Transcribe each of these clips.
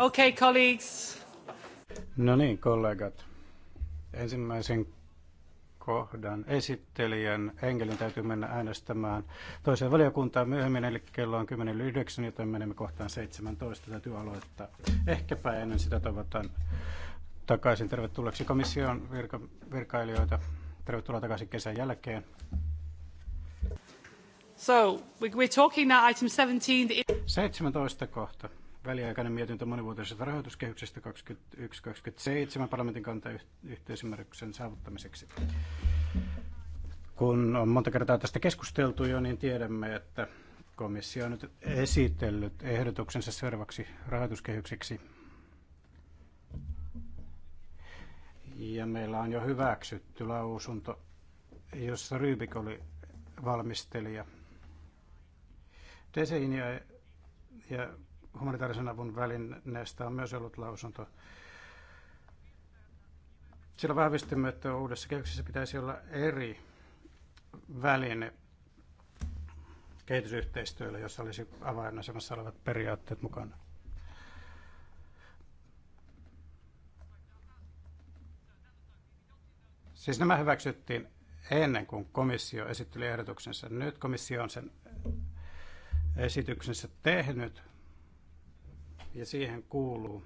Okay, colleagues. No niin, kollegat. Ensimmäisen kohdan esittelijän Engelin täytyy mennä äänestämään toiseen valiokuntaan myöhemmin, eli kello on 10.09, joten menemme kohtaan 17. Täytyy aloittaa. Ehkäpä ennen sitä tavataan takaisin tervetulleeksi komission virka- virkailijoita. Tervetuloa takaisin kesän jälkeen. So, we're talking now item 17. 17 kohta väliaikainen mietintö monivuotisesta rahoituskehyksestä 2021-2027 parlamentin kanta yhteisymmärryksen saavuttamiseksi. Kun on monta kertaa tästä keskusteltu jo, niin tiedämme, että komissio on nyt esitellyt ehdotuksensa seuraavaksi rahoituskehykseksi. Ja meillä on jo hyväksytty lausunto, jossa Rybik oli valmistelija. Desein ja, ja humanitaarisen avun välineestä on myös ollut lausunto. Sillä vahvistimme, että uudessa kehyksessä pitäisi olla eri väline kehitysyhteistyöllä, jossa olisi avainasemassa olevat periaatteet mukana. Siis nämä hyväksyttiin ennen kuin komissio esitteli ehdotuksensa. Nyt komissio on sen esityksensä tehnyt, ja siihen kuuluu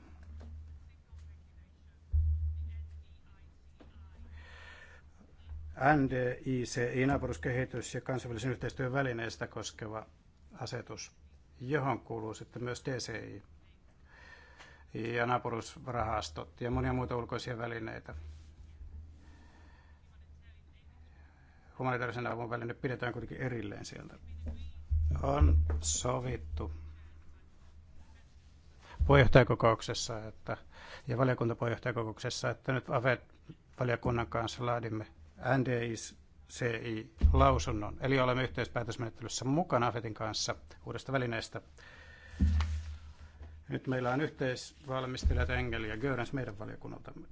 NDIC, naapuruskehitys ja kansainvälisen yhteistyön välineistä koskeva asetus, johon kuuluu sitten myös DCI ja naapurusrahastot ja monia muita ulkoisia välineitä. Humanitaarisen avun väline pidetään kuitenkin erilleen sieltä. On sovittu puheenjohtajakokouksessa että, ja valiokuntapuheenjohtajakokouksessa, että nyt ave valiokunnan kanssa laadimme NDICI-lausunnon. Eli olemme yhteispäätösmenettelyssä mukana AFETin kanssa uudesta välineestä. Nyt meillä on yhteisvalmistelijat Engel ja Görens meidän valiokunnaltamme.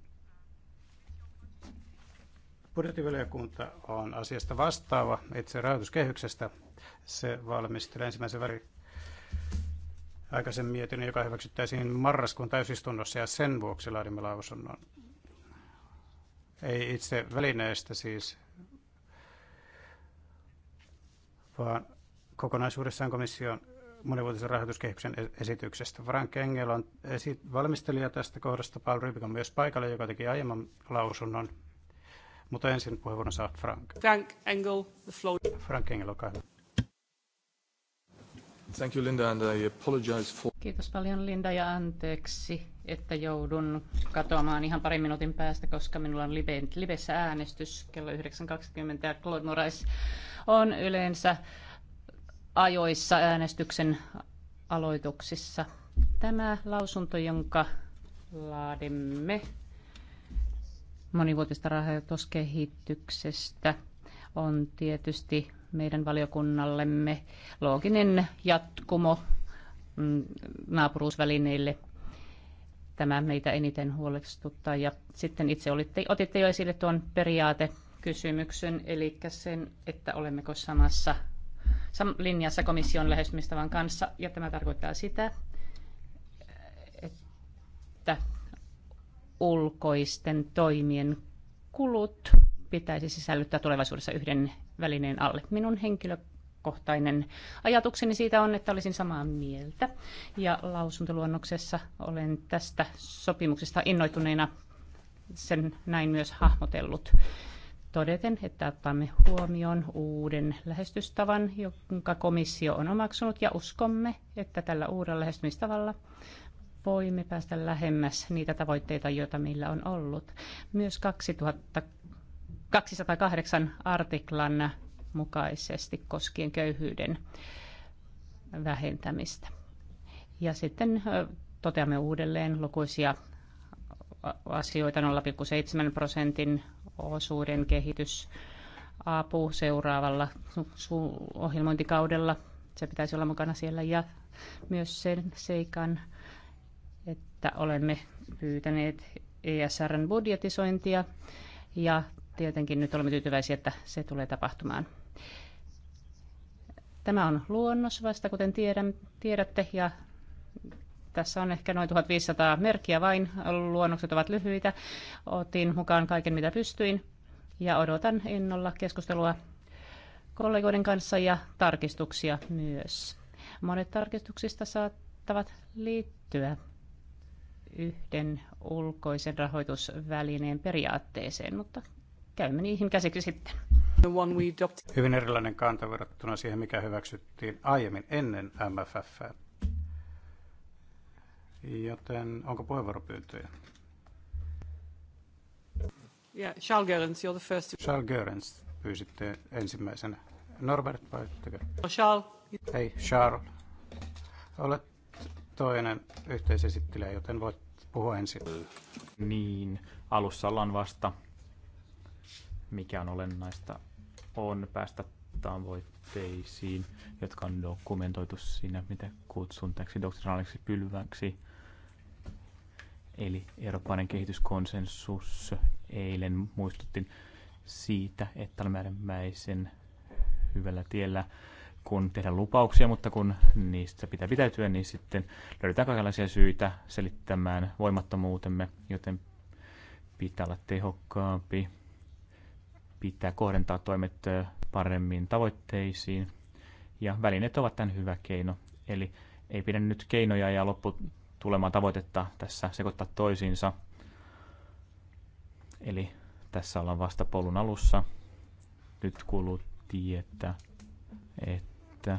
Budjettivaliokunta on asiasta vastaava itse rahoituskehyksestä. Se valmistelee ensimmäisen väri aikaisen mietinnön, joka hyväksyttäisiin marraskuun täysistunnossa ja sen vuoksi laadimme lausunnon. Ei itse välineestä siis, vaan kokonaisuudessaan komission monivuotisen rahoituskehyksen esityksestä. Frank Engel on esi- valmistelija tästä kohdasta, Paul Rybik on myös paikalla, joka teki aiemman lausunnon. Mutta ensin puheenvuoron saa Frank. Frank Engel, the floor. Frank Engel, olkaa hyvä. Thank you, Linda, and I apologize for... Kiitos paljon Linda ja anteeksi, että joudun katoamaan ihan parin minuutin päästä, koska minulla on live, livessä äänestys kello 9.20 ja Claude Morais on yleensä ajoissa äänestyksen aloituksissa. Tämä lausunto, jonka laadimme monivuotista rahoituskehityksestä, on tietysti meidän valiokunnallemme looginen jatkumo mm, naapuruusvälineille. Tämä meitä eniten huolestuttaa. Ja sitten itse olitte, otitte jo esille tuon periaatekysymyksen, eli sen, että olemmeko samassa sam- linjassa komission lähestymistavan kanssa. Ja tämä tarkoittaa sitä, että ulkoisten toimien kulut pitäisi sisällyttää tulevaisuudessa yhden välineen alle. Minun henkilökohtainen ajatukseni siitä on, että olisin samaa mieltä. Ja lausuntoluonnoksessa olen tästä sopimuksesta innoituneena sen näin myös hahmotellut todeten, että otamme huomioon uuden lähestystavan, jonka komissio on omaksunut, ja uskomme, että tällä uudella lähestymistavalla voimme päästä lähemmäs niitä tavoitteita, joita meillä on ollut. Myös 2000 208 artiklan mukaisesti koskien köyhyyden vähentämistä. Ja sitten toteamme uudelleen lukuisia asioita 0,7 prosentin osuuden kehitys apu seuraavalla ohjelmointikaudella. Se pitäisi olla mukana siellä ja myös sen seikan, että olemme pyytäneet ESRn budjetisointia ja tietenkin nyt olemme tyytyväisiä, että se tulee tapahtumaan. Tämä on luonnos vasta, kuten tiedän, tiedätte, ja tässä on ehkä noin 1500 merkkiä vain. Luonnokset ovat lyhyitä. Otin mukaan kaiken, mitä pystyin, ja odotan innolla keskustelua kollegoiden kanssa ja tarkistuksia myös. Monet tarkistuksista saattavat liittyä yhden ulkoisen rahoitusvälineen periaatteeseen, mutta käymme niihin käsiksi sitten. Hyvin erilainen kanta verrattuna siihen, mikä hyväksyttiin aiemmin ennen MFF. Joten onko puheenvuoropyyntöjä? Yeah, Charles Görens, you're the first. Charles Görens pyysitte ensimmäisenä. Norbert vai No Charles. Hei, Charles. Olet toinen yhteisesittelijä, joten voit puhua ensin. Niin, alussa ollaan vasta mikä on olennaista, on päästä tavoitteisiin, jotka on dokumentoitu siinä, mitä kutsun täksi doktrinaaliksi pylväksi. Eli eurooppalainen kehityskonsensus eilen muistutin siitä, että olemme äärimmäisen hyvällä tiellä, kun tehdään lupauksia, mutta kun niistä pitää pitäytyä, niin sitten löydetään kaikenlaisia syitä selittämään voimattomuutemme, joten pitää olla tehokkaampi Pitää kohdentaa toimet paremmin tavoitteisiin ja välineet ovat tämän hyvä keino. Eli ei pidä nyt keinoja ja lopputulemaa tavoitetta tässä sekoittaa toisiinsa. Eli tässä ollaan vasta polun alussa. Nyt kuuluu tietää, että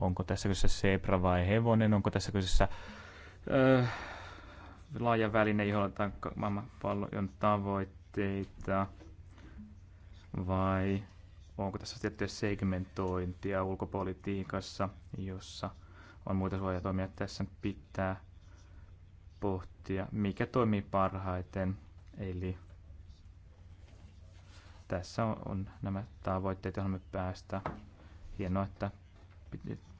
onko tässä kyseessä zebra vai hevonen, onko tässä kyseessä äh, laaja väline, jolla otetaan maailmanpallon tavoitteita, vai onko tässä tiettyä segmentointia ulkopolitiikassa, jossa on muita suojatoimia. Tässä pitää pohtia, mikä toimii parhaiten. Eli tässä on, on nämä tavoitteet, joihin me päästään. Hienoa, että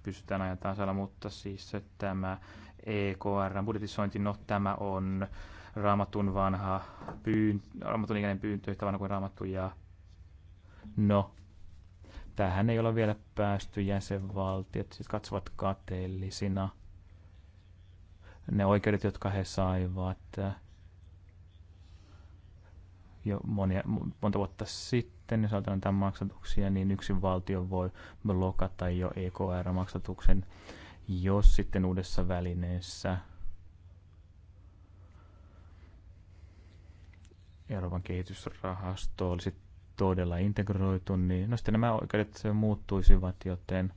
pystytään ajan tasalla, mutta siis tämä EKRn budjetisointi, no tämä on raamatun vanha pyyntö, raamatun ikäinen pyyntö yhtä vanha kuin raamattu ja no, tähän ei ole vielä päästy jäsenvaltiot, siis katsovat kateellisina ne oikeudet, jotka he saivat äh, jo monia, monta vuotta sitten, jos ajatellaan tämän maksatuksia, niin yksi valtio voi blokata jo EKR-maksatuksen jos sitten uudessa välineessä Euroopan kehitysrahasto olisi todella integroitu, niin no sitten nämä oikeudet muuttuisivat, joten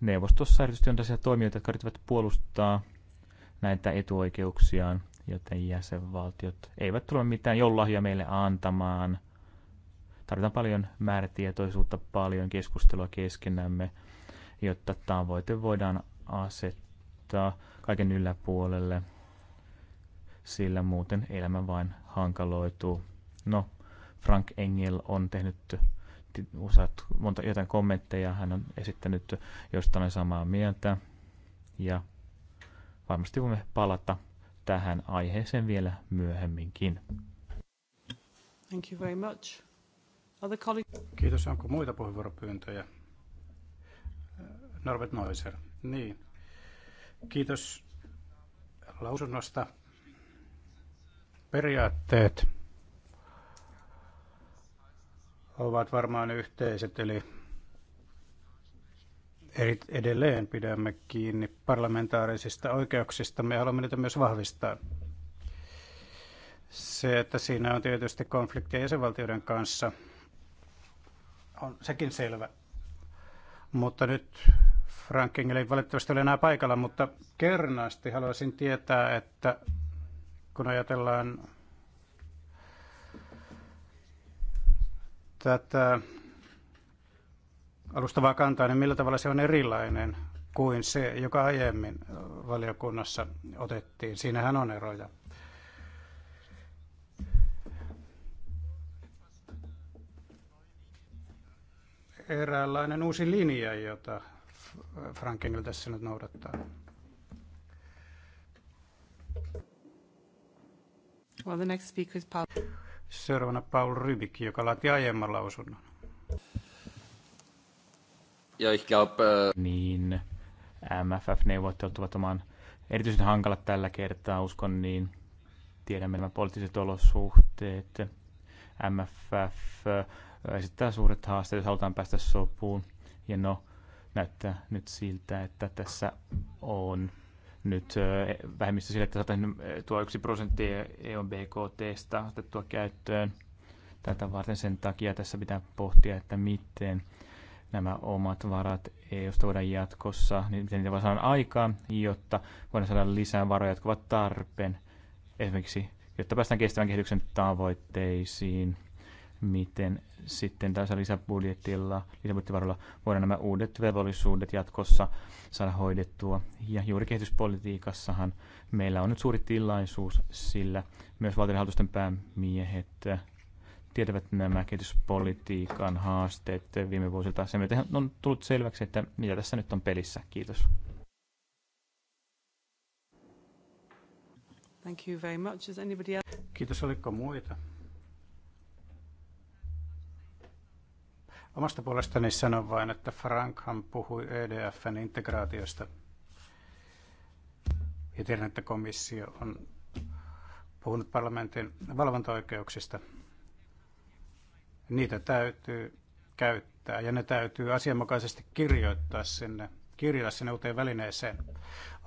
neuvostossa erityisesti on tässä toimijoita, jotka yrittävät puolustaa näitä etuoikeuksiaan, joten jäsenvaltiot eivät tule mitään jollahja meille antamaan. Tarvitaan paljon määrätietoisuutta, paljon keskustelua keskenämme jotta tavoite voidaan asettaa kaiken yläpuolelle, sillä muuten elämä vain hankaloituu. No, Frank Engel on tehnyt useat, monta, jotain kommentteja, hän on esittänyt, jostain samaa mieltä. Ja varmasti voimme palata tähän aiheeseen vielä myöhemminkin. Thank you very much. Other colleagues... Kiitos. Onko muita puheenvuoropyyntöjä? Norbert Noiser. Niin. Kiitos lausunnosta. Periaatteet ovat varmaan yhteiset, eli edelleen pidämme kiinni parlamentaarisista oikeuksista. Me haluamme niitä myös vahvistaa. Se, että siinä on tietysti konfliktia jäsenvaltioiden kanssa, on sekin selvä. Mutta nyt Frank Engel ei valitettavasti ole enää paikalla, mutta kernaasti haluaisin tietää, että kun ajatellaan tätä alustavaa kantaa, niin millä tavalla se on erilainen kuin se, joka aiemmin valiokunnassa otettiin. Siinähän on eroja. Eräänlainen uusi linja, jota Frank Engel tässä nyt noudattaa. Well, the next speaker is Paul. Seuraavana Paul Rybik, joka laati aiemman lausunnon. Ja ich glaub, äh... Niin, MFF-neuvottelut ovat oman erityisen hankalat tällä kertaa, uskon niin. Tiedämme nämä poliittiset olosuhteet. MFF äh, esittää suuret haasteet, jos halutaan päästä sopuun. Ja no, Näyttää nyt siltä, että tässä on nyt vähemmistö sille, että saataisiin tuo yksi prosentti EUn e- BKTstä otettua käyttöön. Tätä varten sen takia tässä pitää pohtia, että miten nämä omat varat EUsta voidaan jatkossa, niin miten niitä voi saada aikaa, jotta voidaan saada lisää varoja, jotka ovat tarpeen esimerkiksi, jotta päästään kestävän kehityksen tavoitteisiin miten sitten tässä lisäbudjetilla, lisäbudjettivaroilla voidaan nämä uudet velvollisuudet jatkossa saada hoidettua. Ja juuri kehityspolitiikassahan meillä on nyt suuri tilaisuus, sillä myös valtionhallitusten päämiehet tietävät nämä kehityspolitiikan haasteet viime vuosilta. Se on tullut selväksi, että mitä tässä nyt on pelissä. Kiitos. Thank you very much. Is anybody else? Kiitos. Oliko muita? Omasta puolestani sanon vain, että Frankhan puhui EDFn integraatiosta. Ja tiedän, että komissio on puhunut parlamentin valvontaoikeuksista. Niitä täytyy käyttää ja ne täytyy asianmukaisesti kirjoittaa sinne, kirjata sinne uuteen välineeseen.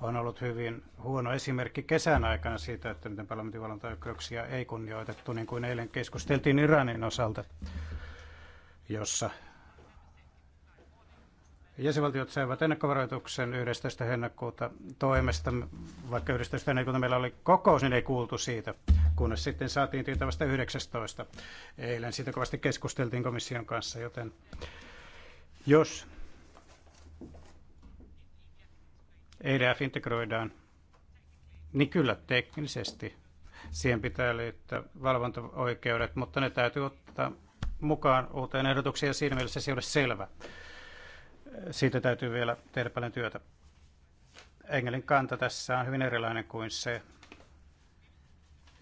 On ollut hyvin huono esimerkki kesän aikana siitä, että miten parlamentin valvontaoikeuksia ei kunnioitettu, niin kuin eilen keskusteltiin Iranin osalta jossa jäsenvaltiot saivat ennakkovaroituksen 11. heinäkuuta toimesta, vaikka 11. heinäkuuta meillä oli kokous, niin ei kuultu siitä, kunnes sitten saatiin tieto vasta 19. Eilen siitä kovasti keskusteltiin komission kanssa, joten jos EDF integroidaan, niin kyllä teknisesti siihen pitää liittää valvontaoikeudet, mutta ne täytyy ottaa mukaan uuteen ehdotukseen ja siinä mielessä se ei ole selvä. Siitä täytyy vielä tehdä paljon työtä. Engelin kanta tässä on hyvin erilainen kuin se,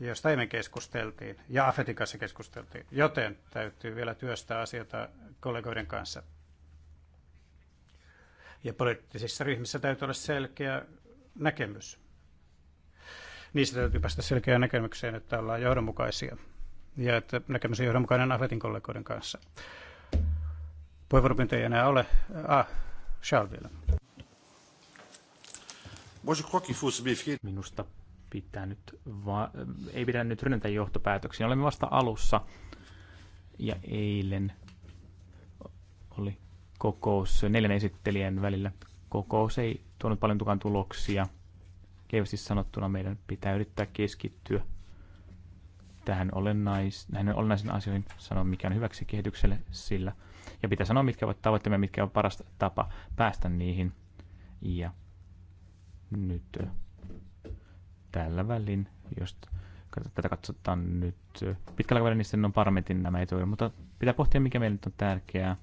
josta emme keskusteltiin ja Afetin kanssa keskusteltiin, joten täytyy vielä työstää asioita kollegoiden kanssa. Ja poliittisissa ryhmissä täytyy olla selkeä näkemys. Niistä täytyy päästä selkeään näkemykseen, että ollaan johdonmukaisia ja että näkemys on johdonmukainen Ahletin kollegoiden kanssa. Puheenvuoropyntö ei enää ole. Ah, Charles vielä. Minusta pitää nyt va- ei pidä nyt rynnätä johtopäätöksiä. Olemme vasta alussa ja eilen oli kokous neljän esittelijän välillä. Kokous ei tuonut paljon tukan tuloksia. Lievästi sanottuna meidän pitää yrittää keskittyä tähän olennais, näihin olennaisiin asioihin, sanoa mikä on hyväksi kehitykselle sillä. Ja pitää sanoa, mitkä ovat tavoitteemme, mitkä on paras tapa päästä niihin. Ja nyt tällä välin, jos tätä katsotaan nyt pitkällä välin, niin sitten on parametin nämä etuja, mutta pitää pohtia, mikä meille nyt on tärkeää.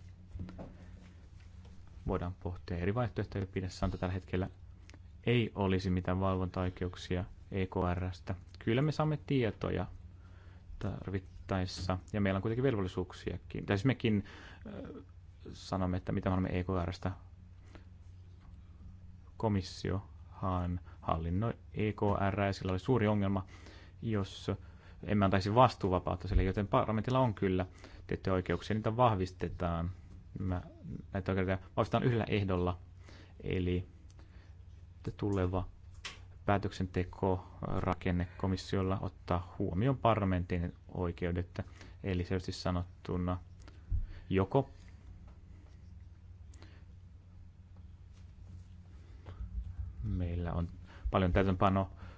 Voidaan pohtia eri vaihtoehtoja pidessä on tällä hetkellä ei olisi mitään valvontaoikeuksia EKRstä. Kyllä me saamme tietoja tarvittaessa. Ja meillä on kuitenkin velvollisuuksiakin. Tai siis mekin äh, sanomme, että mitä me olemme EKRstä. Komissiohan hallinnoi EKR ja sillä oli suuri ongelma, jos emme antaisi vastuuvapautta sille, joten parlamentilla on kyllä tiettyjä oikeuksia, niitä vahvistetaan. Mä, näitä oikeuksia vahvistetaan yhdellä ehdolla, eli tuleva päätöksentekorakenne komissiolla ottaa huomioon parlamentin oikeudet, eli selvästi sanottuna joko meillä on paljon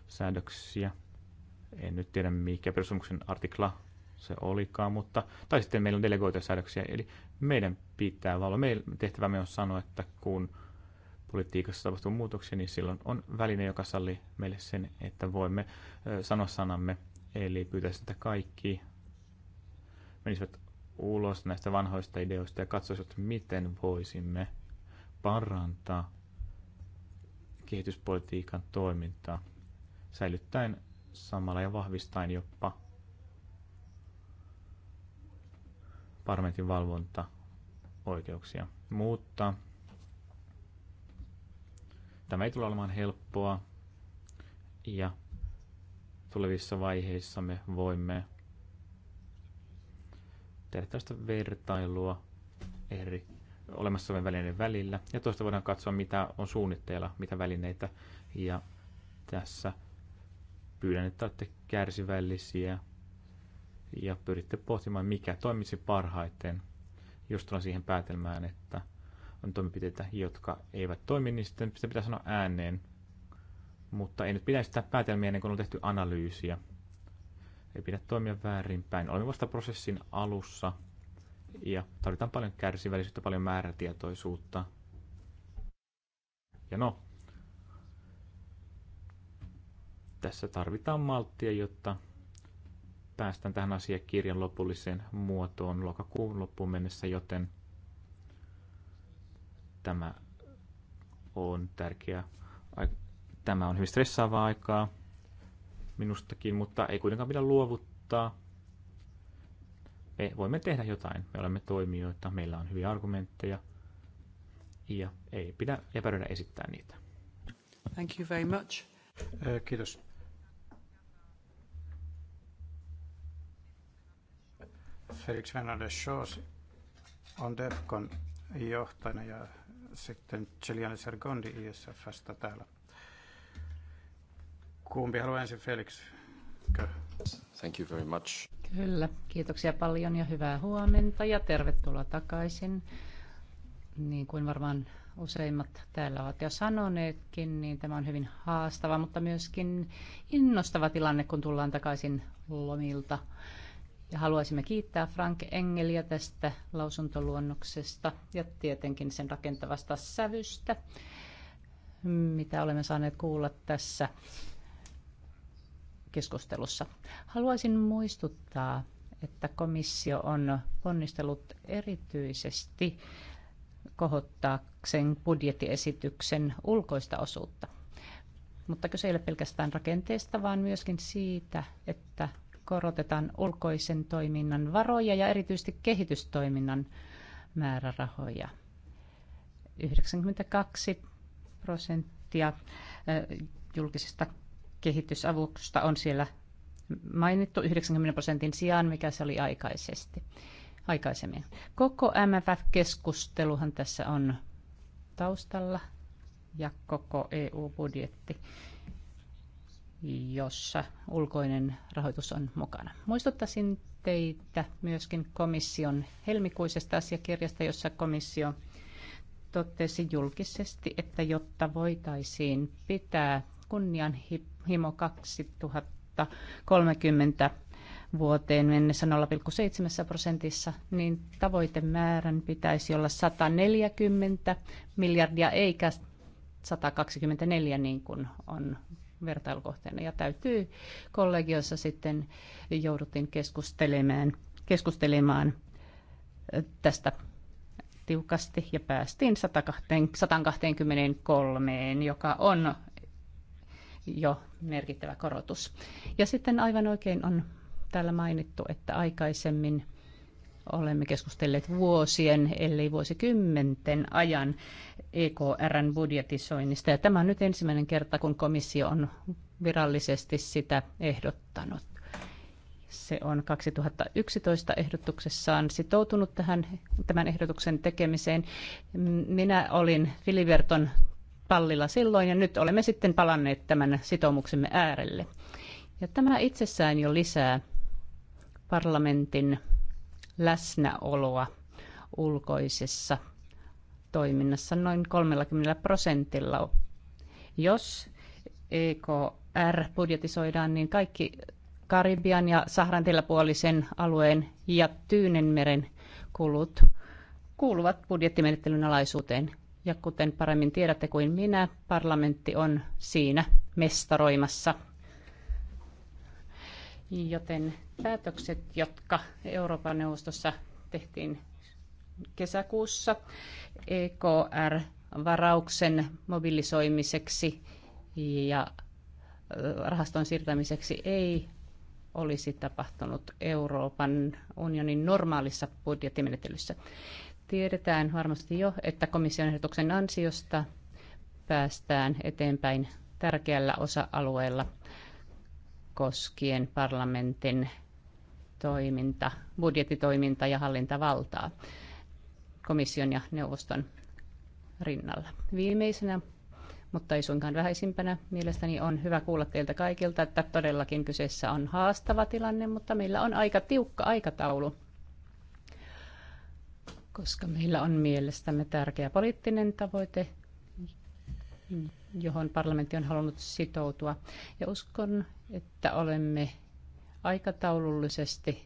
säädöksiä. En nyt tiedä, mikä perusomuksen artikla se olikaan, mutta, tai sitten meillä on delegoituja säädöksiä, eli meidän pitää valvoa. Meidän tehtävämme on sanoa, että kun politiikassa tapahtuu muutoksia, niin silloin on väline, joka sallii meille sen, että voimme sanoa sanamme. Eli pyytäisi, että kaikki menisivät ulos näistä vanhoista ideoista ja katsoisivat, miten voisimme parantaa kehityspolitiikan toimintaa säilyttäen samalla ja vahvistaen jopa parlamentin valvonta oikeuksia, Mutta Tämä ei tule olemaan helppoa ja tulevissa vaiheissa me voimme tehdä tästä vertailua eri olemassa olevien välineiden välillä. Ja toista voidaan katsoa, mitä on suunnitteilla, mitä välineitä. Ja tässä pyydän, että olette kärsivällisiä ja pyritte pohtimaan, mikä toimisi parhaiten, jos tullaan siihen päätelmään, että – on toimenpiteitä, jotka eivät toimi, niin sitten sitä pitää sanoa ääneen. Mutta ei nyt pidä sitä päätelmiä ennen kuin on tehty analyysiä. Ei pidä toimia väärinpäin. Olemme vasta prosessin alussa ja tarvitaan paljon kärsivällisyyttä, paljon määrätietoisuutta. Ja no, tässä tarvitaan malttia, jotta päästään tähän asiakirjan lopulliseen muotoon lokakuun loppuun mennessä, joten – Tämä on tärkeä. Tämä on hyvin stressaavaa aikaa minustakin, mutta ei kuitenkaan pidä luovuttaa. Me voimme tehdä jotain. Me olemme toimijoita, meillä on hyviä argumentteja ja ei pidä epäröidä esittää niitä. Thank you very much. Äh, kiitos. Felix Fernandes Shaws on DEFCON johtajana ja sitten Celiani Sergondi ISFstä täällä. Kumpi haluaa ensin, Felix? Kö? Thank you very much. Kyllä, kiitoksia paljon ja hyvää huomenta ja tervetuloa takaisin. Niin kuin varmaan useimmat täällä ovat jo sanoneetkin, niin tämä on hyvin haastava, mutta myöskin innostava tilanne, kun tullaan takaisin lomilta. Ja haluaisimme kiittää Frank Engeliä tästä lausuntoluonnoksesta ja tietenkin sen rakentavasta sävystä, mitä olemme saaneet kuulla tässä keskustelussa. Haluaisin muistuttaa, että komissio on ponnistellut erityisesti kohottaakseen budjettiesityksen ulkoista osuutta. Mutta kyse ei ole pelkästään rakenteesta, vaan myöskin siitä, että korotetaan ulkoisen toiminnan varoja ja erityisesti kehitystoiminnan määrärahoja. 92 prosenttia eh, julkisesta kehitysavusta on siellä mainittu 90 prosentin sijaan, mikä se oli aikaisesti, aikaisemmin. Koko MFF-keskusteluhan tässä on taustalla ja koko EU-budjetti jossa ulkoinen rahoitus on mukana. Muistuttaisin teitä myöskin komission helmikuisesta asiakirjasta, jossa komissio totesi julkisesti, että jotta voitaisiin pitää kunnianhimo 2030 vuoteen mennessä 0,7 prosentissa, niin tavoitemäärän pitäisi olla 140 miljardia eikä 124 niin kuin on vertailukohteena. Ja täytyy kollegiossa sitten jouduttiin keskustelemaan, keskustelemaan tästä tiukasti ja päästiin 123, joka on jo merkittävä korotus. Ja sitten aivan oikein on täällä mainittu, että aikaisemmin olemme keskustelleet vuosien, ellei vuosikymmenten ajan EKRn budjetisoinnista. Ja tämä on nyt ensimmäinen kerta, kun komissio on virallisesti sitä ehdottanut. Se on 2011 ehdotuksessaan sitoutunut tähän, tämän ehdotuksen tekemiseen. Minä olin Filiverton pallilla silloin ja nyt olemme sitten palanneet tämän sitoumuksemme äärelle. Ja tämä itsessään jo lisää parlamentin läsnäoloa ulkoisessa toiminnassa noin 30 prosentilla. Jos EKR budjetisoidaan, niin kaikki Karibian ja Sahran teläpuolisen alueen ja Tyynenmeren kulut kuuluvat budjettimenettelyn alaisuuteen. Ja kuten paremmin tiedätte kuin minä, parlamentti on siinä mestaroimassa. Joten päätökset, jotka Euroopan neuvostossa tehtiin kesäkuussa, EKR-varauksen mobilisoimiseksi ja rahaston siirtämiseksi ei olisi tapahtunut Euroopan unionin normaalissa budjettimenettelyssä. Tiedetään varmasti jo, että komission ehdotuksen ansiosta päästään eteenpäin tärkeällä osa-alueella koskien parlamentin toiminta, budjettitoiminta ja hallintavaltaa komission ja neuvoston rinnalla. Viimeisenä, mutta ei suinkaan vähäisimpänä, mielestäni on hyvä kuulla teiltä kaikilta, että todellakin kyseessä on haastava tilanne, mutta meillä on aika tiukka aikataulu, koska meillä on mielestämme tärkeä poliittinen tavoite, johon parlamentti on halunnut sitoutua. Ja uskon, että olemme aikataulullisesti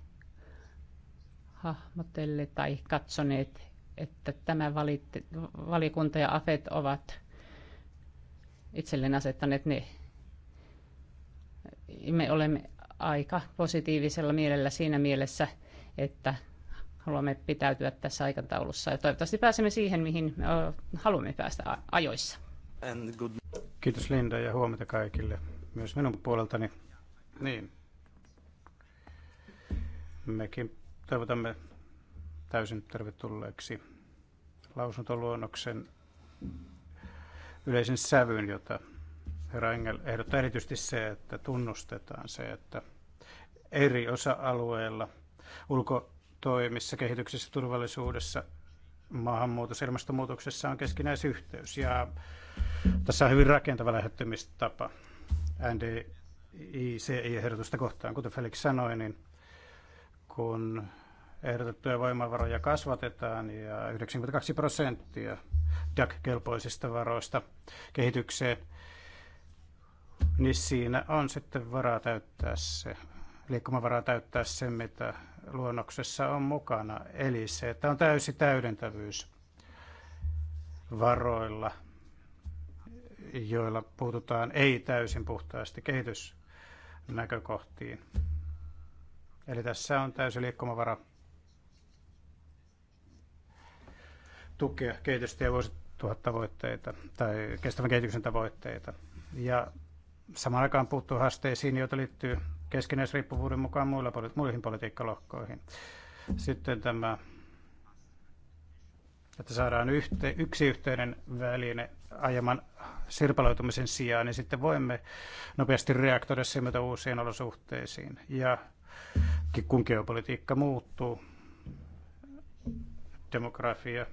hahmotelleet tai katsoneet että tämä valiokunta ja AFET ovat itselleen asettaneet ne. Me olemme aika positiivisella mielellä siinä mielessä, että haluamme pitäytyä tässä aikataulussa ja toivottavasti pääsemme siihen, mihin haluamme päästä ajoissa. Kiitos Linda ja huomenta kaikille myös minun puoleltani. Niin. Mekin toivotamme täysin tervetulleeksi lausuntoluonnoksen yleisen sävyn, jota herra Engel ehdottaa erityisesti se, että tunnustetaan se, että eri osa-alueilla ulkotoimissa, kehityksessä, turvallisuudessa, maahanmuutossa, ilmastonmuutoksessa on keskinäisyhteys. Ja tässä on hyvin rakentava lähettymistapa NDICI-ehdotusta kohtaan. Kuten Felix sanoi, niin kun ehdotettuja voimavaroja kasvatetaan ja 92 prosenttia DAC-kelpoisista varoista kehitykseen, niin siinä on sitten varaa täyttää se, liikkumavaraa täyttää se, mitä luonnoksessa on mukana. Eli se, että on täysi täydentävyys varoilla, joilla puututaan ei täysin puhtaasti kehitysnäkökohtiin. Eli tässä on täysi liikkumavara tukea kehitystä ja vuosituhattavoitteita tai kestävän kehityksen tavoitteita. Ja samaan aikaan puuttuu haasteisiin, joita liittyy keskinäisriippuvuuden mukaan muilla, muihin politiikkalohkoihin. Sitten tämä, että saadaan yhte, yksi yhteinen väline aiemman sirpaloitumisen sijaan, niin sitten voimme nopeasti reaktoida silmätä uusiin olosuhteisiin. Ja kun geopolitiikka muuttuu, demografia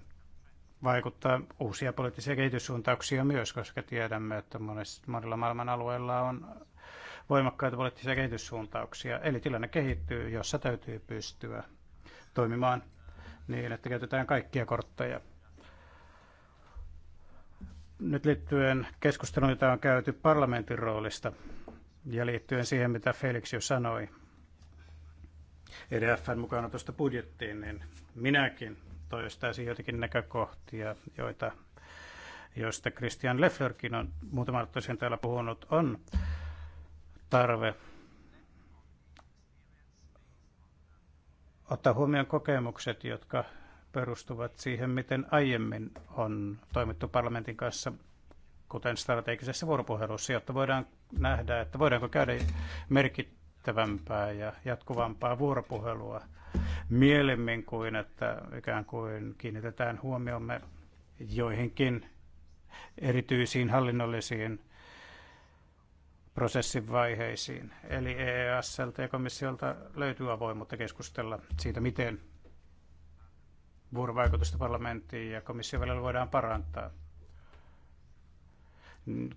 vaikuttaa uusia poliittisia kehityssuuntauksia myös, koska tiedämme, että monessa, monilla maailman alueilla on voimakkaita poliittisia kehityssuuntauksia. Eli tilanne kehittyy, jossa täytyy pystyä toimimaan niin, että käytetään kaikkia kortteja. Nyt liittyen keskusteluun, jota on käyty parlamentin roolista ja liittyen siihen, mitä Felix jo sanoi EDFn mukana tuosta budjettiin, niin minäkin toistaisin joitakin näkökohtia, joita, joista Christian Lefflerkin on muutama tosiaan täällä puhunut, on tarve ottaa huomioon kokemukset, jotka perustuvat siihen, miten aiemmin on toimittu parlamentin kanssa, kuten strategisessa vuoropuhelussa, jotta voidaan nähdä, että voidaanko käydä merkittävä merkittävämpää ja jatkuvampaa vuoropuhelua mielemmin kuin, että ikään kuin kiinnitetään huomiomme joihinkin erityisiin hallinnollisiin prosessin vaiheisiin. Eli EASLT e ja komissiolta löytyy avoimuutta keskustella siitä, miten vuorovaikutusta parlamenttiin ja komission välillä voidaan parantaa,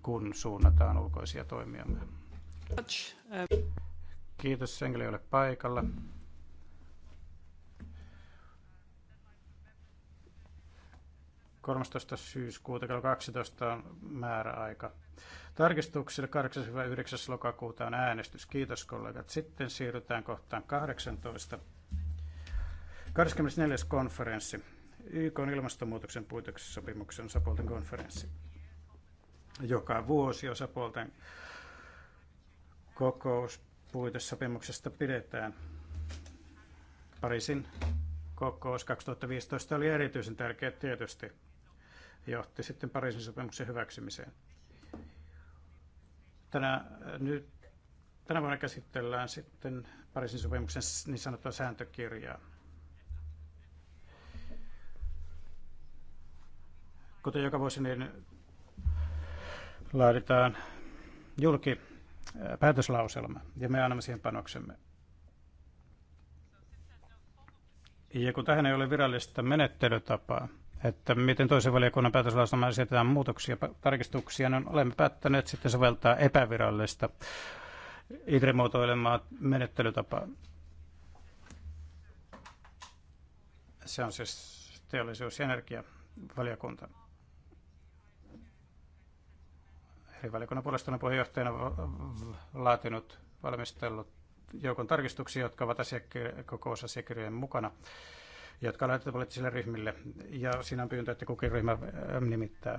kun suunnataan ulkoisia toimiamme. Uh, Kiitos, Sengeli ei ole paikalla. Kolmastoista syyskuuta kello 12 on määräaika. Tarkistuksille 8.9. lokakuuta on äänestys. Kiitos kollegat. Sitten siirrytään kohtaan 18. 24. konferenssi. YK on ilmastonmuutoksen sopimuksen osapuolten konferenssi. Joka vuosi osapuolten kokous puitesopimuksesta pidetään. Pariisin kokous 2015 oli erityisen tärkeä tietysti. Johti sitten Pariisin sopimuksen hyväksymiseen. Tänä, nyt, tänä vuonna käsitellään sitten Pariisin sopimuksen niin sanottua sääntökirjaa. Kuten joka vuosi, niin laaditaan julki päätöslauselma ja me annamme siihen panoksemme. Ja kun tähän ei ole virallista menettelytapaa, että miten toisen valiokunnan päätöslauselma esitetään muutoksia, tarkistuksia, niin olemme päättäneet sitten soveltaa epävirallista idremuotoilemaa menettelytapaa. Se on siis teollisuus- ja energiavaliokunta. valiokunnan puolestani puheenjohtajana laatinut, valmistellut joukon tarkistuksia, jotka ovat kokousasiakirjojen mukana, jotka lähetetään poliittisille ryhmille. Ja siinä on pyyntö, että kukin ryhmä ähm, nimittää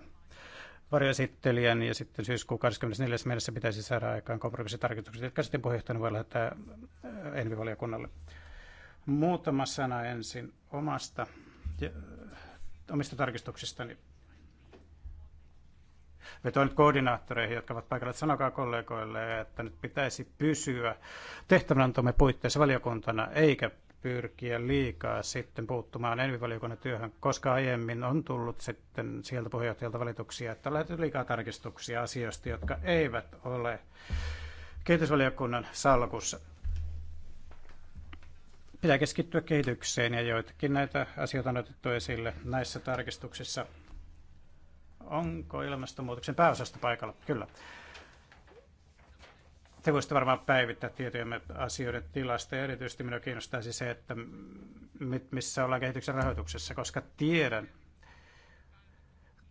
varjoesittelijän ja sitten syyskuun 24. mennessä pitäisi saada aikaan kompromissitarkistukset, jotka sitten puheenjohtajana voi lähettää äh, Envi-valiokunnalle. Muutama sana ensin omasta, omista tarkistuksistani. Vetoin nyt koordinaattoreihin, jotka ovat paikalla, että sanokaa kollegoille, että nyt pitäisi pysyä tehtävänantomme puitteissa valiokuntana, eikä pyrkiä liikaa sitten puuttumaan envivaliokunnan työhön, koska aiemmin on tullut sitten sieltä puheenjohtajalta valituksia, että on liikaa tarkistuksia asioista, jotka eivät ole kehitysvaliokunnan salkussa. Pitää keskittyä kehitykseen ja joitakin näitä asioita on otettu esille näissä tarkistuksissa. Onko ilmastonmuutoksen pääosasta paikalla? Kyllä. Te voisitte varmaan päivittää tietojamme asioiden tilasta ja erityisesti minua kiinnostaisi se, että missä ollaan kehityksen rahoituksessa, koska tiedän,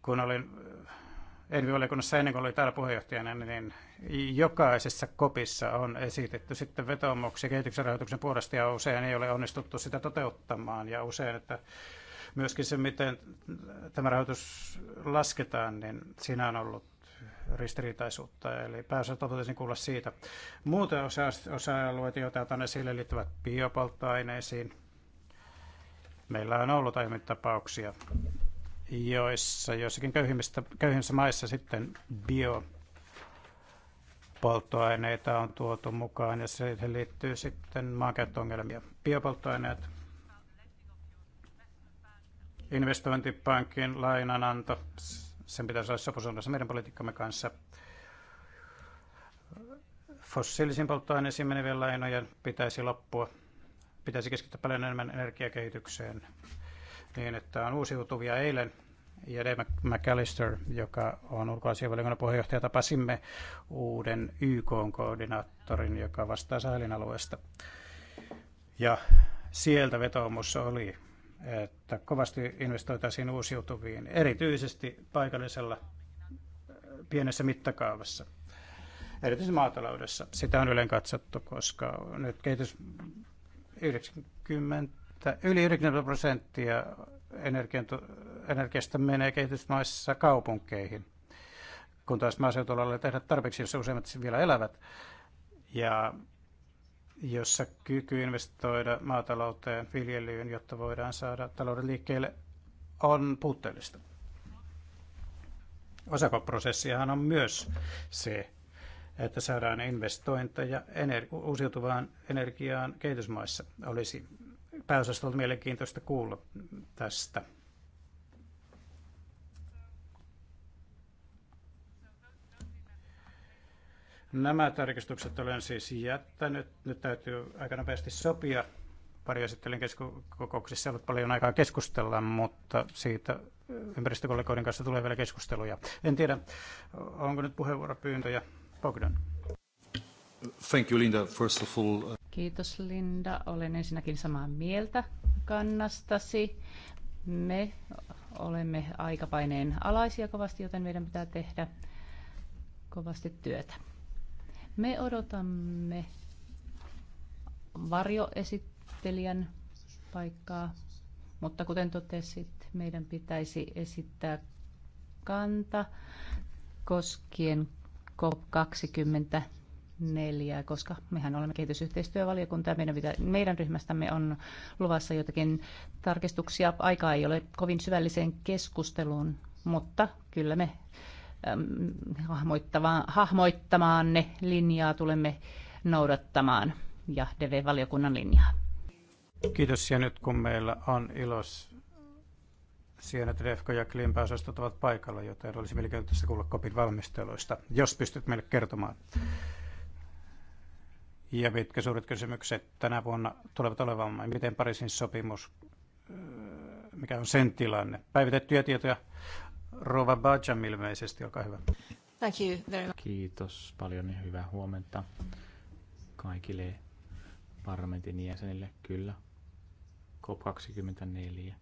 kun olin eh, Envi-valiokunnassa ennen kuin oli täällä puheenjohtajana, niin jokaisessa kopissa on esitetty sitten vetoomuksia kehityksen rahoituksen puolesta ja usein ei ole onnistuttu sitä toteuttamaan ja usein, että myöskin se, miten tämä rahoitus lasketaan, niin siinä on ollut ristiriitaisuutta, eli pääosalta voitaisiin kuulla siitä. Muuten osa, osa-alueet, joita otan esille, liittyvät biopolttoaineisiin. Meillä on ollut aiemmin tapauksia, joissa joissakin köyhimmissä maissa sitten biopolttoaineita on tuotu mukaan ja siihen liittyy sitten maankäyttöongelmia. Biopolttoaineet investointipankin lainananto, sen pitäisi olla sopusuunnassa meidän politiikkamme kanssa. Fossiilisiin polttoaineisiin menevien lainojen pitäisi loppua. Pitäisi keskittyä paljon enemmän energiakehitykseen niin, että on uusiutuvia eilen. Ja Dave McAllister, joka on ulkoasianvaliokunnan puheenjohtaja, tapasimme uuden YK-koordinaattorin, joka vastaa Sahelin alueesta. Ja sieltä vetoomus oli että kovasti investoitaisiin uusiutuviin, erityisesti paikallisella äh, pienessä mittakaavassa, erityisesti maataloudessa. Sitä on yleensä katsottu, koska nyt kehitys 90, yli 90 prosenttia energiasta menee kehitysmaissa kaupunkeihin, kun taas maaseutualueella tehdä tarpeeksi, jos useimmat vielä elävät. Ja jossa kyky investoida maatalouteen, viljelyyn, jotta voidaan saada talouden liikkeelle, on puutteellista. Osakoprosessihan on myös se, että saadaan investointeja ener- uusiutuvaan energiaan kehitysmaissa. Olisi pääosastolta mielenkiintoista kuulla tästä. Nämä tarkistukset olen siis jättänyt. Nyt täytyy aika nopeasti sopia. Pari esittelyn kokouksissa ei ollut paljon aikaa keskustella, mutta siitä ympäristökollegoiden kanssa tulee vielä keskusteluja. En tiedä, onko nyt puheenvuoropyyntöjä. Bogdan. Thank you, Linda. First of all, uh, Kiitos Linda. Olen ensinnäkin samaa mieltä kannastasi. Me olemme aikapaineen alaisia kovasti, joten meidän pitää tehdä kovasti työtä. Me odotamme varjoesittelijän paikkaa, mutta kuten totesit, meidän pitäisi esittää kanta koskien cop 24 koska mehän olemme kehitysyhteistyövaliokunta ja meidän, pitä, meidän ryhmästämme on luvassa jotakin tarkistuksia. Aikaa ei ole kovin syvälliseen keskusteluun, mutta kyllä me Hahmoittamaan ne linjaa tulemme noudattamaan ja DV-valiokunnan linjaa. Kiitos ja nyt kun meillä on ilos siinä, että Defco ja Klimpa-osastot ovat paikalla, joten olisi mielenkiintoista kuulla kopin valmisteluista, jos pystyt meille kertomaan. Ja mitkä suuret kysymykset tänä vuonna tulevat olemaan? Miten Pariisin sopimus, äh, mikä on sen tilanne? Päivitettyjä tietoja Rova Bajam ilmeisesti, olkaa hyvä. Thank you very much. Kiitos paljon ja hyvää huomenta kaikille parlamentin jäsenille. Kyllä, COP24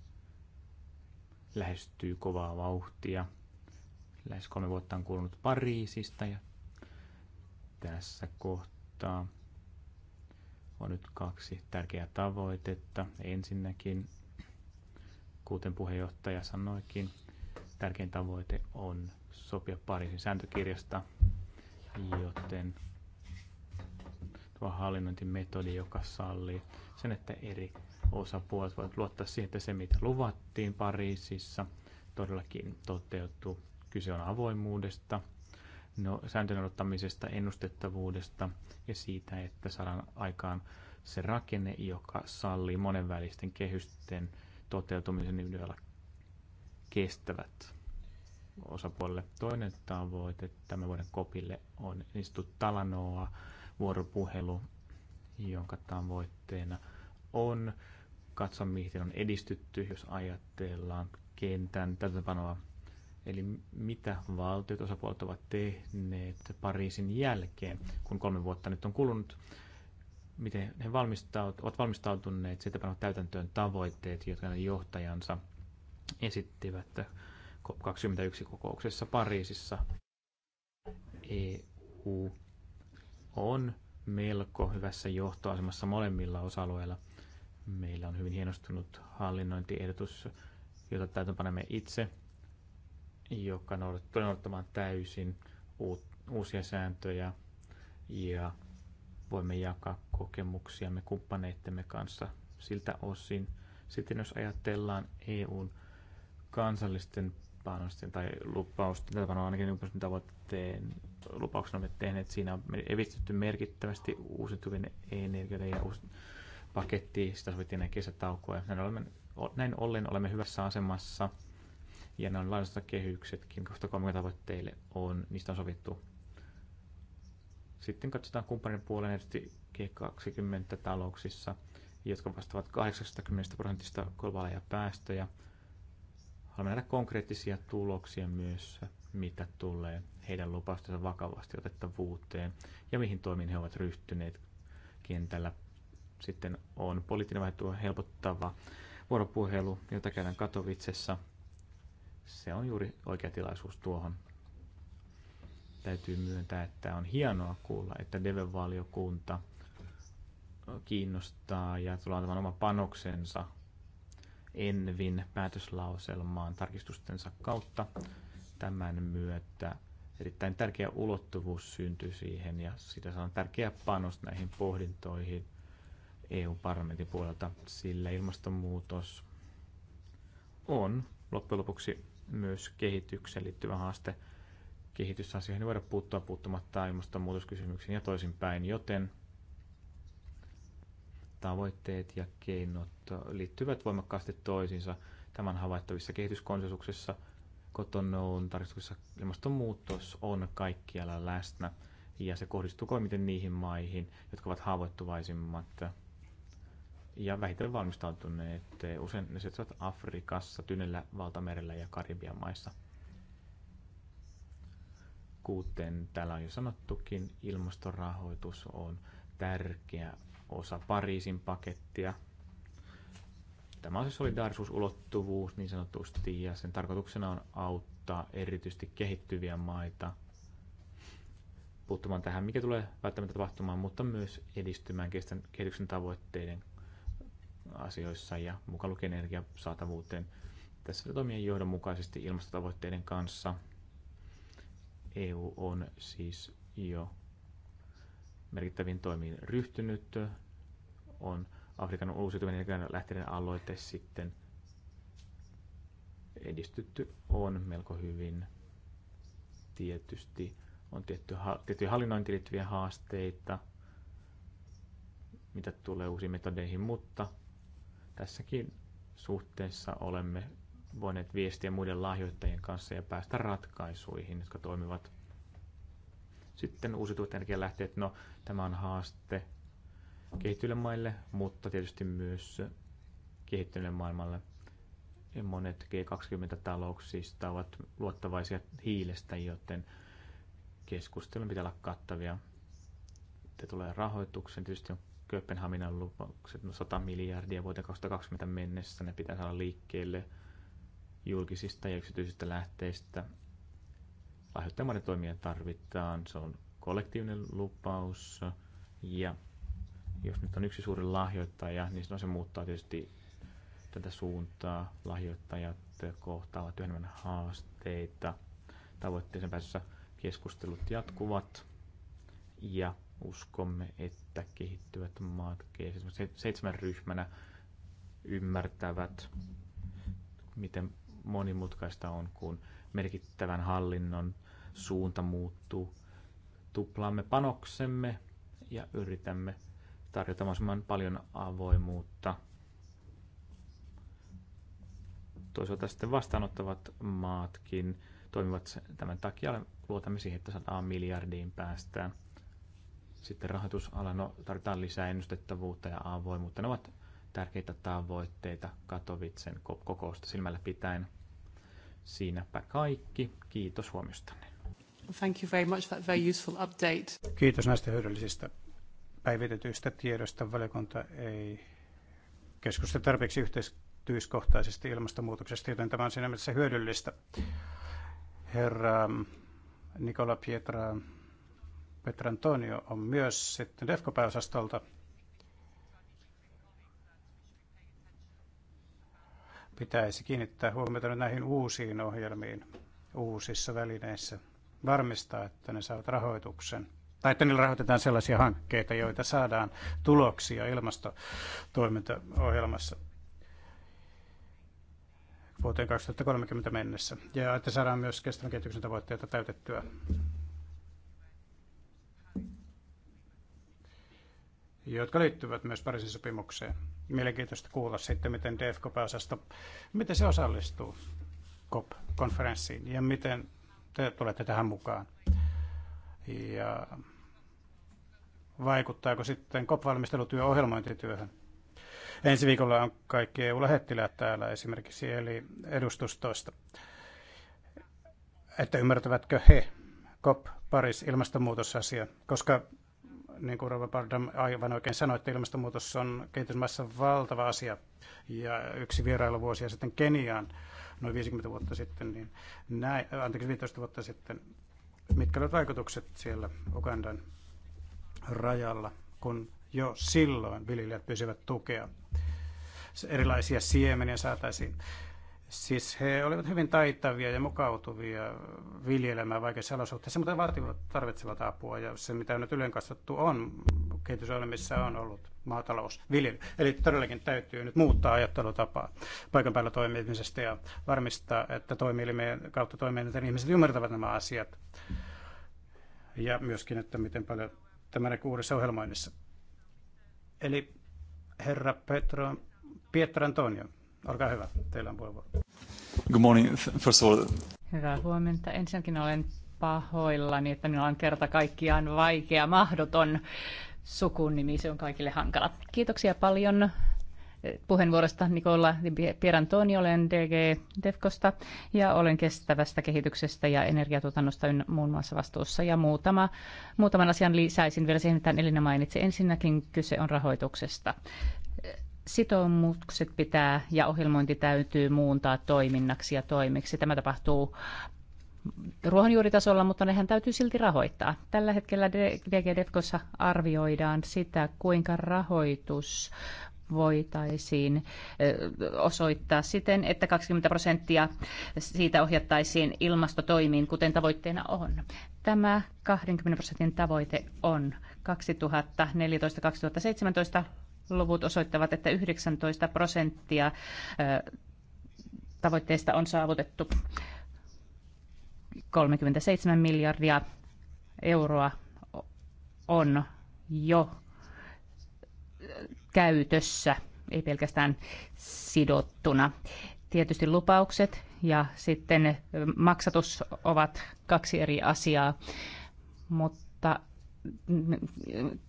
lähestyy kovaa vauhtia. Lähes kolme vuotta on kulunut Pariisista ja tässä kohtaa on nyt kaksi tärkeää tavoitetta. Ensinnäkin, kuten puheenjohtaja sanoikin, tärkein tavoite on sopia Pariisin sääntökirjasta, joten tuo hallinnointimetodi, joka sallii sen, että eri osapuolet voivat luottaa siihen, että se mitä luvattiin Pariisissa todellakin toteutuu. Kyse on avoimuudesta, no, sääntöjen odottamisesta, ennustettavuudesta ja siitä, että saadaan aikaan se rakenne, joka sallii monenvälisten kehysten toteutumisen yhdellä kestävät osapuolelle. Toinen tavoite tämän vuoden kopille on istu Talanoa vuoropuhelu, jonka tavoitteena on katsoa, miten on edistytty, jos ajatellaan kentän täytäntöpanoa. Eli mitä valtiot osapuolet ovat tehneet Pariisin jälkeen, kun kolme vuotta nyt on kulunut, miten he valmistaut, ovat valmistautuneet, sitä panoa täytäntöön tavoitteet, jotka ne johtajansa – esittivät COP21-kokouksessa Pariisissa. EU on melko hyvässä johtoasemassa molemmilla osa-alueilla. Meillä on hyvin hienostunut hallinnointiehdotus, jota täytäntöpanemme itse, joka noudattaa noudattamaan täysin uusia sääntöjä ja voimme jakaa kokemuksiamme kumppaneittemme kanssa siltä osin. Sitten jos ajatellaan EUn kansallisten panosten tai lupausten, tai on no, ainakin tavoitteen lupauksena olemme tehneet. Siinä on edistetty merkittävästi uusiutuvien energioiden ja uusi paketti, sitä sovittiin näin kesätaukoa. Näin, olemme, näin ollen olemme hyvässä asemassa ja ne on laajennusta kehyksetkin, koska tavoitteille on, niistä on sovittu. Sitten katsotaan kumppanin puolen erityisesti G20 talouksissa, jotka vastaavat 80 prosentista globaaleja päästöjä. Haluamme nähdä konkreettisia tuloksia myös, mitä tulee heidän lupaustensa vakavasti otettavuuteen ja mihin toimiin he ovat ryhtyneet kentällä. Sitten on poliittinen vaihtoehto helpottava vuoropuhelu, jota käydään Katovitsessa. Se on juuri oikea tilaisuus tuohon. Täytyy myöntää, että on hienoa kuulla, että deve kiinnostaa ja tulee antamaan oma panoksensa Envin päätöslauselmaan tarkistustensa kautta. Tämän myötä erittäin tärkeä ulottuvuus syntyy siihen ja sitä on tärkeä panos näihin pohdintoihin EU-parlamentin puolelta, sillä ilmastonmuutos on loppujen lopuksi myös kehitykseen liittyvä haaste. Kehitysasioihin ei voida puuttua puuttumatta ilmastonmuutoskysymyksiin ja toisinpäin, joten tavoitteet ja keinot liittyvät voimakkaasti toisiinsa. Tämän havaittavissa kehityskonsensuksessa kotonoun tarkistuksessa ilmastonmuutos on kaikkialla läsnä ja se kohdistuu koimiten niihin maihin, jotka ovat haavoittuvaisimmat ja vähiten valmistautuneet. Usein ne sijaitsevat Afrikassa, Tynellä, Valtamerellä ja Karibian maissa. Kuten täällä on jo sanottukin, ilmastorahoitus on tärkeä osa Pariisin pakettia. Tämä on se solidaarisuusulottuvuus niin sanotusti, ja sen tarkoituksena on auttaa erityisesti kehittyviä maita puuttumaan tähän, mikä tulee välttämättä tapahtumaan, mutta myös edistymään kestän, kehityksen tavoitteiden asioissa ja mukaan lukien energiasaatavuuteen. Tässä toimii johdonmukaisesti ilmastotavoitteiden kanssa. EU on siis jo merkittäviin toimiin ryhtynyt. On Afrikan uusiutuminen lähteiden aloite sitten edistytty on melko hyvin. Tietysti on tietty, tiettyjä hallinnointiin liittyviä haasteita, mitä tulee uusiin metodeihin, mutta tässäkin suhteessa olemme voineet viestiä muiden lahjoittajien kanssa ja päästä ratkaisuihin, jotka toimivat. Sitten uusiutuvat energialähteet, no tämä on haaste kehittyville maille, mutta tietysti myös kehittyneille maailmalle. Monet G20-talouksista ovat luottavaisia hiilestä, joten keskustelun pitää olla kattavia. Sitten tulee rahoituksen, tietysti on Kööpenhaminan lupaukset, no 100 miljardia vuoteen 2020 mennessä, ne pitää saada liikkeelle julkisista ja yksityisistä lähteistä aiheuttajan monia toimia tarvitaan. Se on kollektiivinen lupaus ja jos nyt on yksi suuri lahjoittaja, niin se muuttaa tietysti tätä suuntaa. Lahjoittajat kohtaavat enemmän haasteita. Tavoitteeseen päässä keskustelut jatkuvat ja uskomme, että kehittyvät maat seitsemän ryhmänä ymmärtävät, miten monimutkaista on, kun merkittävän hallinnon suunta muuttuu. Tuplaamme panoksemme ja yritämme tarjota mahdollisimman paljon avoimuutta. Toisaalta sitten vastaanottavat maatkin toimivat tämän takia. Luotamme siihen, että 100 miljardiin päästään. Sitten rahoitusala, no, tarvitaan lisää ennustettavuutta ja avoimuutta. Ne ovat tärkeitä tavoitteita Katovitsen kokousta silmällä pitäen. Siinäpä kaikki. Kiitos huomiostanne. Thank you very much for that very useful update. Kiitos näistä hyödyllisistä päivitetyistä tiedoista. Valiokunta ei keskustele tarpeeksi yhteistyiskohtaisesti ilmastonmuutoksesta, joten tämä on siinä mielessä hyödyllistä. Herra mm, Nikola Pietra Petrantonio on myös sitten DEFCO-pääosastolta. Pitäisi kiinnittää huomiota näihin uusiin ohjelmiin uusissa välineissä varmistaa, että ne saavat rahoituksen tai että niillä rahoitetaan sellaisia hankkeita, joita saadaan tuloksia ilmastotoimintaohjelmassa vuoteen 2030 mennessä, ja että saadaan myös kestävän kehityksen tavoitteita täytettyä. jotka liittyvät myös Pariisin sopimukseen. Mielenkiintoista kuulla sitten, miten DFK-pääosasto, miten se osallistuu COP-konferenssiin ja miten te tulette tähän mukaan? Ja vaikuttaako sitten COP-valmistelutyö ohjelmointityöhön? Ensi viikolla on kaikki EU-lähettiläät täällä esimerkiksi, eli edustustoista. Että ymmärtävätkö he COP, Paris, ilmastonmuutosasia, koska niin kuin Robert Bardam aivan oikein sanoi, että ilmastonmuutos on kehitysmaissa valtava asia. Ja yksi vierailuvuosia sitten Keniaan noin 50 vuotta sitten, niin näin, äh, anteeksi 15 vuotta sitten, mitkä olivat vaikutukset siellä Ugandan rajalla, kun jo silloin viljelijät pysyvät tukea. Erilaisia siemeniä saataisiin. Siis he olivat hyvin taitavia ja mukautuvia viljelemään vaikeissa olosuhteissa, mutta vaativat, tarvitsevat apua. Ja se, mitä nyt ylenkasvattu on, kehitysohjelmissa on ollut maatalousviljely. Eli todellakin täytyy nyt muuttaa ajattelutapaa paikan päällä toimimisesta ja varmistaa, että toimielimien kautta toimielinten ihmiset ymmärtävät nämä asiat. Ja myöskin, että miten paljon tämä näkyy uudessa ohjelmoinnissa. Eli herra Petro, Pietro Antonio, olkaa hyvä, teillä on puheenvuoro. Good morning, first of all. Hyvää huomenta. Ensinnäkin olen pahoillani, että minulla on kerta kaikkiaan vaikea, mahdoton sukunimi, se on kaikille hankala. Kiitoksia paljon puheenvuorosta Nikola Pierantoni, olen DG Defkosta ja olen kestävästä kehityksestä ja energiatuotannosta muun muassa vastuussa. Ja muutama, muutaman asian lisäisin vielä siihen, mitä Elina mainitsi. Ensinnäkin kyse on rahoituksesta. Sitoumukset pitää ja ohjelmointi täytyy muuntaa toiminnaksi ja toimiksi. Tämä tapahtuu ruohonjuuritasolla, mutta nehän täytyy silti rahoittaa. Tällä hetkellä DG Defcossa arvioidaan sitä, kuinka rahoitus voitaisiin osoittaa siten, että 20 prosenttia siitä ohjattaisiin ilmastotoimiin, kuten tavoitteena on. Tämä 20 prosentin tavoite on 2014-2017 luvut osoittavat, että 19 prosenttia tavoitteista on saavutettu 37 miljardia euroa on jo käytössä, ei pelkästään sidottuna. Tietysti lupaukset ja sitten maksatus ovat kaksi eri asiaa, mutta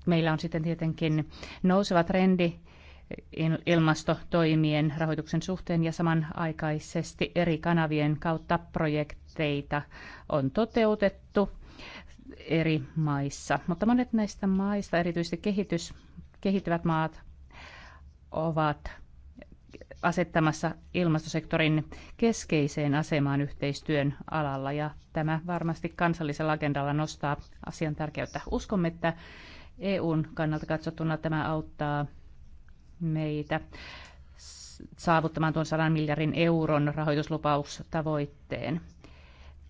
meillä on sitten tietenkin nouseva trendi ilmastotoimien rahoituksen suhteen ja samanaikaisesti eri kanavien kautta projekteita on toteutettu eri maissa. Mutta monet näistä maista, erityisesti kehitys, kehittyvät maat, ovat asettamassa ilmastosektorin keskeiseen asemaan yhteistyön alalla ja tämä varmasti kansallisella agendalla nostaa asian tärkeyttä. Uskomme, että EUn kannalta katsottuna tämä auttaa meitä saavuttamaan tuon 100 miljardin euron rahoituslupaustavoitteen.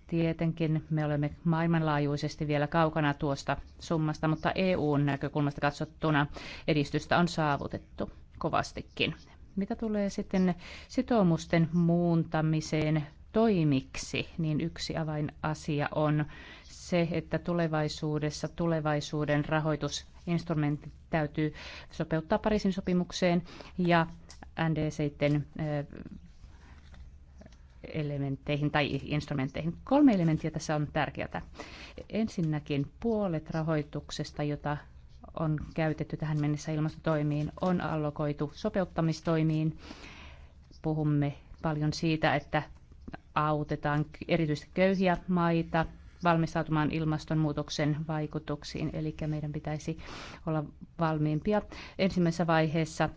Tietenkin me olemme maailmanlaajuisesti vielä kaukana tuosta summasta, mutta EUn näkökulmasta katsottuna edistystä on saavutettu kovastikin. Mitä tulee sitten sitoumusten muuntamiseen toimiksi, niin yksi avainasia on se, että tulevaisuudessa tulevaisuuden rahoitus instrumentit täytyy sopeuttaa Pariisin sopimukseen ja NDCiden eh, elementteihin tai instrumentteihin. Kolme elementtiä tässä on tärkeää. Ensinnäkin puolet rahoituksesta, jota on käytetty tähän mennessä ilmastotoimiin, on allokoitu sopeuttamistoimiin. Puhumme paljon siitä, että autetaan erityisesti köyhiä maita valmistautumaan ilmastonmuutoksen vaikutuksiin. Eli meidän pitäisi olla valmiimpia ensimmäisessä vaiheessa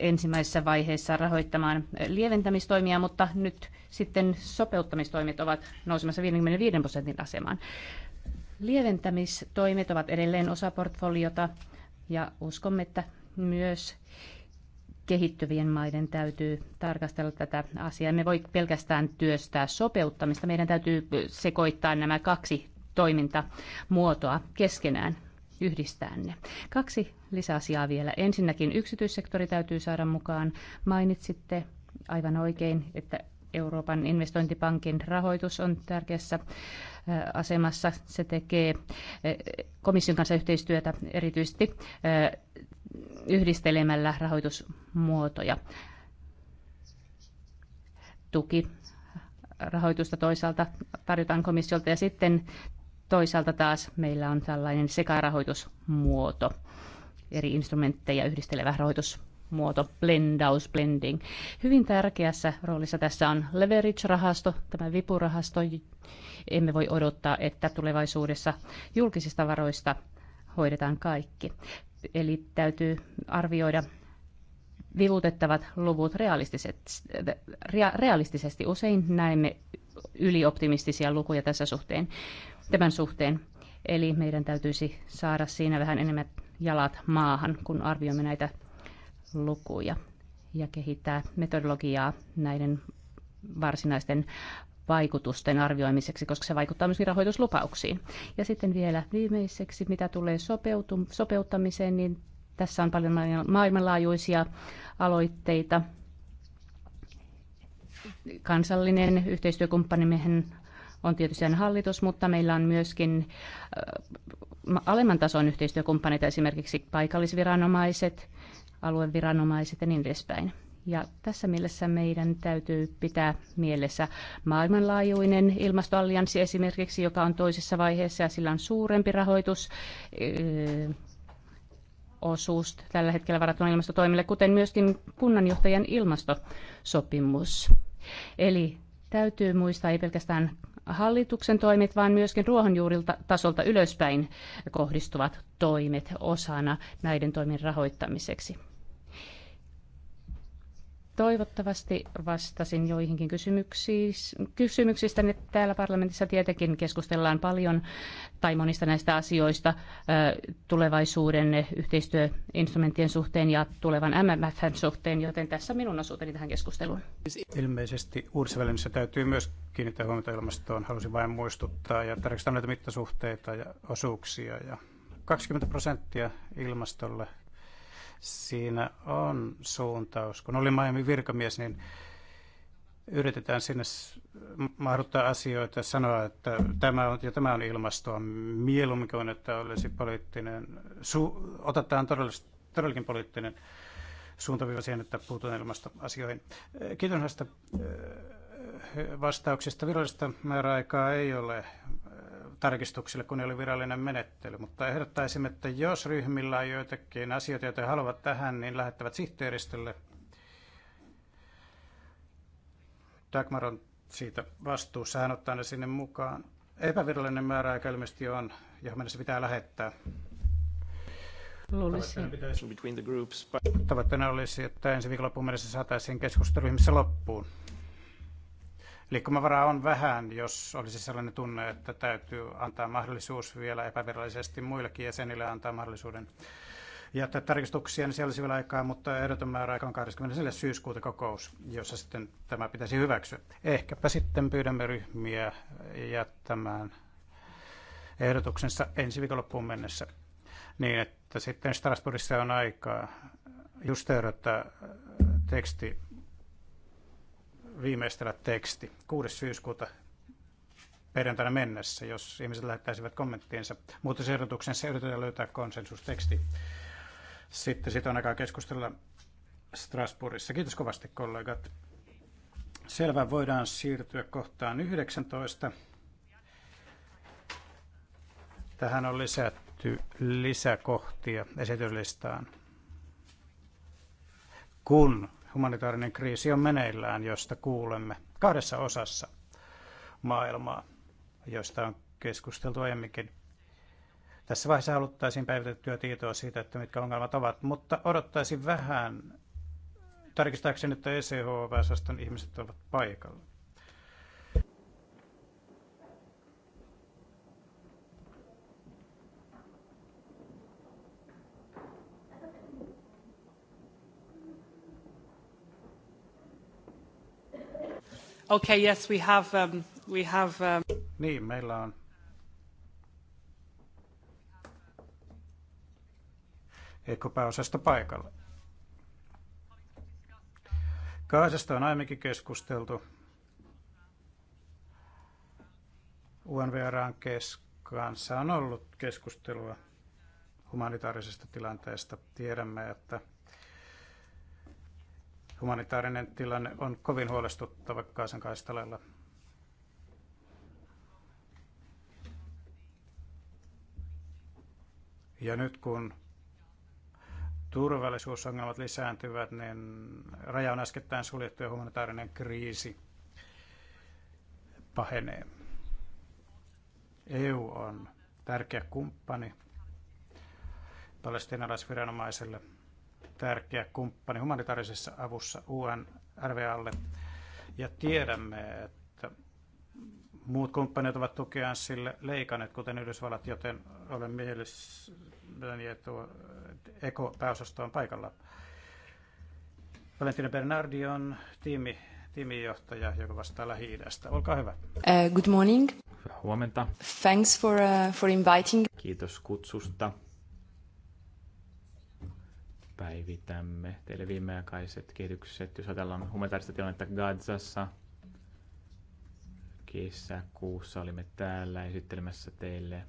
ensimmäisessä vaiheessa rahoittamaan lieventämistoimia, mutta nyt sitten sopeuttamistoimet ovat nousemassa 55 prosentin asemaan. Lieventämistoimet ovat edelleen osa portfoliota ja uskomme, että myös kehittyvien maiden täytyy tarkastella tätä asiaa. Me voi pelkästään työstää sopeuttamista. Meidän täytyy sekoittaa nämä kaksi toimintamuotoa keskenään yhdistää ne. Kaksi lisäasiaa vielä. Ensinnäkin yksityissektori täytyy saada mukaan. Mainitsitte aivan oikein, että Euroopan investointipankin rahoitus on tärkeässä asemassa. Se tekee komission kanssa yhteistyötä erityisesti yhdistelemällä rahoitusmuotoja. Tuki rahoitusta toisaalta tarjotaan komissiolta ja sitten toisaalta taas meillä on tällainen sekarahoitusmuoto, eri instrumentteja yhdistelevä rahoitus muoto blendaus, blending. Hyvin tärkeässä roolissa tässä on leverage-rahasto, tämä vipurahasto. Emme voi odottaa, että tulevaisuudessa julkisista varoista hoidetaan kaikki. Eli täytyy arvioida vivutettavat luvut realistisesti. Usein näemme ylioptimistisia lukuja tässä suhteen, tämän suhteen. Eli meidän täytyisi saada siinä vähän enemmän jalat maahan, kun arvioimme näitä lukuja ja kehittää metodologiaa näiden varsinaisten vaikutusten arvioimiseksi, koska se vaikuttaa myös rahoituslupauksiin. Ja sitten vielä viimeiseksi, mitä tulee sopeutu- sopeuttamiseen, niin tässä on paljon maailmanlaajuisia aloitteita. Kansallinen yhteistyökumppanimmehän on tietysti hallitus, mutta meillä on myöskin alemman tason yhteistyökumppaneita, esimerkiksi paikallisviranomaiset, alueen viranomaiset ja niin edespäin. Ja tässä mielessä meidän täytyy pitää mielessä maailmanlaajuinen ilmastoallianssi esimerkiksi, joka on toisessa vaiheessa ja sillä on suurempi rahoitus eh, osuus tällä hetkellä varattuna ilmastotoimille, kuten myöskin kunnanjohtajan ilmastosopimus. Eli täytyy muistaa ei pelkästään hallituksen toimet, vaan myöskin ruohonjuurilta tasolta ylöspäin kohdistuvat toimet osana näiden toimien rahoittamiseksi. Toivottavasti vastasin joihinkin kysymyksistä. Nyt täällä parlamentissa tietenkin keskustellaan paljon tai monista näistä asioista tulevaisuuden yhteistyöinstrumenttien suhteen ja tulevan MMFn suhteen, joten tässä minun osuuteni tähän keskusteluun. Ilmeisesti uudessa täytyy myös kiinnittää huomiota ilmastoon. Halusin vain muistuttaa ja tarkistetaan näitä mittasuhteita ja osuuksia ja 20 prosenttia ilmastolle siinä on suuntaus. Kun olin Miami virkamies, niin yritetään sinne mahduttaa asioita, sanoa, että tämä on, ja tämä on ilmastoa mieluummin kuin, että olisi poliittinen, su, otetaan todellis, todellakin poliittinen suuntaviiva siihen, että puhutaan ilmastoasioihin. Kiitos näistä vastauksista. Virallista määräaikaa ei ole tarkistuksille, kun ne oli virallinen menettely. Mutta ehdottaisimme, että jos ryhmillä on joitakin asioita, joita haluavat tähän, niin lähettävät sihteeristölle. Dagmar on siitä vastuussa, hän ottaa ne sinne mukaan. Epävirallinen määräaika ilmeisesti on, johon mennessä pitää lähettää. Luulisin. Tavoitteena olisi, että ensi viikonloppuun mennessä saataisiin keskusteluryhmissä loppuun liikkumavara on vähän, jos olisi sellainen tunne, että täytyy antaa mahdollisuus vielä epävirallisesti muillekin jäsenille antaa mahdollisuuden jättää tarkistuksia, niin se olisi vielä aikaa, mutta ehdoton määräaika on 24. syyskuuta kokous, jossa sitten tämä pitäisi hyväksyä. Ehkäpä sitten pyydämme ryhmiä jättämään ehdotuksensa ensi viikonloppuun mennessä, niin että sitten Strasbourgissa on aikaa just teksti viimeistellä teksti 6. syyskuuta perjantaina mennessä, jos ihmiset lähettäisivät kommenttiensa. Muutosehdotuksen se yritetään löytää konsensusteksti. Sitten siitä on aikaa keskustella Strasbourgissa. Kiitos kovasti kollegat. Selvä, voidaan siirtyä kohtaan 19. Tähän on lisätty lisäkohtia esityslistaan. Kun humanitaarinen kriisi on meneillään, josta kuulemme kahdessa osassa maailmaa, josta on keskusteltu aiemminkin. Tässä vaiheessa haluttaisiin päivitettyä tietoa siitä, että mitkä ongelmat ovat, mutta odottaisin vähän tarkistaakseni, että ECHV-osaston ihmiset ovat paikalla. Okay, yes, we have, um, we have, um... Niin, meillä on ekopääosasta paikalla. Kaasasta on aiemminkin keskusteltu. UNVRAn kanssa on ollut keskustelua humanitaarisesta tilanteesta. Tiedämme, että Humanitaarinen tilanne on kovin huolestuttava Kaasan kaistaleella. Ja nyt kun turvallisuusongelmat lisääntyvät, niin raja on äskettäin suljettu ja humanitaarinen kriisi pahenee. EU on tärkeä kumppani palestinalaisviranomaiselle tärkeä kumppani humanitaarisessa avussa UNRWAlle. Ja tiedämme, että muut kumppanit ovat tukeaan sille leikanneet, kuten Yhdysvallat, joten olen mielessäni, että tuo ECO-pääosasto on paikalla. Valentina Bernardi on tiimi, tiimijohtaja, joka vastaa lähi -idästä. Olkaa hyvä. Uh, good morning. Hyvää huomenta. Thanks for, uh, for inviting. Kiitos kutsusta päivitämme teille viimeaikaiset kehitykset. Jos ajatellaan humanitaarista tilannetta Gazassa, kesäkuussa olimme täällä esittelemässä teille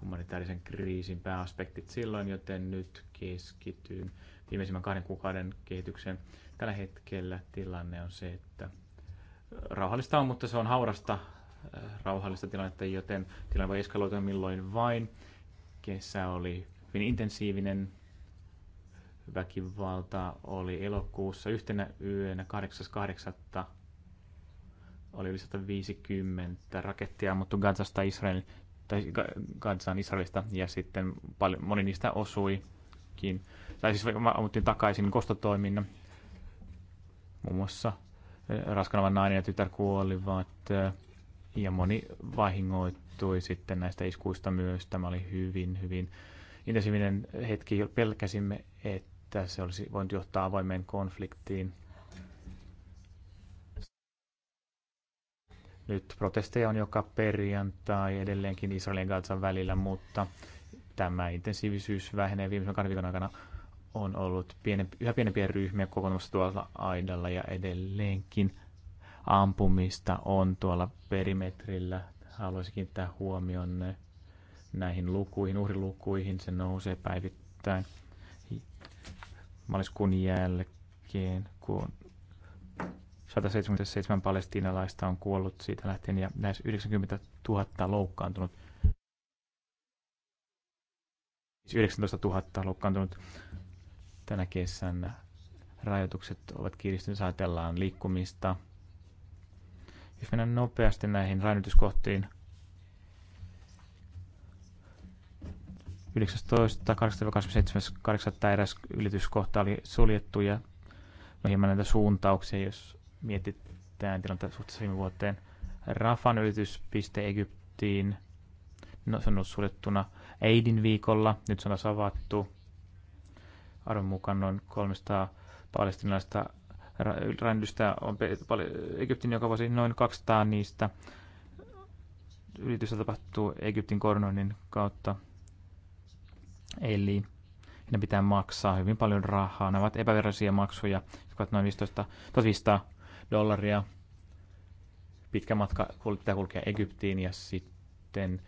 humanitaarisen kriisin pääaspektit silloin, joten nyt keskityn viimeisimmän kahden kuukauden kehitykseen. Tällä hetkellä tilanne on se, että rauhallista on, mutta se on haurasta äh, rauhallista tilannetta, joten tilanne voi eskaloitua milloin vain. Kesä oli hyvin intensiivinen, väkivalta oli elokuussa. Yhtenä yönä 8.8. oli yli 150 rakettia ammuttu Gazasta Israel, tai Gazaan Israelista ja sitten paljon, moni niistä osuikin. Tai siis ammuttiin takaisin kostotoiminnan. Muun muassa eh, raskana nainen ja tytär kuolivat eh, ja moni vahingoittui sitten näistä iskuista myös. Tämä oli hyvin, hyvin intensiivinen hetki. Pelkäsimme, että että se olisi voinut johtaa avoimeen konfliktiin. Nyt protesteja on joka perjantai edelleenkin Israelin ja Gazan välillä, mutta tämä intensiivisyys vähenee viimeisen kahden viikon aikana on ollut pienen, yhä pienempiä ryhmiä kokoontumassa tuolla aidalla ja edelleenkin ampumista on tuolla perimetrillä. Haluaisin kiinnittää huomioon näihin lukuihin, uhrilukuihin, se nousee päivittäin maaliskuun jälkeen, kun 177 palestiinalaista on kuollut siitä lähtien ja lähes 90 000 loukkaantunut. 19 siis 000 loukkaantunut tänä kesänä. Rajoitukset ovat kiristyneet, ajatellaan liikkumista. Jos mennään nopeasti näihin rajoituskohtiin, 19.8.27.8. eräs ylityskohta oli suljettu ja no hieman näitä suuntauksia, jos mietitään tilanteessa suhteessa viime vuoteen. Rafan ylityspiste Egyptiin, no se on ollut suljettuna Eidin viikolla, nyt se on taas avattu. Arvon mukaan noin 300 palestinaista rändystä on Egyptin joka vuosi noin 200 niistä yritystä tapahtuu Egyptin koronoinnin kautta. Eli ne pitää maksaa hyvin paljon rahaa. Ne ovat epävirallisia maksuja, jotka ovat noin 15 1500 dollaria. Pitkä matka pitää kulkea Egyptiin ja sitten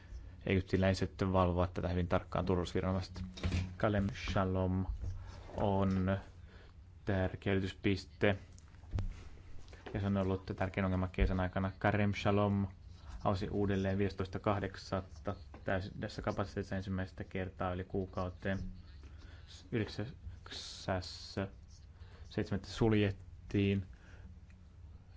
egyptiläiset valvovat tätä hyvin tarkkaan turvallisuusviranomaiset. Kalem Shalom on tärkeä yrityspiste ja se on ollut tärkein ongelma kesän aikana. Karem Shalom avasi uudelleen 15.8 tässä kapasiteetissa ensimmäistä kertaa yli kuukauteen. 9.7. suljettiin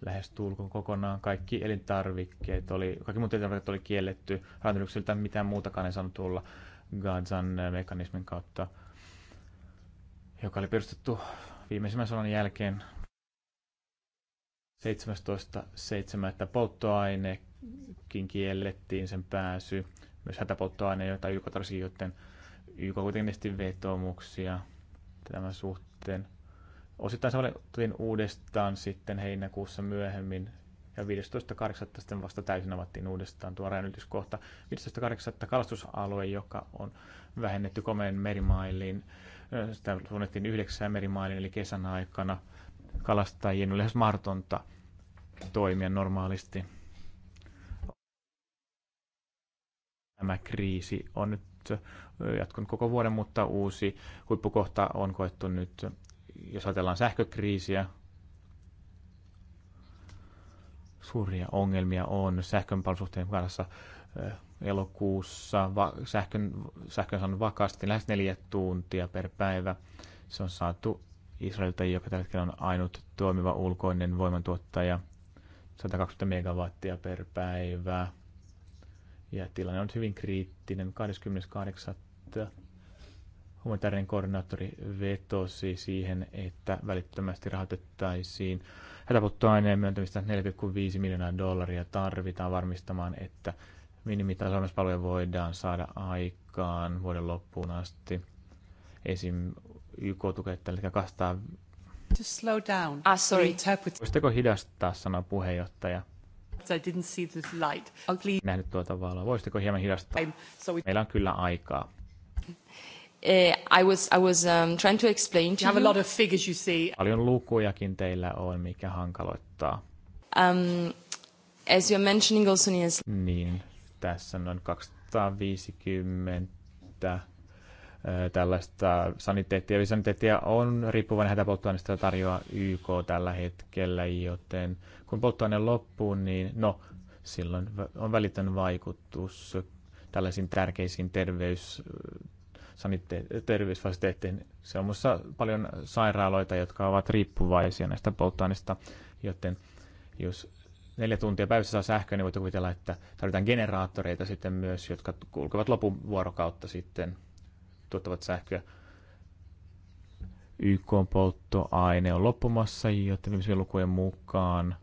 lähes tulkoon kokonaan. Kaikki elintarvikkeet oli, kaikki muut elintarvikkeet oli kielletty. Rantelyksiltä mitään muutakaan ei saanut tulla Gazan mekanismin kautta, joka oli perustettu viimeisimmän sodan jälkeen 17.7. polttoainekin kiellettiin sen pääsy myös hätäpolttoaineita tai YK joten YK kuitenkin esti vetomuksia tämän suhteen. Osittain se otettiin uudestaan sitten heinäkuussa myöhemmin ja 15.8. sitten vasta täysin avattiin uudestaan tuo rajanylityskohta. 15.8. kalastusalue, joka on vähennetty komeen merimailiin. Sitä suunnittiin yhdeksään merimailiin, eli kesän aikana kalastajien on lähes mahdotonta toimia normaalisti. Tämä kriisi on nyt jatkunut koko vuoden, mutta uusi huippukohta on koettu nyt, jos ajatellaan sähkökriisiä. Suuria ongelmia on sähkön palvelusuhteen kanssa elokuussa. Va- sähkön, sähkön on vakaasti lähes neljä tuntia per päivä. Se on saatu Israelilta, joka tällä hetkellä on ainut toimiva ulkoinen voimantuottaja. 120 megawattia per päivä. Ja tilanne on hyvin kriittinen. 28. humanitaarinen koordinaattori vetosi siihen, että välittömästi rahoitettaisiin hätäpolttoaineen myöntämistä 4,5 miljoonaa dollaria tarvitaan varmistamaan, että minimitasoimispalveluja voidaan saada aikaan vuoden loppuun asti. Esim. YK tukee tällä hetkellä 200 to slow down. Ah, sorry. Voisitteko hidastaa, sanoi puheenjohtaja. I didn't see this light. Please. Nähnyt tuota valoa. Voisitteko hieman hidastaa? So it... Meillä on kyllä aikaa. Uh, I was, I was um, trying to explain to you. have a lot of figures you see. Paljon lukujakin teillä on, mikä hankaloittaa. Um, as you're mentioning also in... Niin, tässä on noin 250 tällaista saniteettia. Eli saniteettia on riippuvainen hätäpolttoaineista, tarjoaa YK tällä hetkellä, joten kun polttoaine loppuu, niin no, silloin on välitön vaikutus tällaisiin tärkeisiin terveys, sanite- Se on muassa paljon sairaaloita, jotka ovat riippuvaisia näistä polttoaineista, joten jos neljä tuntia päivässä saa sähköä, niin voit kuvitella, että tarvitaan generaattoreita sitten myös, jotka kulkevat lopun vuorokautta sitten – tuottavat sähköä. YK on polttoaine on loppumassa, joten viimeisen lukujen mukaan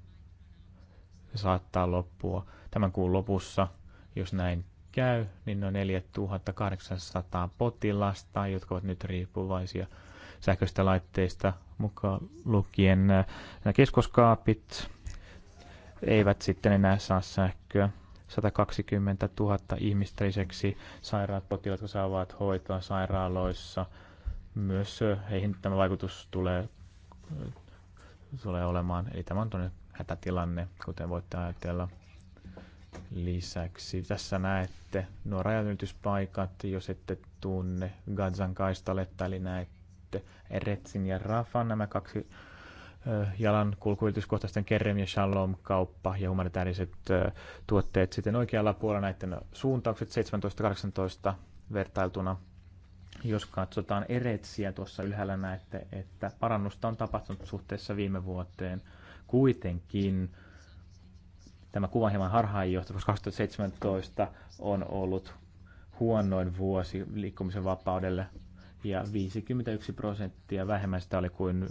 se saattaa loppua tämän kuun lopussa. Jos näin käy, niin noin 4800 potilasta, jotka ovat nyt riippuvaisia sähköistä laitteista, mukaan lukien äh, nämä keskoskaapit, eivät sitten enää saa sähköä. 120 000 ihmistä lisäksi sairaat potilaat, jotka saavat hoitoa sairaaloissa. Myös heihin tämä vaikutus tulee, tulee olemaan. Eli tämä on tuonne hätätilanne, kuten voitte ajatella. Lisäksi tässä näette nuo rajanylityspaikat, jos ette tunne Gazan kaistaletta, eli näette Eretsin ja Rafan, nämä kaksi kulkuyrityskohtaisten kerrem ja shalom kauppa ja humanitaariset tuotteet sitten oikealla puolella näiden suuntaukset 17-18 vertailtuna. Jos katsotaan eretsiä tuossa ylhäällä näette, että parannusta on tapahtunut suhteessa viime vuoteen. Kuitenkin tämä kuva on hieman harhaanjohtava, koska 2017 on ollut huonoin vuosi liikkumisen vapaudelle ja 51 prosenttia vähemmän sitä oli kuin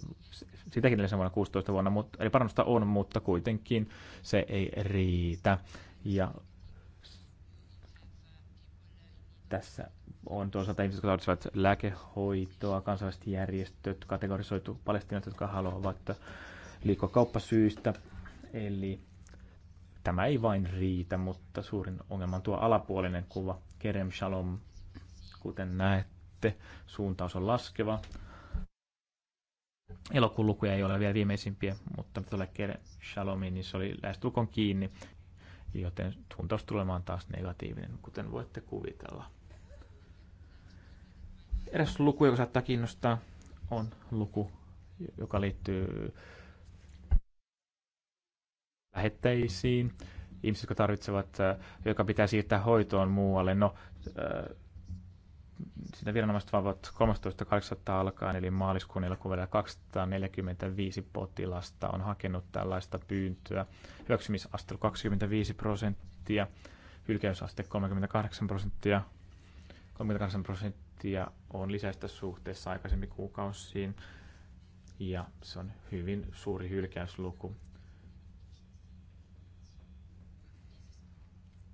sitäkin edellisenä vuonna 16 vuonna, mutta, eli parannusta on, mutta kuitenkin se ei riitä. Ja tässä on toisaalta ihmiset, jotka tarvitsevat lääkehoitoa, kansainväliset järjestöt, kategorisoitu palestinat, jotka haluavat liikkua kauppasyistä. Eli tämä ei vain riitä, mutta suurin ongelma on tuo alapuolinen kuva, Kerem Shalom, kuten näet sitten. suuntaus on laskeva. Elokuun lukuja ei ole vielä viimeisimpiä, mutta tuolle Shalomiin, niin se oli lähestulkoon kiinni, joten suuntaus tulemaan taas negatiivinen, kuten voitte kuvitella. Eräs luku, joka saattaa kiinnostaa, on luku, joka liittyy lähettäisiin, ihmiset, jotka tarvitsevat, äh, joka pitää siirtää hoitoon muualle. No, äh, sitä viranomaiset valvovat 13.8. alkaen, eli maaliskuun elokuvalle 245 potilasta on hakenut tällaista pyyntöä. Hyväksymisaste 25 prosenttia, hylkäysaste 38 prosenttia, 38 prosenttia on lisäistä suhteessa aikaisemmin kuukausiin, ja se on hyvin suuri hylkäysluku.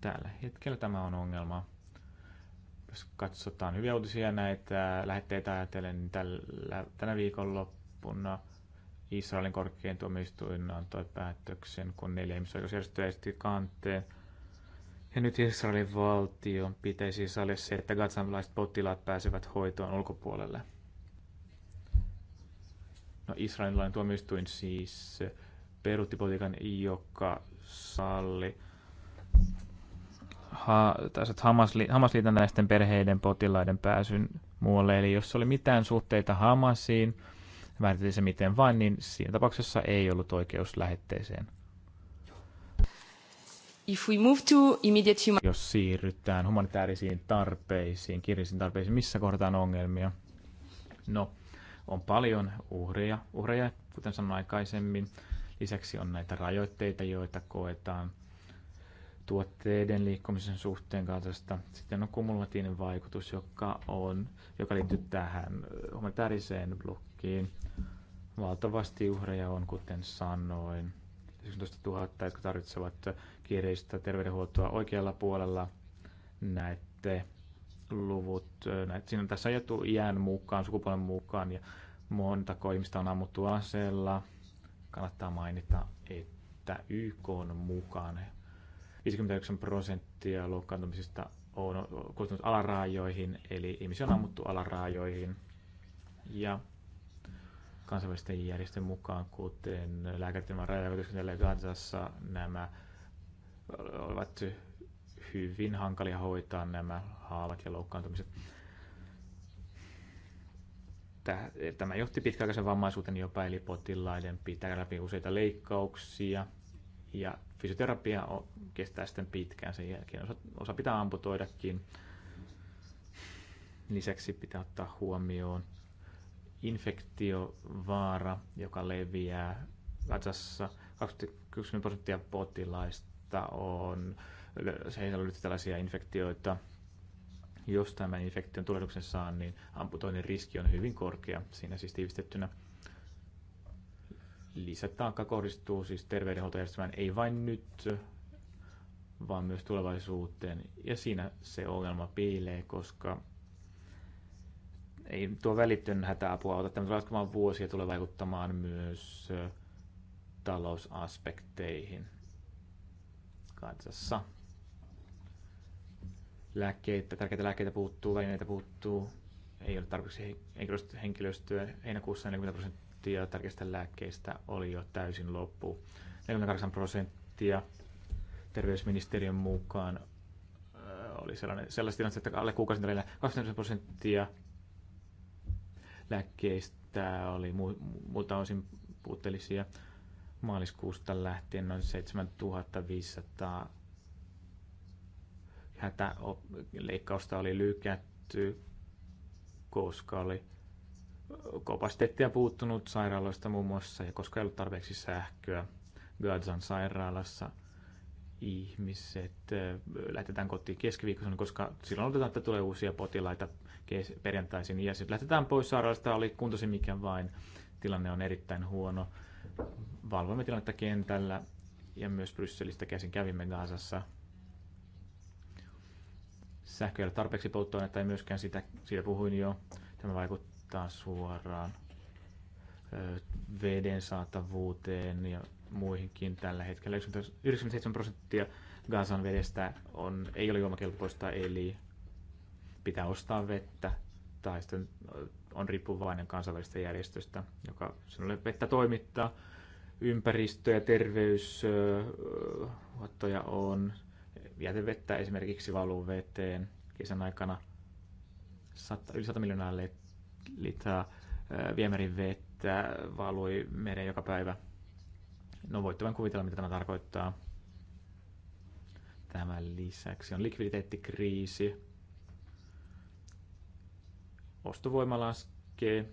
Tällä hetkellä tämä on ongelma. Jos katsotaan hyviä uutisia näitä lähetteitä ajatellen, niin tällä, tänä viikonloppuna Israelin korkein tuomioistuin antoi päätöksen, kun neljä ihmisoikeusjärjestöä esitti kanteen. Ja nyt Israelin valtion pitäisi sallia se, että gatsamilaiset potilaat pääsevät hoitoon ulkopuolelle. No, israelilainen tuomioistuin siis peruutti potikan, joka salli ha, Hamasli, Hamasliitännäisten perheiden potilaiden pääsyn muualle. Eli jos oli mitään suhteita Hamasiin, määritettiin se miten vain, niin siinä tapauksessa ei ollut oikeus lähetteeseen. If we move to immediate human... Jos siirrytään humanitaarisiin tarpeisiin, kirjallisiin tarpeisiin, missä kohdataan ongelmia? No, on paljon uhreja, uhreja kuten sanoin aikaisemmin. Lisäksi on näitä rajoitteita, joita koetaan tuotteiden liikkumisen suhteen kansasta. Sitten on kumulatiivinen vaikutus, joka, on, joka liittyy tähän humanitaariseen blokkiin. Valtavasti uhreja on, kuten sanoin. 19 000, jotka tarvitsevat kiireistä terveydenhuoltoa oikealla puolella. Näette luvut. Näet, siinä on tässä ajettu iän mukaan, sukupuolen mukaan ja montako ihmistä on ammuttu aseella. Kannattaa mainita, että YK on mukana 59 prosenttia loukkaantumisista on koostunut alaraajoihin, eli ihmisiä on ammuttu alaraajoihin. Ja kansainvälisten järjestön mukaan, kuten lääkäritilman rajakotyskentelyä Gazassa, nämä ovat hyvin hankalia hoitaa nämä haavat ja loukkaantumiset. Tämä johti pitkäaikaisen vammaisuuteen jopa, eli potilaiden pitää läpi useita leikkauksia, ja fysioterapia kestää sitten pitkään sen jälkeen. Osa, osa pitää amputoidakin. Lisäksi pitää ottaa huomioon infektiovaara, joka leviää vatsassa. 20 prosenttia potilaista on, heillä on tällaisia infektioita. Jos tämän infektion tulehduksen saa, niin amputoinnin riski on hyvin korkea. Siinä siis tiivistettynä lisätaakka kohdistuu siis terveydenhuoltojärjestelmään ei vain nyt, vaan myös tulevaisuuteen. Ja siinä se ongelma piilee, koska ei tuo välittön hätäapua ota Tämä tulee laskemaan vuosia, tulee vaikuttamaan myös talousaspekteihin kansassa. Lääkkeitä, tärkeitä lääkkeitä puuttuu, välineitä puuttuu, ei ole tarpeeksi henkilöstöä. Heinäkuussa 40 prosenttia prosenttia tärkeistä lääkkeistä oli jo täysin loppu. 48 prosenttia terveysministeriön mukaan äh, oli sellainen, sellaista tilannetta, että alle kuukausin välillä 20 prosenttia lääkkeistä oli mu, muuta osin puutteellisia. Maaliskuusta lähtien noin 7500 hätäleikkausta oli lykätty, koska oli kapasiteettia puuttunut sairaaloista muun muassa, ja koska ei ollut tarpeeksi sähköä Gazan sairaalassa, ihmiset lähetetään kotiin keskiviikkona, koska silloin otetaan, että tulee uusia potilaita perjantaisin, ja sitten lähetetään pois sairaalasta, oli kuntosi mikä vain, tilanne on erittäin huono. Valvoimme tilannetta kentällä, ja myös Brysselistä käsin kävimme Gazassa sähkö ei ole tarpeeksi polttoainetta, ei myöskään sitä, siitä puhuin jo. Tämä vaikuttaa vaikuttaa suoraan veden saatavuuteen ja muihinkin tällä hetkellä. 97 prosenttia Gazan vedestä on, ei ole juomakelpoista, eli pitää ostaa vettä tai sitten on riippuvainen kansainvälisestä järjestöstä, joka sinulle vettä toimittaa. Ympäristö- ja terveyshuottoja on. Jätevettä esimerkiksi valuu veteen. Kesän aikana 100, yli 100 miljoonaa litraa äh, viemärin vettä valui meren joka päivä. No voitte vain kuvitella, mitä tämä tarkoittaa. Tämän lisäksi on likviditeettikriisi. Ostovoima laskee.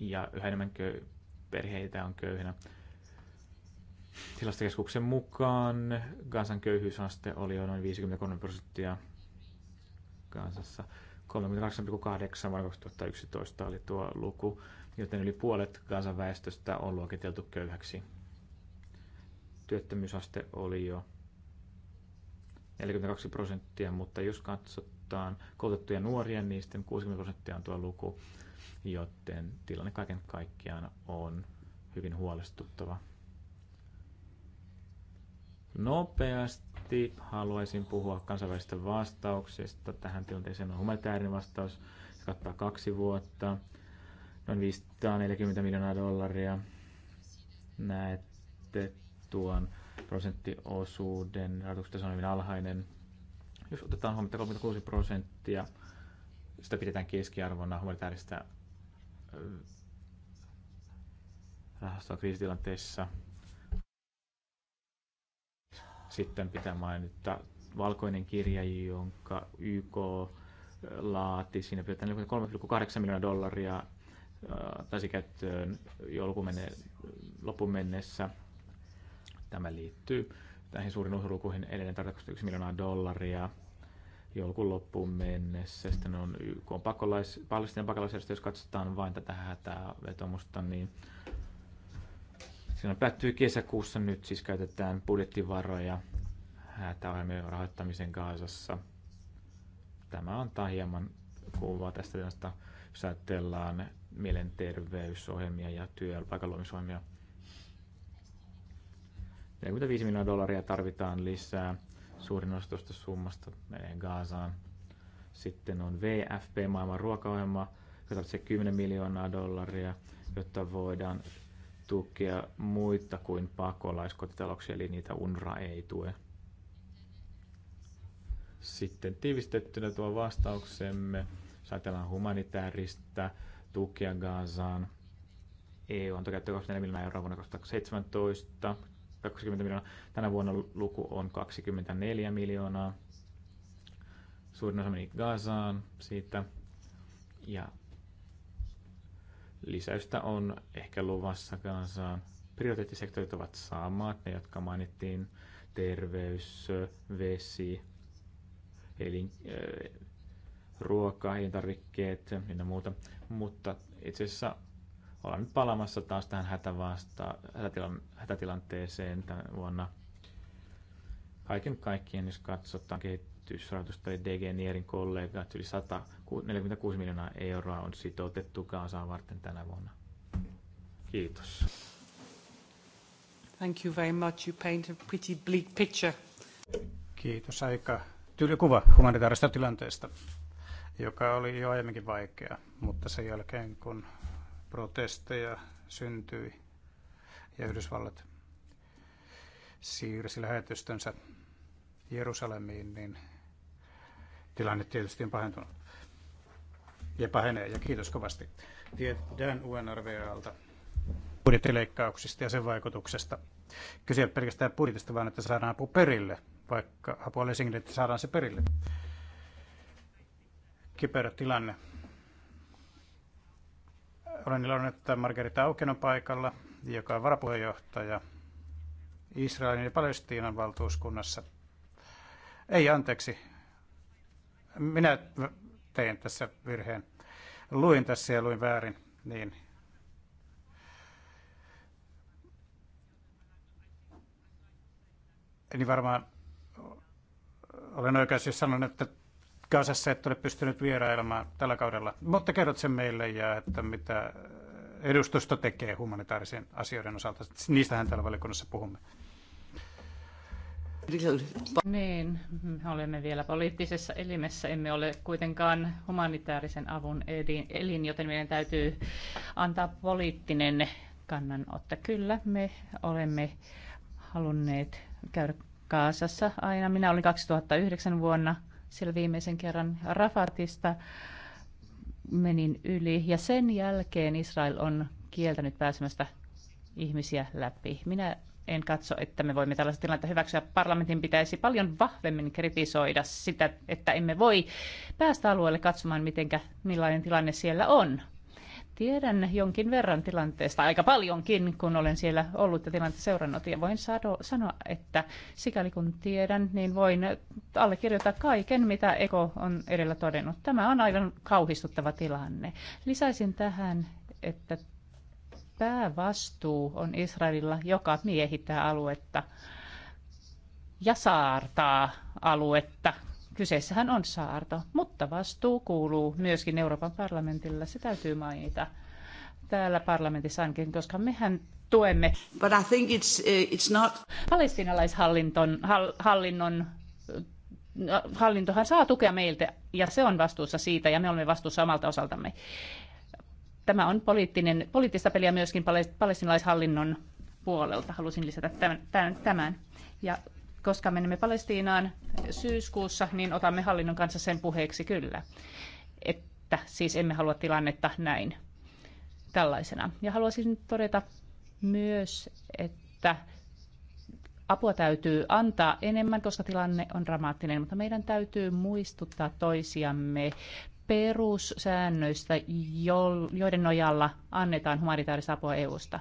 Ja yhä enemmän köy- perheitä on köyhinä. Tilastokeskuksen mukaan Gansan köyhyysaste oli jo noin 53 prosenttia Gansassa. 38,8 vuonna 2011 oli tuo luku, joten yli puolet kansanväestöstä on luokiteltu köyhäksi. Työttömyysaste oli jo 42 prosenttia, mutta jos katsotaan koulutettuja nuoria, niin sitten 60 prosenttia on tuo luku, joten tilanne kaiken kaikkiaan on hyvin huolestuttava. Nopeasti lyhyesti haluaisin puhua kansainvälisistä vastauksista. Tähän tilanteeseen on humanitaarinen vastaus, se kattaa kaksi vuotta, noin 540 miljoonaa dollaria. Näette tuon prosenttiosuuden rahoituksesta se on hyvin alhainen. Jos otetaan huomioon, 36 prosenttia sitä pidetään keskiarvona humanitaarista rahastoa kriisitilanteessa, sitten pitää mainita valkoinen kirja, jonka YK laati. Siinä pidetään 3,8 miljoonaa dollaria äh, taisi käyttöön joulukuun loppuun mennessä. Tämä liittyy näihin suurin uhrilukuihin edelleen tarkoitus 1 miljoonaa dollaria joulukuun loppuun mennessä. Sitten on YK on pakolais, pakolaisjärjestö, jos katsotaan vain tätä hätävetomusta, niin Siinä päättyy kesäkuussa nyt, siis käytetään budjettivaroja hätäohjelmien rahoittamisen Kaasassa. Tämä antaa hieman kuvaa tästä tilasta, jos ajatellaan mielenterveysohjelmia ja työpaikan luomisohjelmia. 45 miljoonaa dollaria tarvitaan lisää suurin osa tuosta summasta menee Gaasaan. Sitten on VFP, maailman ruokaohjelma, joka tarvitsee 10 miljoonaa dollaria, jotta voidaan tukea muita kuin pakolaiskotitalouksia, eli niitä UNRA ei tue. Sitten tiivistettynä tuo vastauksemme, jos ajatellaan humanitaarista tukea Gazaan, EU on käyttö 24 miljoonaa euroa vuonna 2017, 20 miljoonaa. Tänä vuonna luku on 24 miljoonaa. Suurin osa meni Gazaan siitä. Ja lisäystä on ehkä luvassa kanssa. Prioriteettisektorit ovat samat, ne jotka mainittiin, terveys, vesi, elin, äh, ruoka, elintarvikkeet ja muuta. Mutta itse asiassa ollaan nyt palaamassa taas tähän hätävasta, hätätilan, hätätilanteeseen tänä vuonna. Kaiken kaikkien, jos katsotaan kehittyä kehitysrahoitusta eli DG Nierin kollegat, yli 146 miljoonaa euroa on sitoutettu Gaasaa varten tänä vuonna. Kiitos. Thank you very much. You paint a pretty bleak picture. Kiitos. Aika tyyli kuva humanitaarista tilanteesta, joka oli jo aiemminkin vaikea, mutta sen jälkeen kun protesteja syntyi ja Yhdysvallat siirsi lähetystönsä Jerusalemiin, niin Tilanne tietysti on pahentunut ja pahenee, ja kiitos kovasti. Tiedän UNRVAlta budjettileikkauksista ja sen vaikutuksesta. Kyse pelkästään budjetista, vaan että saadaan apu perille, vaikka apu olisi että saadaan se perille. Kiperä tilanne. Olen iloinen, että Margarita Auken on paikalla, joka on varapuheenjohtaja Israelin ja Palestiinan valtuuskunnassa. Ei anteeksi, minä tein tässä virheen. Luin tässä ja luin väärin. Niin. Niin varmaan olen oikeassa, jos sanon, että Kasassa et ole pystynyt vierailemaan tällä kaudella. Mutta kerrot sen meille ja että mitä edustusto tekee humanitaarisen asioiden osalta. Niistähän täällä valikunnassa puhumme. Niin, me olemme vielä poliittisessa elimessä, emme ole kuitenkaan humanitaarisen avun elin, joten meidän täytyy antaa poliittinen kannanotto. Kyllä, me olemme halunneet käydä Kaasassa aina. Minä olin 2009 vuonna siellä viimeisen kerran Rafatista menin yli ja sen jälkeen Israel on kieltänyt pääsemästä ihmisiä läpi. Minä en katso, että me voimme tällaista tilannetta hyväksyä. Parlamentin pitäisi paljon vahvemmin kritisoida sitä, että emme voi päästä alueelle katsomaan, mitenkä, millainen tilanne siellä on. Tiedän jonkin verran tilanteesta, aika paljonkin, kun olen siellä ollut ja tilannetta seurannut. Ja voin sado, sanoa, että sikäli kun tiedän, niin voin allekirjoittaa kaiken, mitä Eko on edellä todennut. Tämä on aivan kauhistuttava tilanne. Lisäisin tähän, että päävastuu on Israelilla, joka miehittää aluetta ja saartaa aluetta. Kyseessähän on saarto, mutta vastuu kuuluu myöskin Euroopan parlamentilla. Se täytyy mainita täällä parlamentissa ainakin, koska mehän tuemme But I think it's, eh, it's not... palestinalaishallinnon hall, hallinnon, eh, hallintohan saa tukea meiltä ja se on vastuussa siitä ja me olemme vastuussa omalta osaltamme tämä on poliittinen, poliittista peliä myöskin palestinaishallinnon puolelta. Halusin lisätä tämän. tämän. Ja koska menemme Palestiinaan syyskuussa, niin otamme hallinnon kanssa sen puheeksi kyllä. Että siis emme halua tilannetta näin tällaisena. Ja haluaisin todeta myös, että apua täytyy antaa enemmän, koska tilanne on dramaattinen, mutta meidän täytyy muistuttaa toisiamme perussäännöistä, joiden nojalla annetaan humanitaarista apua EUsta.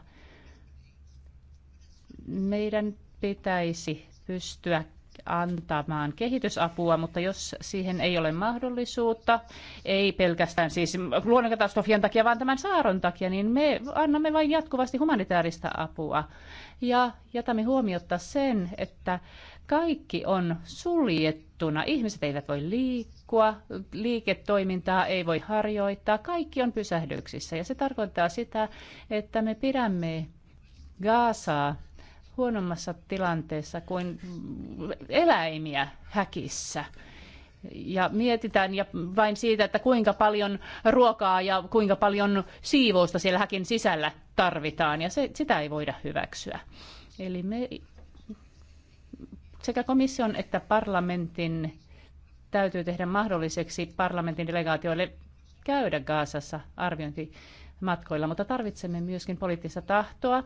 Meidän pitäisi pystyä antamaan kehitysapua, mutta jos siihen ei ole mahdollisuutta, ei pelkästään siis luonnonkatastrofien takia, vaan tämän saaron takia, niin me annamme vain jatkuvasti humanitaarista apua. Ja jätämme huomiota sen, että kaikki on suljettuna. Ihmiset eivät voi liikkua, liiketoimintaa ei voi harjoittaa. Kaikki on pysähdyksissä ja se tarkoittaa sitä, että me pidämme Gaasaa huonommassa tilanteessa kuin eläimiä häkissä. Ja mietitään ja vain siitä, että kuinka paljon ruokaa ja kuinka paljon siivousta siellä häkin sisällä tarvitaan, ja se, sitä ei voida hyväksyä. Eli me sekä komission että parlamentin täytyy tehdä mahdolliseksi parlamentin delegaatioille käydä Gaasassa arviointimatkoilla, mutta tarvitsemme myöskin poliittista tahtoa.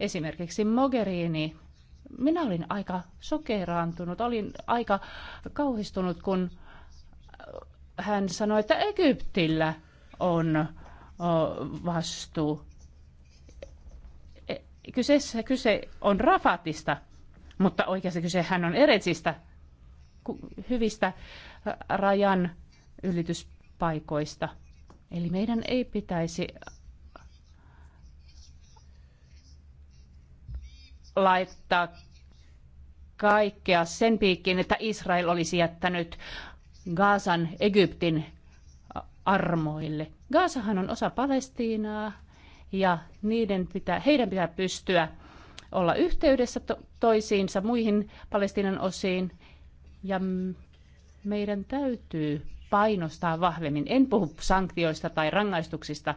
Esimerkiksi Mogherini. Minä olin aika sokeraantunut, olin aika kauhistunut, kun hän sanoi, että Egyptillä on vastuu. E, kyseessä, kyse on Rafatista, mutta oikeasti kysehän on eretsistä hyvistä rajan ylityspaikoista. Eli meidän ei pitäisi laittaa kaikkea sen piikkiin, että Israel olisi jättänyt Gaasan Egyptin armoille. Gaasahan on osa Palestiinaa ja niiden pitää, heidän pitää pystyä olla yhteydessä to- toisiinsa, muihin Palestiinan osiin. Ja meidän täytyy painostaa vahvemmin. En puhu sanktioista tai rangaistuksista.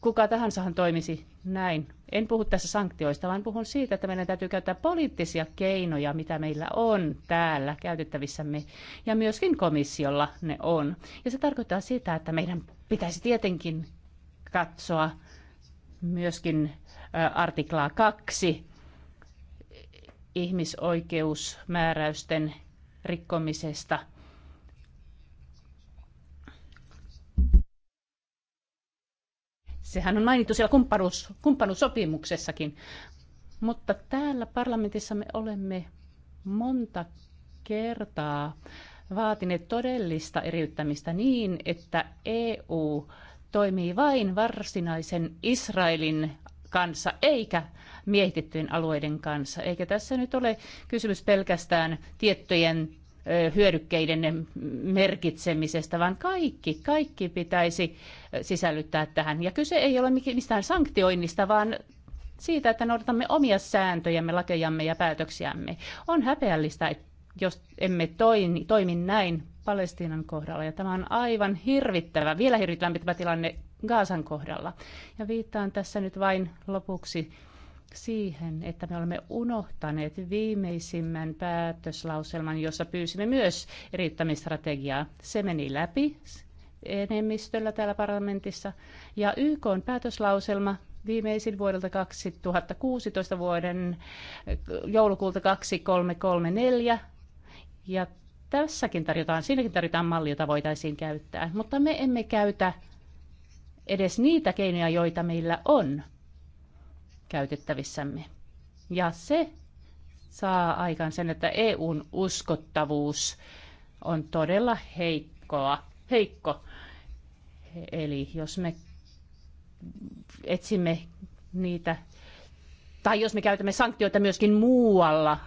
Kuka tahansa toimisi näin. En puhu tässä sanktioista, vaan puhun siitä, että meidän täytyy käyttää poliittisia keinoja, mitä meillä on täällä käytettävissämme. Ja myöskin komissiolla ne on. Ja se tarkoittaa sitä, että meidän pitäisi tietenkin katsoa myöskin artiklaa 2 ihmisoikeusmääräysten rikkomisesta. Sehän on mainittu siellä kumppanuus, kumppanuussopimuksessakin. Mutta täällä parlamentissa me olemme monta kertaa vaatineet todellista eriyttämistä niin, että EU toimii vain varsinaisen Israelin kanssa eikä miehitettyjen alueiden kanssa. Eikä tässä nyt ole kysymys pelkästään tiettyjen hyödykkeiden merkitsemisestä, vaan kaikki, kaikki pitäisi sisällyttää tähän. Ja kyse ei ole mistään sanktioinnista, vaan siitä, että noudatamme omia sääntöjämme, lakejamme ja päätöksiämme. On häpeällistä, jos emme toimi, toimi näin Palestiinan kohdalla. Ja tämä on aivan hirvittävä, vielä hirvittävämpi tilanne Gaasan kohdalla. Ja viittaan tässä nyt vain lopuksi siihen, että me olemme unohtaneet viimeisimmän päätöslauselman, jossa pyysimme myös eriyttämistrategiaa. Se meni läpi enemmistöllä täällä parlamentissa. Ja YK on päätöslauselma viimeisin vuodelta 2016 vuoden joulukuulta 2334. Ja tässäkin tarjotaan, siinäkin tarjotaan malli, jota voitaisiin käyttää, mutta me emme käytä edes niitä keinoja, joita meillä on käytettävissämme. Ja se saa aikaan sen, että EUn uskottavuus on todella heikkoa, heikko. Eli jos me etsimme niitä, tai jos me käytämme sanktioita myöskin muualla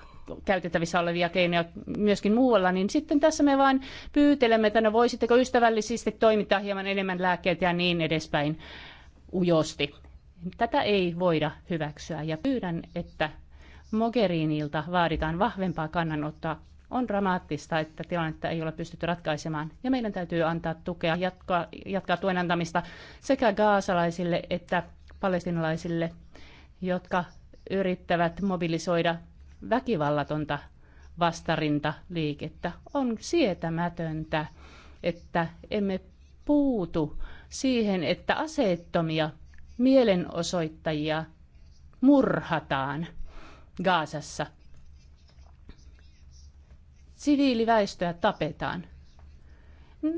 käytettävissä olevia keinoja myöskin muualla, niin sitten tässä me vain pyytelemme, että no voisitteko ystävällisesti toimittaa hieman enemmän lääkkeitä ja niin edespäin ujosti. Tätä ei voida hyväksyä ja pyydän, että Mogherinilta vaaditaan vahvempaa kannanottoa. On dramaattista, että tilannetta ei ole pystytty ratkaisemaan ja meidän täytyy antaa tukea, jatkaa, jatkaa tuen antamista sekä gaasalaisille että palestinalaisille, jotka yrittävät mobilisoida väkivallatonta vastarintaliikettä. On sietämätöntä, että emme puutu siihen, että aseettomia mielenosoittajia murhataan Gaasassa. Siviiliväestöä tapetaan.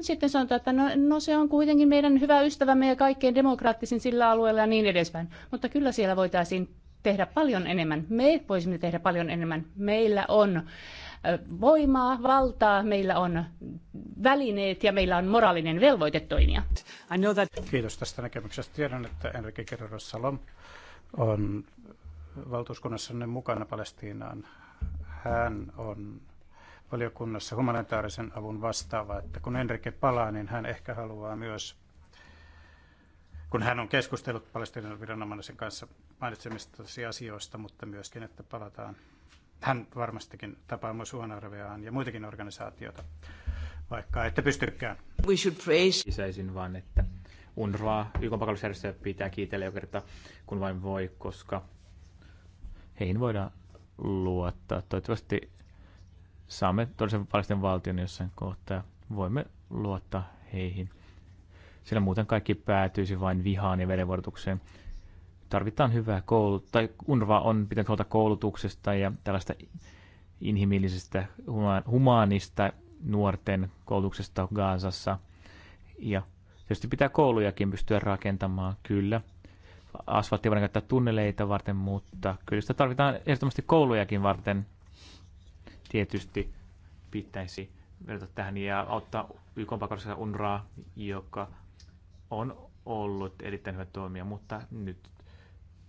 Sitten sanotaan, että no, no se on kuitenkin meidän hyvä ystävämme ja kaikkein demokraattisin sillä alueella ja niin edespäin. Mutta kyllä siellä voitaisiin tehdä paljon enemmän. Me voisimme tehdä paljon enemmän. Meillä on voimaa, valtaa, meillä on välineet ja meillä on moraalinen velvoite toimia. Kiitos tästä näkemyksestä. Tiedän, että Enrique Guerrero Salom on valtuuskunnassanne mukana Palestiinaan. Hän on valiokunnassa humanitaarisen avun vastaava, että kun Enrique palaa, niin hän ehkä haluaa myös kun hän on keskustellut Palestiinan viranomaisen kanssa mainitsemistasi asioista, mutta myöskin, että palataan. Hän varmastikin tapaa myös Suonarveaan ja muitakin organisaatioita, vaikka ette pystykään. We should praise. Lisäisin vaan, että UNRWA, YK pakolaisjärjestö, pitää kiitellä jo kerta, kun vain voi, koska heihin voidaan luottaa. Toivottavasti saamme todellisen palestinaisen valtion jossain kohtaa. Voimme luottaa heihin sillä muuten kaikki päätyisi vain vihaan ja verenvuorotukseen. Tarvitaan hyvää koulutusta, tai UNRWA on pitänyt huolta koulutuksesta ja tällaista inhimillisestä, humaanista nuorten koulutuksesta Gaasassa. Ja tietysti pitää koulujakin pystyä rakentamaan, kyllä. Asfalttia voidaan käyttää tunneleita varten, mutta kyllä sitä tarvitaan ehdottomasti koulujakin varten. Tietysti pitäisi verrata tähän ja auttaa YK pakorissa UNRAA, joka on ollut erittäin hyvä toimija, mutta nyt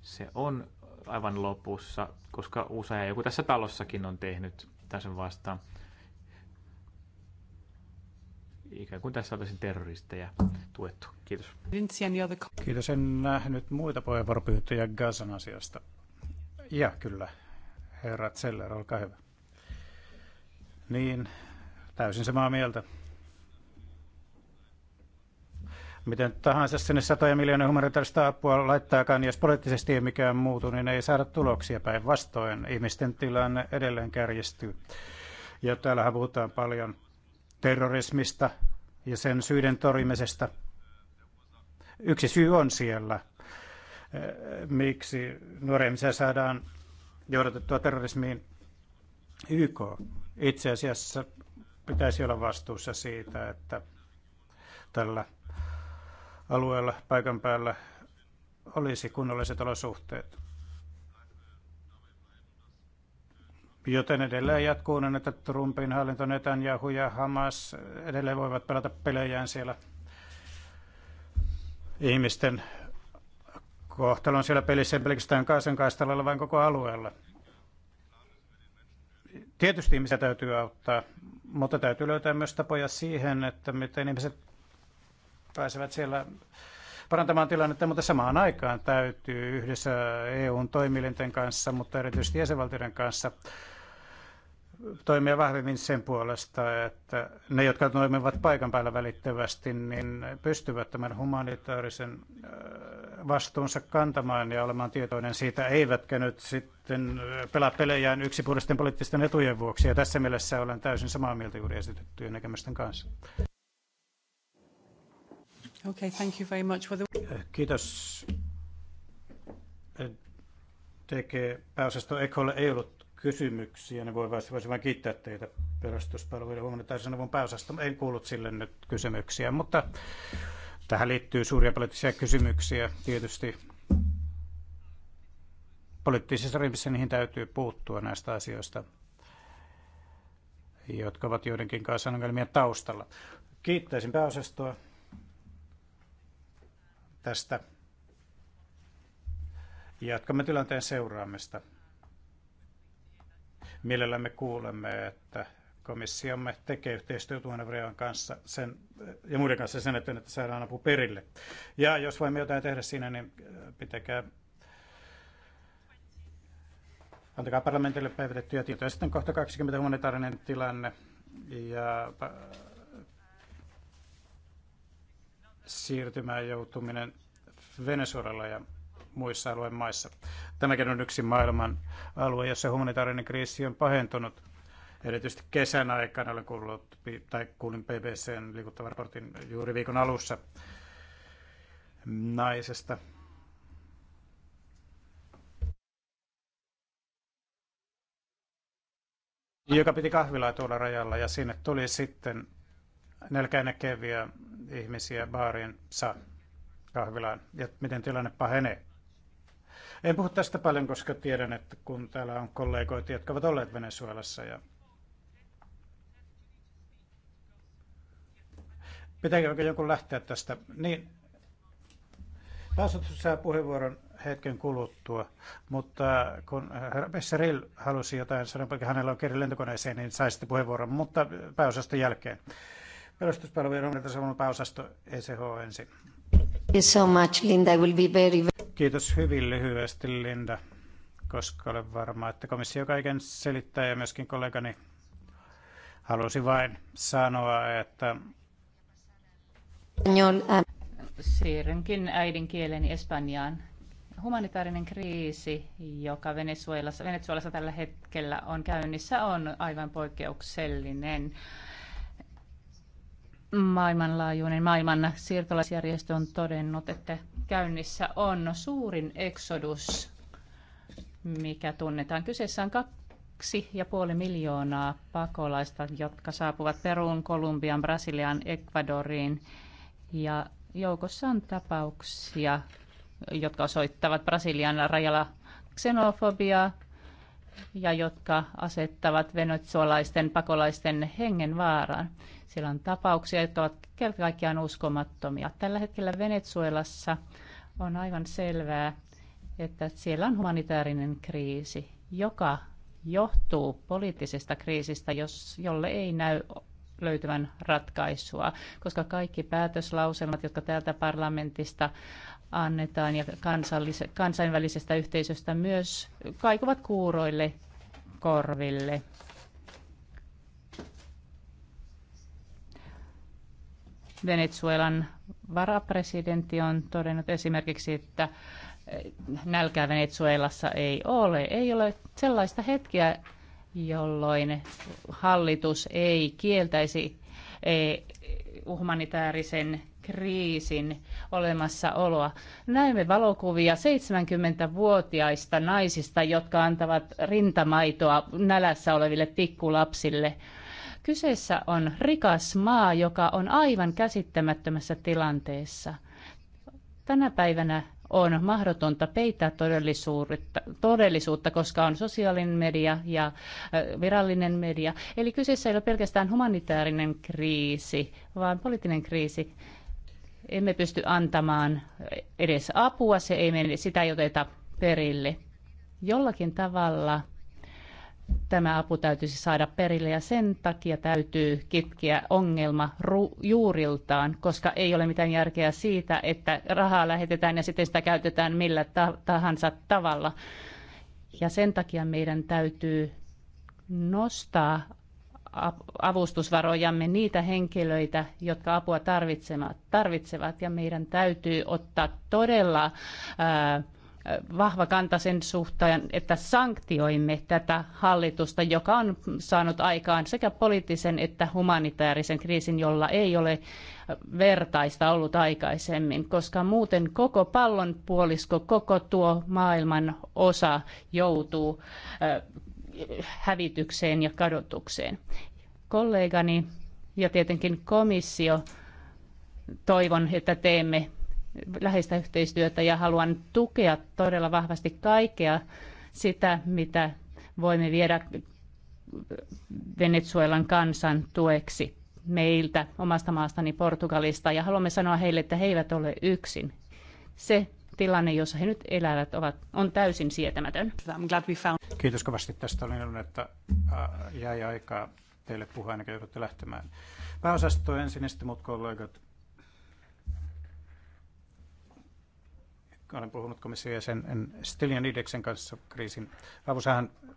se on aivan lopussa, koska ja joku tässä talossakin on tehnyt tässä vastaan. Ikään kuin tässä olisi terroristeja tuettu. Kiitos. Kiitos, en nähnyt muita puheenvuoropyyntöjä Gazan asiasta. Ja kyllä, herra Zeller, olkaa hyvä. Niin, täysin samaa mieltä miten tahansa sinne satoja miljoonia humanitaarista apua laittaakaan, jos poliittisesti ei mikään muutu, niin ei saada tuloksia päinvastoin. Ihmisten tilanne edelleen kärjistyy. Ja täällähän puhutaan paljon terrorismista ja sen syiden torjumisesta. Yksi syy on siellä, eh, miksi nuoremmissa saadaan johdatettua terrorismiin. YK itse asiassa pitäisi olla vastuussa siitä, että tällä alueella paikan päällä olisi kunnolliset olosuhteet. Joten edelleen jatkuu, niin, että Trumpin hallinto Netanyahu ja Hamas edelleen voivat pelata pelejään siellä ihmisten kohtalon siellä pelissä, ei pelkästään kaasen kaistalla, vaan koko alueella. Tietysti ihmisiä täytyy auttaa, mutta täytyy löytää myös tapoja siihen, että miten ihmiset pääsevät siellä parantamaan tilannetta, mutta samaan aikaan täytyy yhdessä EUn toimielinten kanssa, mutta erityisesti jäsenvaltioiden kanssa toimia vahvemmin sen puolesta, että ne, jotka toimivat paikan päällä välittävästi, niin pystyvät tämän humanitaarisen äh, vastuunsa kantamaan ja olemaan tietoinen siitä, eivätkä nyt sitten äh, pelaa pelejään yksipuolisten poliittisten etujen vuoksi. Ja tässä mielessä olen täysin samaa mieltä juuri esitettyjen näkemysten kanssa. Okay, thank you very much. Well, the... Kiitos. teke pääosasto Ekolle ei ollut kysymyksiä, niin voi voisin vain kiittää teitä pelastuspalveluiden humanitaarisen avun pääosasto. En kuullut sille nyt kysymyksiä, mutta tähän liittyy suuria poliittisia kysymyksiä tietysti. Poliittisissa ryhmissä niihin täytyy puuttua näistä asioista, jotka ovat joidenkin kanssa ongelmien taustalla. Kiittäisin pääosastoa tästä. Jatkamme tilanteen seuraamista. Mielellämme kuulemme, että komissiomme tekee yhteistyötä Tuonevrean kanssa sen, ja muiden kanssa sen eteen, että saadaan apu perille. Ja jos voimme jotain tehdä siinä, niin äh, pitäkää antakaa parlamentille päivitettyjä tietoja. Sitten kohta 20 humanitaarinen tilanne ja siirtymään joutuminen Venezuelalla ja muissa alueen maissa. Tämäkin on yksi maailman alue, jossa humanitaarinen kriisi on pahentunut. Erityisesti kesän aikana olen kuullut, tai kuulin BBCn liikuttavan raportin juuri viikon alussa naisesta, joka piti kahvilaa tuolla rajalla ja sinne tuli sitten nälkäänäkeviä ihmisiä saa kahvilaan ja miten tilanne pahenee. En puhu tästä paljon, koska tiedän, että kun täällä on kollegoita, jotka ovat olleet Venezuelassa ja Pitääkö joku lähteä tästä? Niin, Pääsotus saa puheenvuoron hetken kuluttua, mutta kun herra Besseril halusi jotain sanoa, hänellä on kirja lentokoneeseen, niin sitten puheenvuoron, mutta pääosasta jälkeen. Pelastuspalvelujen omnitasavallan pääosasto ECH ensin. So much, Linda. Will be very... Kiitos hyvin lyhyesti, Linda, koska olen varma, että komissio kaiken selittää ja myöskin kollegani halusi vain sanoa, että... Äh, Siirrynkin äidinkielen Espanjaan. Humanitaarinen kriisi, joka Venezuelassa, Venezuelassa tällä hetkellä on käynnissä, on aivan poikkeuksellinen maailmanlaajuinen maailman siirtolaisjärjestö on todennut, että käynnissä on suurin eksodus, mikä tunnetaan. Kyseessä on kaksi ja puoli miljoonaa pakolaista, jotka saapuvat Peruun, Kolumbian, Brasilian, Ecuadoriin. Ja joukossa on tapauksia, jotka osoittavat Brasilian rajalla xenofobiaa, ja jotka asettavat venezuelaisten pakolaisten hengen vaaraan. Siellä on tapauksia, jotka ovat kerta kaikkiaan uskomattomia. Tällä hetkellä Venezuelassa on aivan selvää, että siellä on humanitaarinen kriisi, joka johtuu poliittisesta kriisistä, jos, jolle ei näy löytyvän ratkaisua, koska kaikki päätöslauselmat, jotka täältä parlamentista annetaan ja kansallis- kansainvälisestä yhteisöstä myös kaikuvat kuuroille korville. Venezuelan varapresidentti on todennut esimerkiksi, että eh, nälkää Venezuelassa ei ole. Ei ole sellaista hetkeä, jolloin hallitus ei kieltäisi eh, eh, humanitaarisen kriisin olemassaoloa. Näemme valokuvia 70-vuotiaista naisista, jotka antavat rintamaitoa nälässä oleville pikkulapsille. Kyseessä on rikas maa, joka on aivan käsittämättömässä tilanteessa. Tänä päivänä on mahdotonta peittää todellisuutta, todellisuutta, koska on sosiaalinen media ja virallinen media. Eli kyseessä ei ole pelkästään humanitaarinen kriisi, vaan poliittinen kriisi emme pysty antamaan edes apua, se ei mene, sitä ei oteta perille. Jollakin tavalla tämä apu täytyisi saada perille ja sen takia täytyy kitkeä ongelma juuriltaan, koska ei ole mitään järkeä siitä, että rahaa lähetetään ja sitten sitä käytetään millä ta- tahansa tavalla. Ja sen takia meidän täytyy nostaa avustusvarojamme niitä henkilöitä, jotka apua tarvitsevat. Ja meidän täytyy ottaa todella vahva kanta sen suhteen, että sanktioimme tätä hallitusta, joka on saanut aikaan sekä poliittisen että humanitaarisen kriisin, jolla ei ole vertaista ollut aikaisemmin, koska muuten koko pallon puolisko, koko tuo maailman osa joutuu hävitykseen ja kadotukseen. Kollegani ja tietenkin komissio toivon, että teemme läheistä yhteistyötä ja haluan tukea todella vahvasti kaikkea sitä, mitä voimme viedä Venezuelan kansan tueksi meiltä, omasta maastani Portugalista, ja haluamme sanoa heille, että he eivät ole yksin. Se, tilanne, jossa he nyt elävät, ovat, on täysin sietämätön. Kiitos kovasti tästä. Olin iloinen, että äh, jäi aikaa teille puhua ennen kuin joudutte lähtemään. Pääosasto ensin ja sitten muut kollegat. Olen puhunut komission jäsen Stilian Ideksen kanssa kriisin Avusahan äh,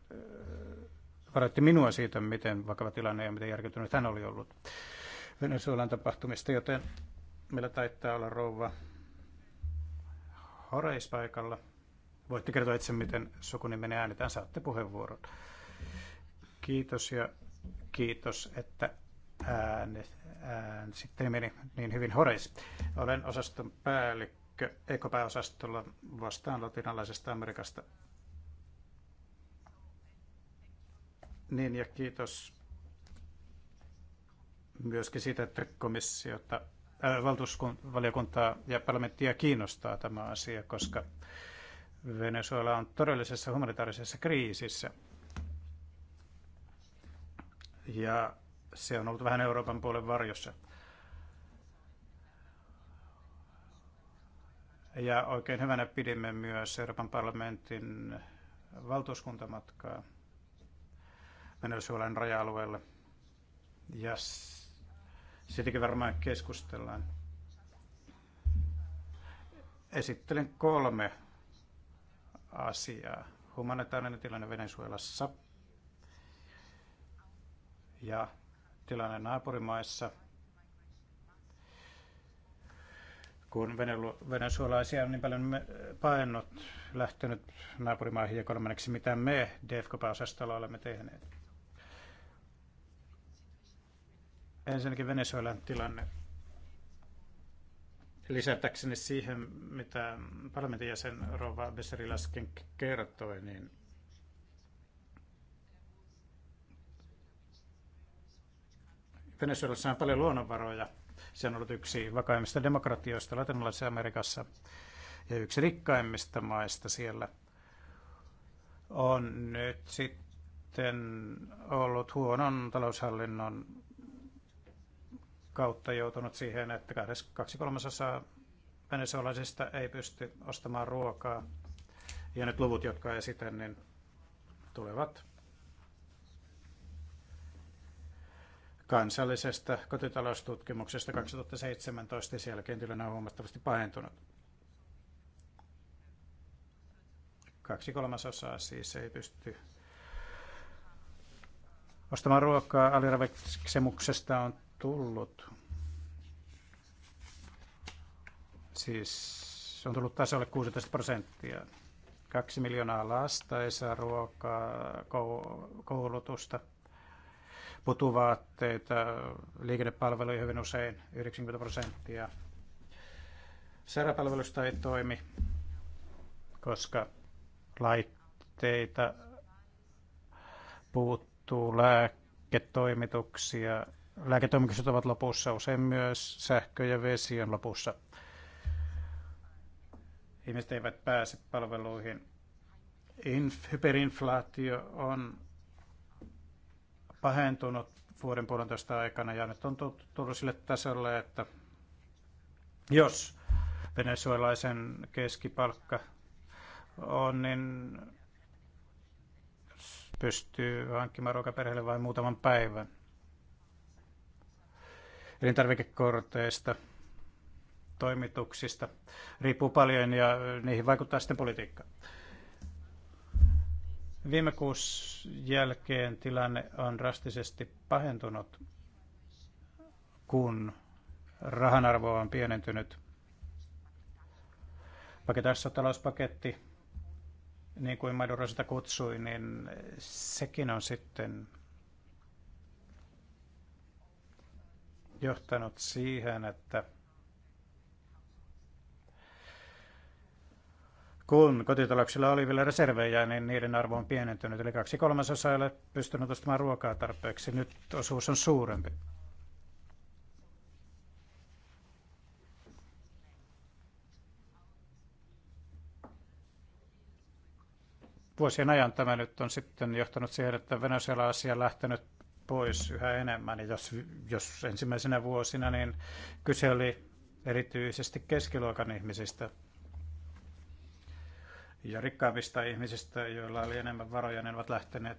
varoitti minua siitä, miten vakava tilanne ja miten järkytynyt hän oli ollut Venezuelan tapahtumista, joten meillä taittaa olla rouva Horeis paikalla. Voitte kertoa itse, miten sukunimenne äänetään. Saatte puheenvuoron. Kiitos ja kiitos, että ään, sitten meni niin hyvin Horeis. Olen osaston päällikkö ekopääosastolla vastaan latinalaisesta Amerikasta. Niin ja kiitos myöskin siitä, että komissiota Äh, valtuusvaliokuntaa ja parlamenttia kiinnostaa tämä asia, koska Venezuela on todellisessa humanitaarisessa kriisissä. Ja se on ollut vähän Euroopan puolen varjossa. Ja oikein hyvänä pidimme myös Euroopan parlamentin valtuuskuntamatkaa Venezuelan raja-alueelle. Ja Siitäkin varmaan keskustellaan. Esittelen kolme asiaa. Humanitaarinen tilanne Venezuelassa ja tilanne naapurimaissa. Kun venezuelaisia on niin paljon paennut, lähtenyt naapurimaihin ja kolmanneksi mitä me DFK-osastolla olemme tehneet. Ensinnäkin Venezuelan tilanne. Lisätäkseni siihen, mitä parlamentin jäsen Rova Besserilaskin kertoi, niin Venezuelassa on paljon luonnonvaroja. Se on ollut yksi vakaimmista demokratioista Latinalaisessa Amerikassa ja yksi rikkaimmista maista siellä on nyt sitten ollut huonon taloushallinnon kautta joutunut siihen, että kaksi kolmasosaa venezuelaisista ei pysty ostamaan ruokaa. Ja nyt luvut, jotka esitän, niin tulevat kansallisesta kotitaloustutkimuksesta 2017 ja sen jälkeen tilanne on huomattavasti pahentunut. Kaksi kolmasosaa siis ei pysty ostamaan ruokaa. Aliravitsemuksesta on tullut, siis on tullut tasolle 16 prosenttia. Kaksi miljoonaa lasta ei saa ruokaa, koulutusta, putuvaatteita, liikennepalveluja hyvin usein 90 prosenttia. Sairaapalvelusta ei toimi, koska laitteita puuttuu, lääketoimituksia lääketoimitukset ovat lopussa, usein myös sähkö ja vesi on lopussa. Ihmiset eivät pääse palveluihin. Inf- hyperinflaatio on pahentunut vuoden puolentoista aikana ja nyt on tullut sille tasolle, että jos venezuelaisen keskipalkka on, niin pystyy hankkimaan ruokaperheelle vain muutaman päivän elintarvikekorteista, toimituksista. Riippuu paljon ja niihin vaikuttaa sitten politiikka. Viime kuussa jälkeen tilanne on drastisesti pahentunut, kun rahan arvo on pienentynyt. Vaikka tässä talouspaketti, niin kuin Maduro sitä kutsui, niin sekin on sitten johtanut siihen, että kun kotitalouksilla oli vielä reservejä, niin niiden arvo on pienentynyt. Eli kaksi kolmasosaa ei ole pystynyt ostamaan ruokaa tarpeeksi. Nyt osuus on suurempi. Vuosien ajan tämä nyt on sitten johtanut siihen, että Venezuela asia lähtenyt pois yhä enemmän. Ja jos, jos ensimmäisenä vuosina, niin kyse oli erityisesti keskiluokan ihmisistä ja rikkaavista ihmisistä, joilla oli enemmän varoja, ne ovat lähteneet.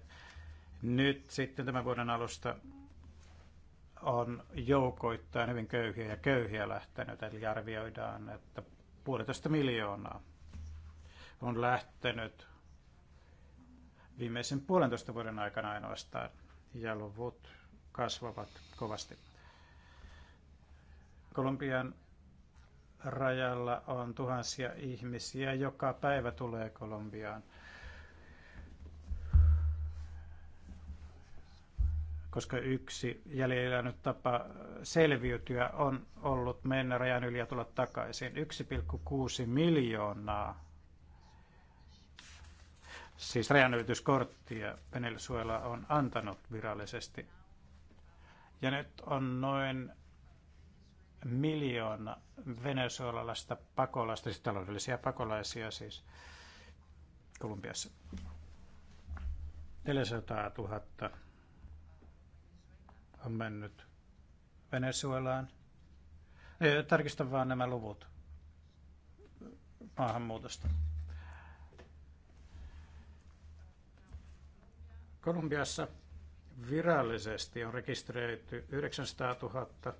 Nyt sitten tämän vuoden alusta on joukoittain hyvin köyhiä ja köyhiä lähtenyt, eli arvioidaan, että puolitoista miljoonaa on lähtenyt viimeisen puolentoista vuoden aikana ainoastaan ja luvut kasvavat kovasti. Kolumbian rajalla on tuhansia ihmisiä, joka päivä tulee Kolumbiaan. koska yksi jäljellä nyt tapa selviytyä on ollut mennä rajan yli ja tulla takaisin. 1,6 miljoonaa siis rajanylityskorttia Venezuela on antanut virallisesti. Ja nyt on noin miljoona venezuelalaista pakolaista, siis taloudellisia pakolaisia siis Kolumbiassa. 400 000 on mennyt Venezuelaan. Tarkista vaan nämä luvut maahanmuutosta. Kolumbiassa virallisesti on rekisteröity 900 000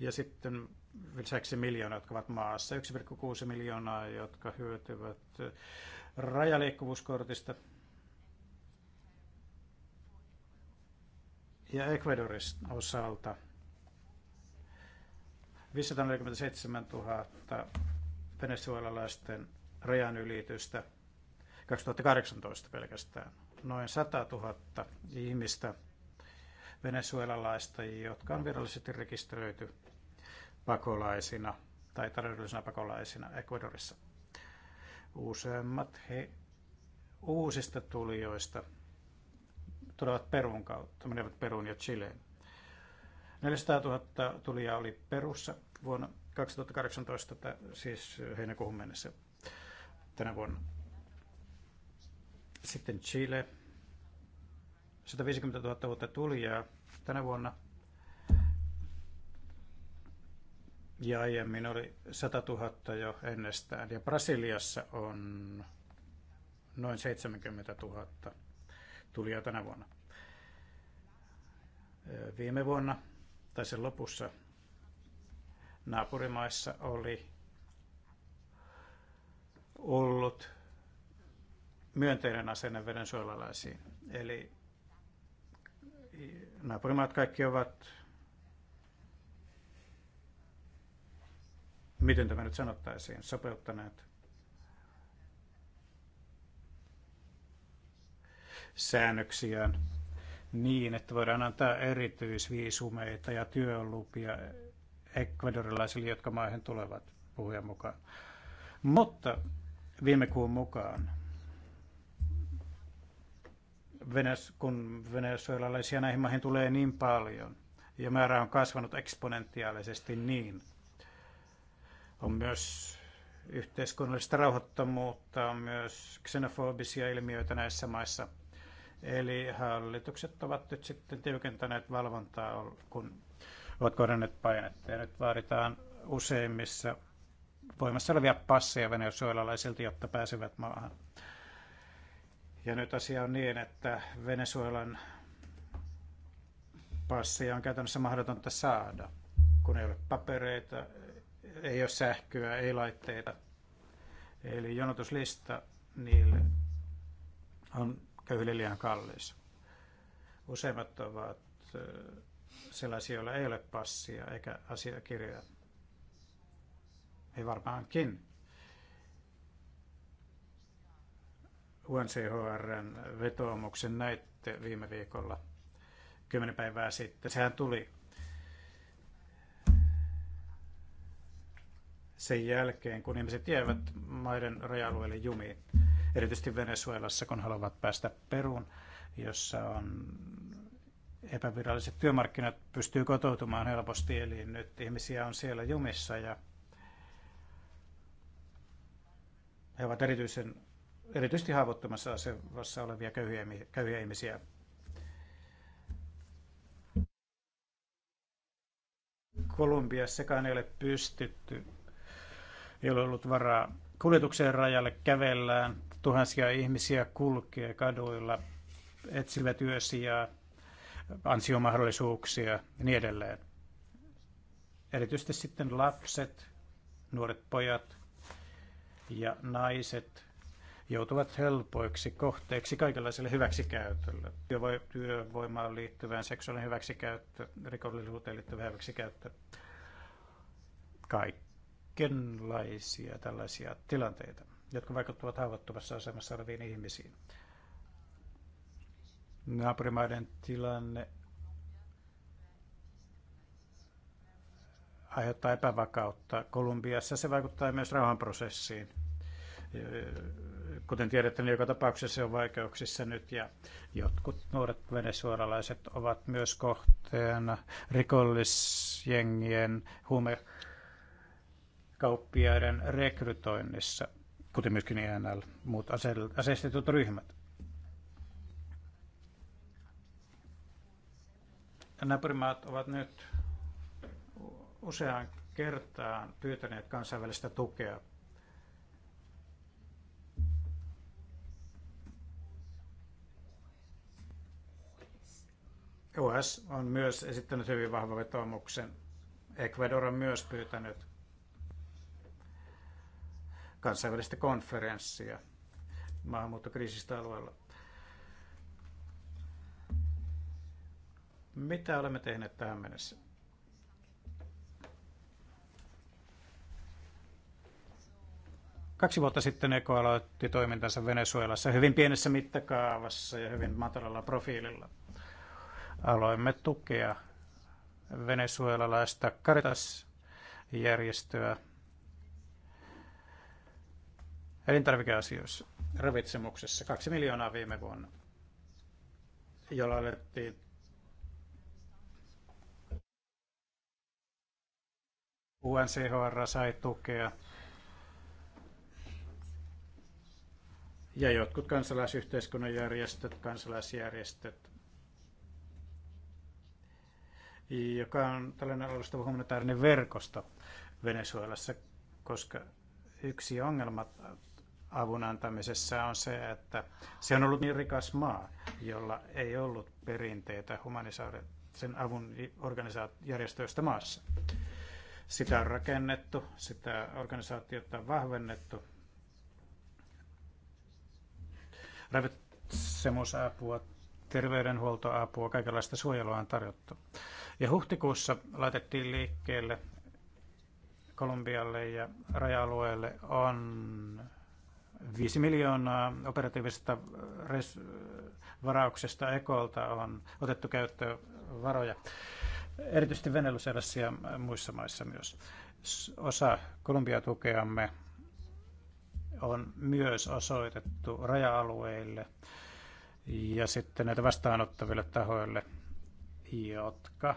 ja sitten lisäksi miljoonaa, jotka ovat maassa. 1,6 miljoonaa, jotka hyötyvät äh, rajaliikkuvuuskortista. Ja Ecuadorin osalta 547 000 venezuelalaisten rajanylitystä 2018 pelkästään noin 100 000 ihmistä venezuelalaista, jotka on virallisesti rekisteröity pakolaisina tai taloudellisina pakolaisina Ecuadorissa. Useimmat he uusista tulijoista tulevat Perun kautta, menevät Peruun ja Chileen. 400 000 tulijaa oli Perussa vuonna 2018, siis heinäkuuhun mennessä tänä vuonna. Sitten Chile, 150 000 uutta tulijaa tänä vuonna. Ja aiemmin oli 100 000 jo ennestään. Ja Brasiliassa on noin 70 000 tulijaa tänä vuonna. Viime vuonna tai sen lopussa naapurimaissa oli ollut myönteinen asenne venezuelalaisiin. Eli naapurimaat kaikki ovat, miten tämä nyt sanottaisiin, sopeuttaneet säännöksiään niin, että voidaan antaa erityisviisumeita ja työlupia ekvadorilaisille, jotka maahan tulevat puhujan mukaan. Mutta viime kuun mukaan Venes, kun venezuelalaisia näihin maihin tulee niin paljon ja määrä on kasvanut eksponentiaalisesti niin. On myös yhteiskunnallista rauhoittomuutta, on myös xenofobisia ilmiöitä näissä maissa. Eli hallitukset ovat nyt sitten tiukentaneet valvontaa, kun ovat kohdanneet painetta. Ja nyt vaaditaan useimmissa voimassa olevia passeja venezuelalaisilta, jotta pääsevät maahan. Ja nyt asia on niin, että Venezuelan passia on käytännössä mahdotonta saada, kun ei ole papereita, ei ole sähköä, ei laitteita. Eli jonotuslista niille on köyhille liian kallis. Useimmat ovat sellaisia, joilla ei ole passia eikä asiakirjoja. Ei varmaankin UNCHRn vetoomuksen näitte viime viikolla, kymmenen päivää sitten. Sehän tuli sen jälkeen, kun ihmiset jäävät maiden raja jumiin, erityisesti Venezuelassa, kun haluavat päästä Peruun, jossa on epäviralliset työmarkkinat, pystyy kotoutumaan helposti, eli nyt ihmisiä on siellä jumissa ja he ovat erityisen erityisesti haavoittumassa asemassa olevia köyhiä, köyhiä ihmisiä. Kolumbiassakaan ei ole pystytty, ei ole ollut varaa kuljetukseen rajalle, kävellään, tuhansia ihmisiä kulkee kaduilla, etsivät yösiä, ansiomahdollisuuksia ja niin edelleen. Erityisesti sitten lapset, nuoret pojat ja naiset joutuvat helpoiksi kohteeksi kaikenlaiselle hyväksikäytölle. Työvo- työvoimaan liittyvään seksuaalinen hyväksikäyttö, rikollisuuteen liittyvä hyväksikäyttö, kaikenlaisia tällaisia tilanteita, jotka vaikuttavat haavoittuvassa asemassa oleviin ihmisiin. Naapurimaiden tilanne aiheuttaa epävakautta. Kolumbiassa se vaikuttaa myös rauhanprosessiin Kuten tiedätte, niin joka tapauksessa se on vaikeuksissa nyt ja jotkut nuoret venesuoralaiset ovat myös kohteena rikollisjengien huumekauppiaiden rekrytoinnissa, kuten myöskin INL, e muut aseistetut ryhmät. Naapurimaat ovat nyt useaan kertaan pyytäneet kansainvälistä tukea US e on myös esittänyt hyvin vahvan vetoomuksen. Ecuador on myös pyytänyt kansainvälistä konferenssia maahanmuuttokriisistä alueella. Mitä olemme tehneet tähän mennessä? Kaksi vuotta sitten Eko aloitti toimintansa Venezuelassa hyvin pienessä mittakaavassa ja hyvin matalalla profiililla – aloimme tukea venezuelalaista Caritas-järjestöä elintarvikeasioissa ravitsemuksessa. Kaksi miljoonaa viime vuonna, jolla alettiin UNCHR sai tukea ja jotkut kansalaisyhteiskunnan järjestöt, kansalaisjärjestöt joka on tällainen alustava humanitaarinen verkosto Venezuelassa, koska yksi ongelma avun antamisessa on se, että se on ollut niin rikas maa, jolla ei ollut perinteitä sen avun organisaatiojärjestöistä maassa. Sitä on rakennettu, sitä organisaatiota on vahvennettu. Ravitsemusapua, terveydenhuoltoapua, kaikenlaista suojelua on tarjottu. Ja huhtikuussa laitettiin liikkeelle Kolumbialle ja raja-alueelle on 5 miljoonaa operatiivisesta res- varauksesta Ekolta on otettu käyttöön varoja, erityisesti Venäjällä ja muissa maissa myös. Osa Kolumbia-tukeamme on myös osoitettu raja-alueille ja sitten näitä vastaanottaville tahoille, jotka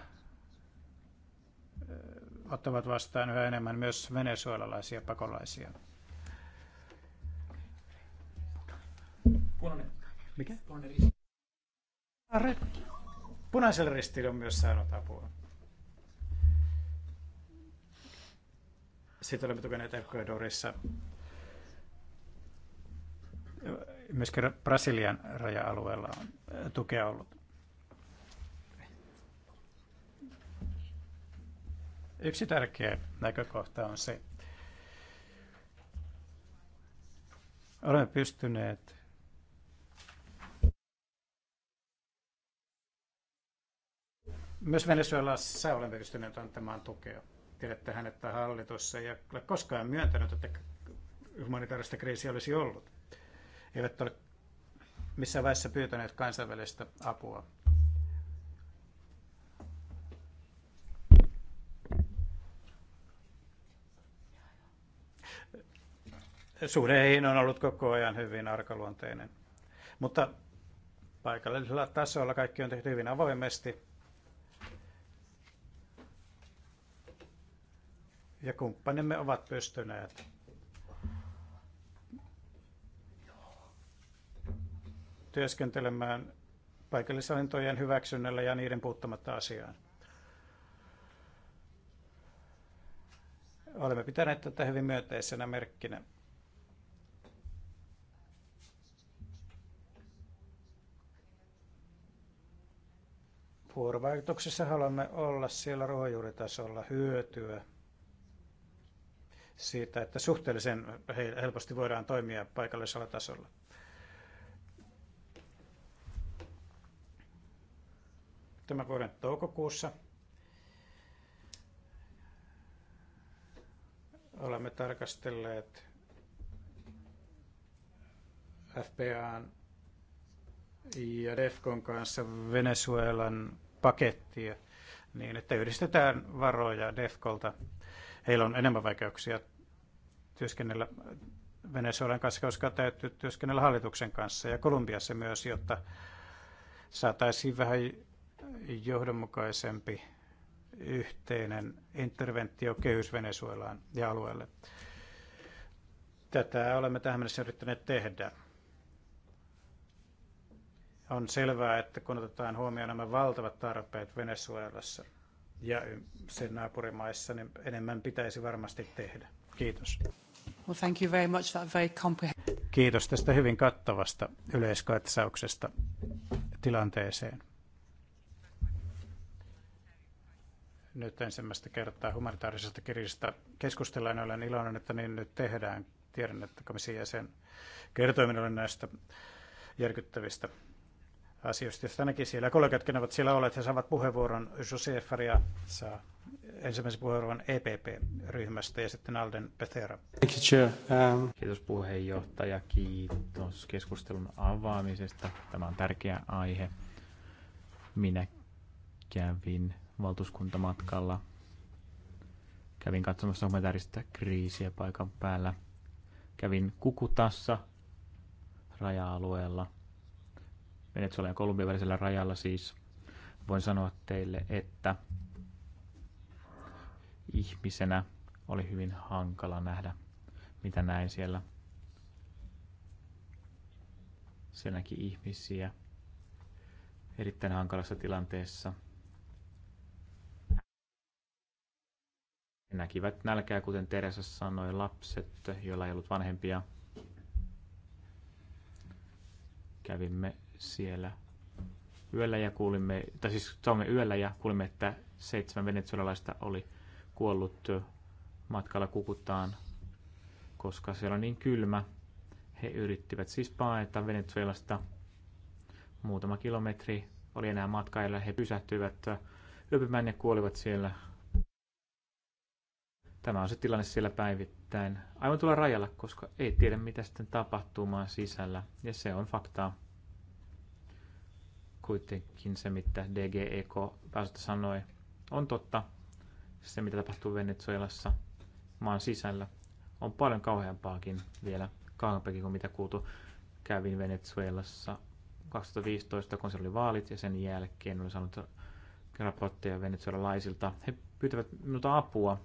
ottavat vastaan yhä enemmän myös venezuelalaisia pakolaisia. Punainen. Mikä? Punaisella ristillä on myös saanut apua. Sitten olemme tukeneet Ecuadorissa myöskin Brasilian raja-alueella on tukea ollut. Yksi tärkeä näkökohta on se, olemme pystyneet Myös Venezuelassa olemme pystyneet antamaan tukea. Tiedättehän, että hallitus ei ole koskaan myöntänyt, että humanitaarista kriisiä olisi ollut. Eivät ole missään vaiheessa pyytäneet kansainvälistä apua suhdeihin on ollut koko ajan hyvin arkaluonteinen. Mutta paikallisella tasolla kaikki on tehty hyvin avoimesti. Ja kumppanimme ovat pystyneet työskentelemään paikallisalintojen hyväksynnällä ja niiden puuttamatta asiaan. Olemme pitäneet tätä hyvin myönteisenä merkkinä. Vuorovaikutuksessa haluamme olla siellä ruohonjuuritasolla hyötyä siitä, että suhteellisen helposti voidaan toimia paikallisella tasolla. Tämän vuoden toukokuussa olemme tarkastelleet FBAn ja DEFCON kanssa Venezuelan pakettia niin, että yhdistetään varoja DEFCOlta. Heillä on enemmän vaikeuksia työskennellä Venezuelan kanssa, koska täytyy työskennellä hallituksen kanssa ja Kolumbiassa myös, jotta saataisiin vähän johdonmukaisempi yhteinen interventio kehys Venezuelaan ja alueelle. Tätä olemme tähän mennessä yrittäneet tehdä. On selvää, että kun otetaan huomioon nämä valtavat tarpeet Venezuelassa ja sen naapurimaissa, niin enemmän pitäisi varmasti tehdä. Kiitos. Well, thank you very much that very Kiitos tästä hyvin kattavasta yleiskatsauksesta tilanteeseen. Nyt ensimmäistä kertaa humanitaarisesta kirjasta keskustellaan, olen iloinen, että niin nyt tehdään. Tiedän, että komission jäsen kertoi minulle näistä järkyttävistä asioista, joista ainakin siellä kollegat, ovat siellä olleet he saavat puheenvuoron. Jose Faria saa ensimmäisen puheenvuoron EPP-ryhmästä ja sitten Alden Petera. Um, kiitos puheenjohtaja, kiitos keskustelun avaamisesta. Tämä on tärkeä aihe. Minä kävin valtuuskuntamatkalla. Kävin katsomassa humanitaarista kriisiä paikan päällä. Kävin Kukutassa raja-alueella – Venezuela ja Kolumbian välisellä rajalla siis, voin sanoa teille, että ihmisenä oli hyvin hankala nähdä, mitä näin siellä. Siellä näki ihmisiä erittäin hankalassa tilanteessa. He näkivät nälkää, kuten Teresa sanoi, lapset, joilla ei ollut vanhempia. Kävimme siellä yöllä ja kuulimme, tai siis saimme yöllä ja kuulimme, että seitsemän venezuelalaista oli kuollut matkalla kukutaan, koska siellä on niin kylmä. He yrittivät siis paeta Venezuelasta. Muutama kilometri oli enää matkailla. He pysähtyivät yöpymään ja kuolivat siellä. Tämä on se tilanne siellä päivittäin. Aivan tulla rajalla, koska ei tiedä mitä sitten maan sisällä. Ja se on faktaa. Kuitenkin se, mitä DGEK päästä sanoi, on totta. Se, mitä tapahtuu Venezuelassa maan sisällä, on paljon kauheampaakin vielä kauempikin kuin mitä kuultu. Kävin Venezuelassa 2015, kun siellä oli vaalit, ja sen jälkeen olen saanut raportteja venezuelalaisilta. He pyytävät minulta apua,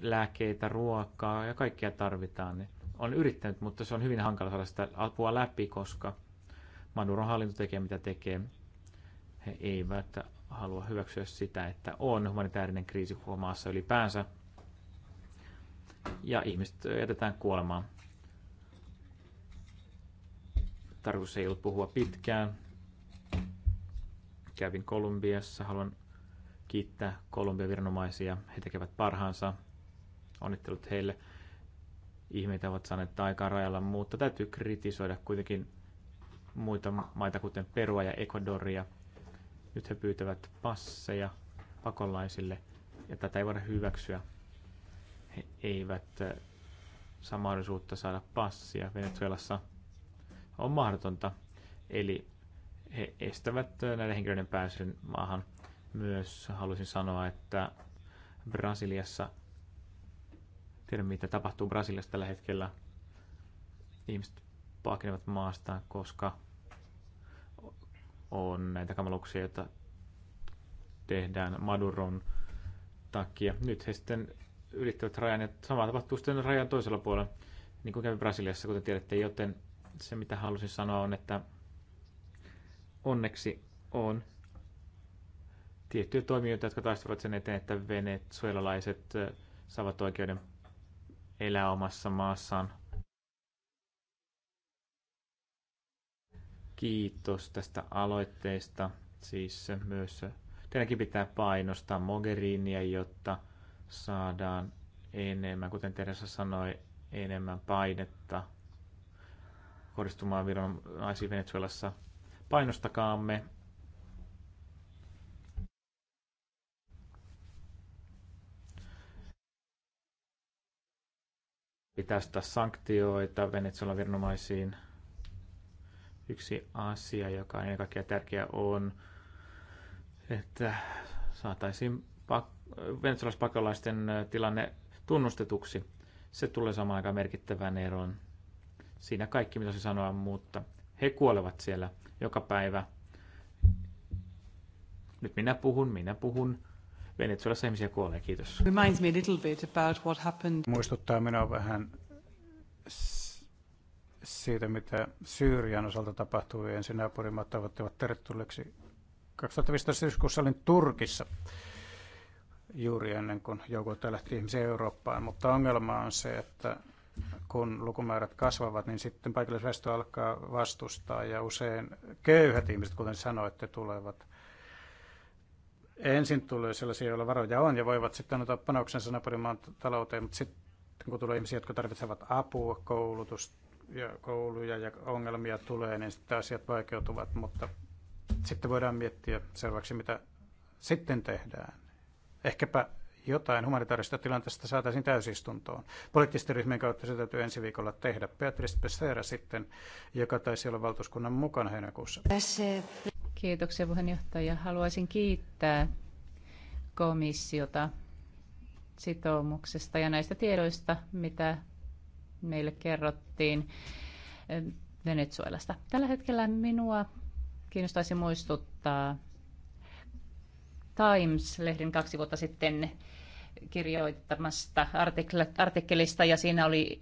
lääkeitä ruokaa ja kaikkea tarvitaan. Olen yrittänyt, mutta se on hyvin hankala saada sitä apua läpi, koska Maduron hallinto tekee mitä tekee. He eivät halua hyväksyä sitä, että on humanitaarinen kriisi maassa ylipäänsä. Ja ihmiset jätetään kuolemaan. Tarkoitus ei ollut puhua pitkään. Kävin Kolumbiassa. Haluan kiittää Kolumbian viranomaisia. He tekevät parhaansa. Onnittelut heille. Ihmeitä ovat saaneet aikaa rajalla, mutta täytyy kritisoida kuitenkin muita maita, kuten Perua ja Ecuadoria. Nyt he pyytävät passeja pakolaisille, ja tätä ei voida hyväksyä. He eivät äh, saa mahdollisuutta saada passia Venezuelassa. On mahdotonta. Eli he estävät äh, näiden henkilöiden pääsyn maahan. Myös haluaisin sanoa, että Brasiliassa, tiedän mitä tapahtuu Brasiliassa tällä hetkellä, ihmiset pakenevat maasta, koska on näitä kamaluksia, joita tehdään Maduron takia. Nyt he sitten ylittävät rajan, ja sama tapahtuu sitten rajan toisella puolella, niin kuin kävi Brasiliassa, kuten tiedätte, joten se mitä halusin sanoa on, että onneksi on tiettyjä toimijoita, jotka taistelevat sen eteen, että venezuelalaiset äh, saavat oikeuden elää omassa maassaan Kiitos tästä aloitteesta. Siis myös teidänkin pitää painostaa Mogeriinia, jotta saadaan enemmän, kuten Teresa sanoi, enemmän painetta kohdistumaan viranomaisiin Venezuelassa. Painostakaamme. Pitää sanktioita Venezuelan viranomaisiin. Yksi asia, joka on ennen kaikkea tärkeä, on, että saataisiin pak- venezuelaispakolaisten tilanne tunnustetuksi. Se tulee samaan aikaan merkittävän eron. Siinä kaikki, mitä se sanoa, mutta he kuolevat siellä joka päivä. Nyt minä puhun, minä puhun. Venezuelassa ihmisiä kuolee, kiitos. Muistuttaa minua vähän siitä, mitä Syyrian osalta tapahtui. Ensin naapurimaat tavoittivat tervetulleeksi 2015 syyskuussa olin Turkissa juuri ennen kuin joukot lähti ihmisiä Eurooppaan. Mutta ongelma on se, että kun lukumäärät kasvavat, niin sitten paikallisväestö alkaa vastustaa ja usein köyhät ihmiset, kuten sanoitte, tulevat. Ensin tulee sellaisia, joilla varoja on ja voivat sitten ottaa panoksensa naapurimaan talouteen, mutta sitten kun tulee ihmisiä, jotka tarvitsevat apua, koulutusta, ja kouluja ja ongelmia tulee, niin sitten asiat vaikeutuvat, mutta sitten voidaan miettiä selväksi, mitä sitten tehdään. Ehkäpä jotain humanitaarista tilanteesta saataisiin täysistuntoon. Poliittisten ryhmien kautta se täytyy ensi viikolla tehdä. Beatrice Pesera sitten, joka taisi olla valtuuskunnan mukana heinäkuussa. Kiitoksia puheenjohtaja. Haluaisin kiittää komissiota sitoumuksesta ja näistä tiedoista, mitä meille kerrottiin eh, Venezuelasta. Tällä hetkellä minua kiinnostaisi muistuttaa Times-lehden kaksi vuotta sitten kirjoittamasta artikkelista ja siinä oli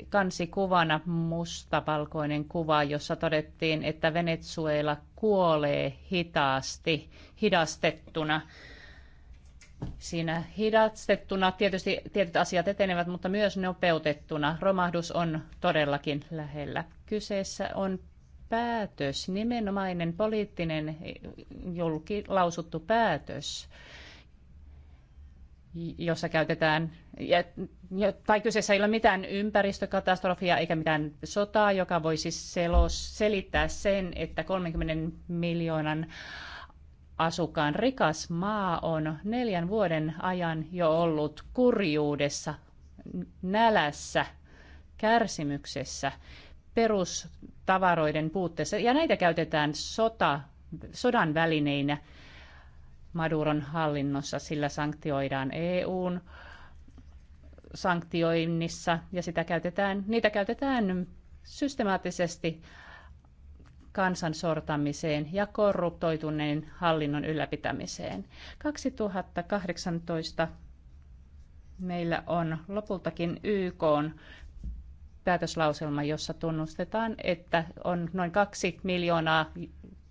kuvana mustavalkoinen kuva, jossa todettiin, että Venezuela kuolee hitaasti, hidastettuna Siinä hidastettuna tietysti tietyt asiat etenevät, mutta myös nopeutettuna. Romahdus on todellakin lähellä. Kyseessä on päätös, nimenomainen poliittinen julkilausuttu päätös, jossa käytetään, tai kyseessä ei ole mitään ympäristökatastrofia eikä mitään sotaa, joka voisi selos, selittää sen, että 30 miljoonan asukkaan rikas maa on neljän vuoden ajan jo ollut kurjuudessa, nälässä, kärsimyksessä, perustavaroiden puutteessa. Ja näitä käytetään sota, sodan välineinä Maduron hallinnossa, sillä sanktioidaan EUn sanktioinnissa ja sitä käytetään, niitä käytetään systemaattisesti kansan sortamiseen ja korruptoituneen hallinnon ylläpitämiseen. 2018 meillä on lopultakin YK on päätöslauselma, jossa tunnustetaan, että on noin kaksi miljoonaa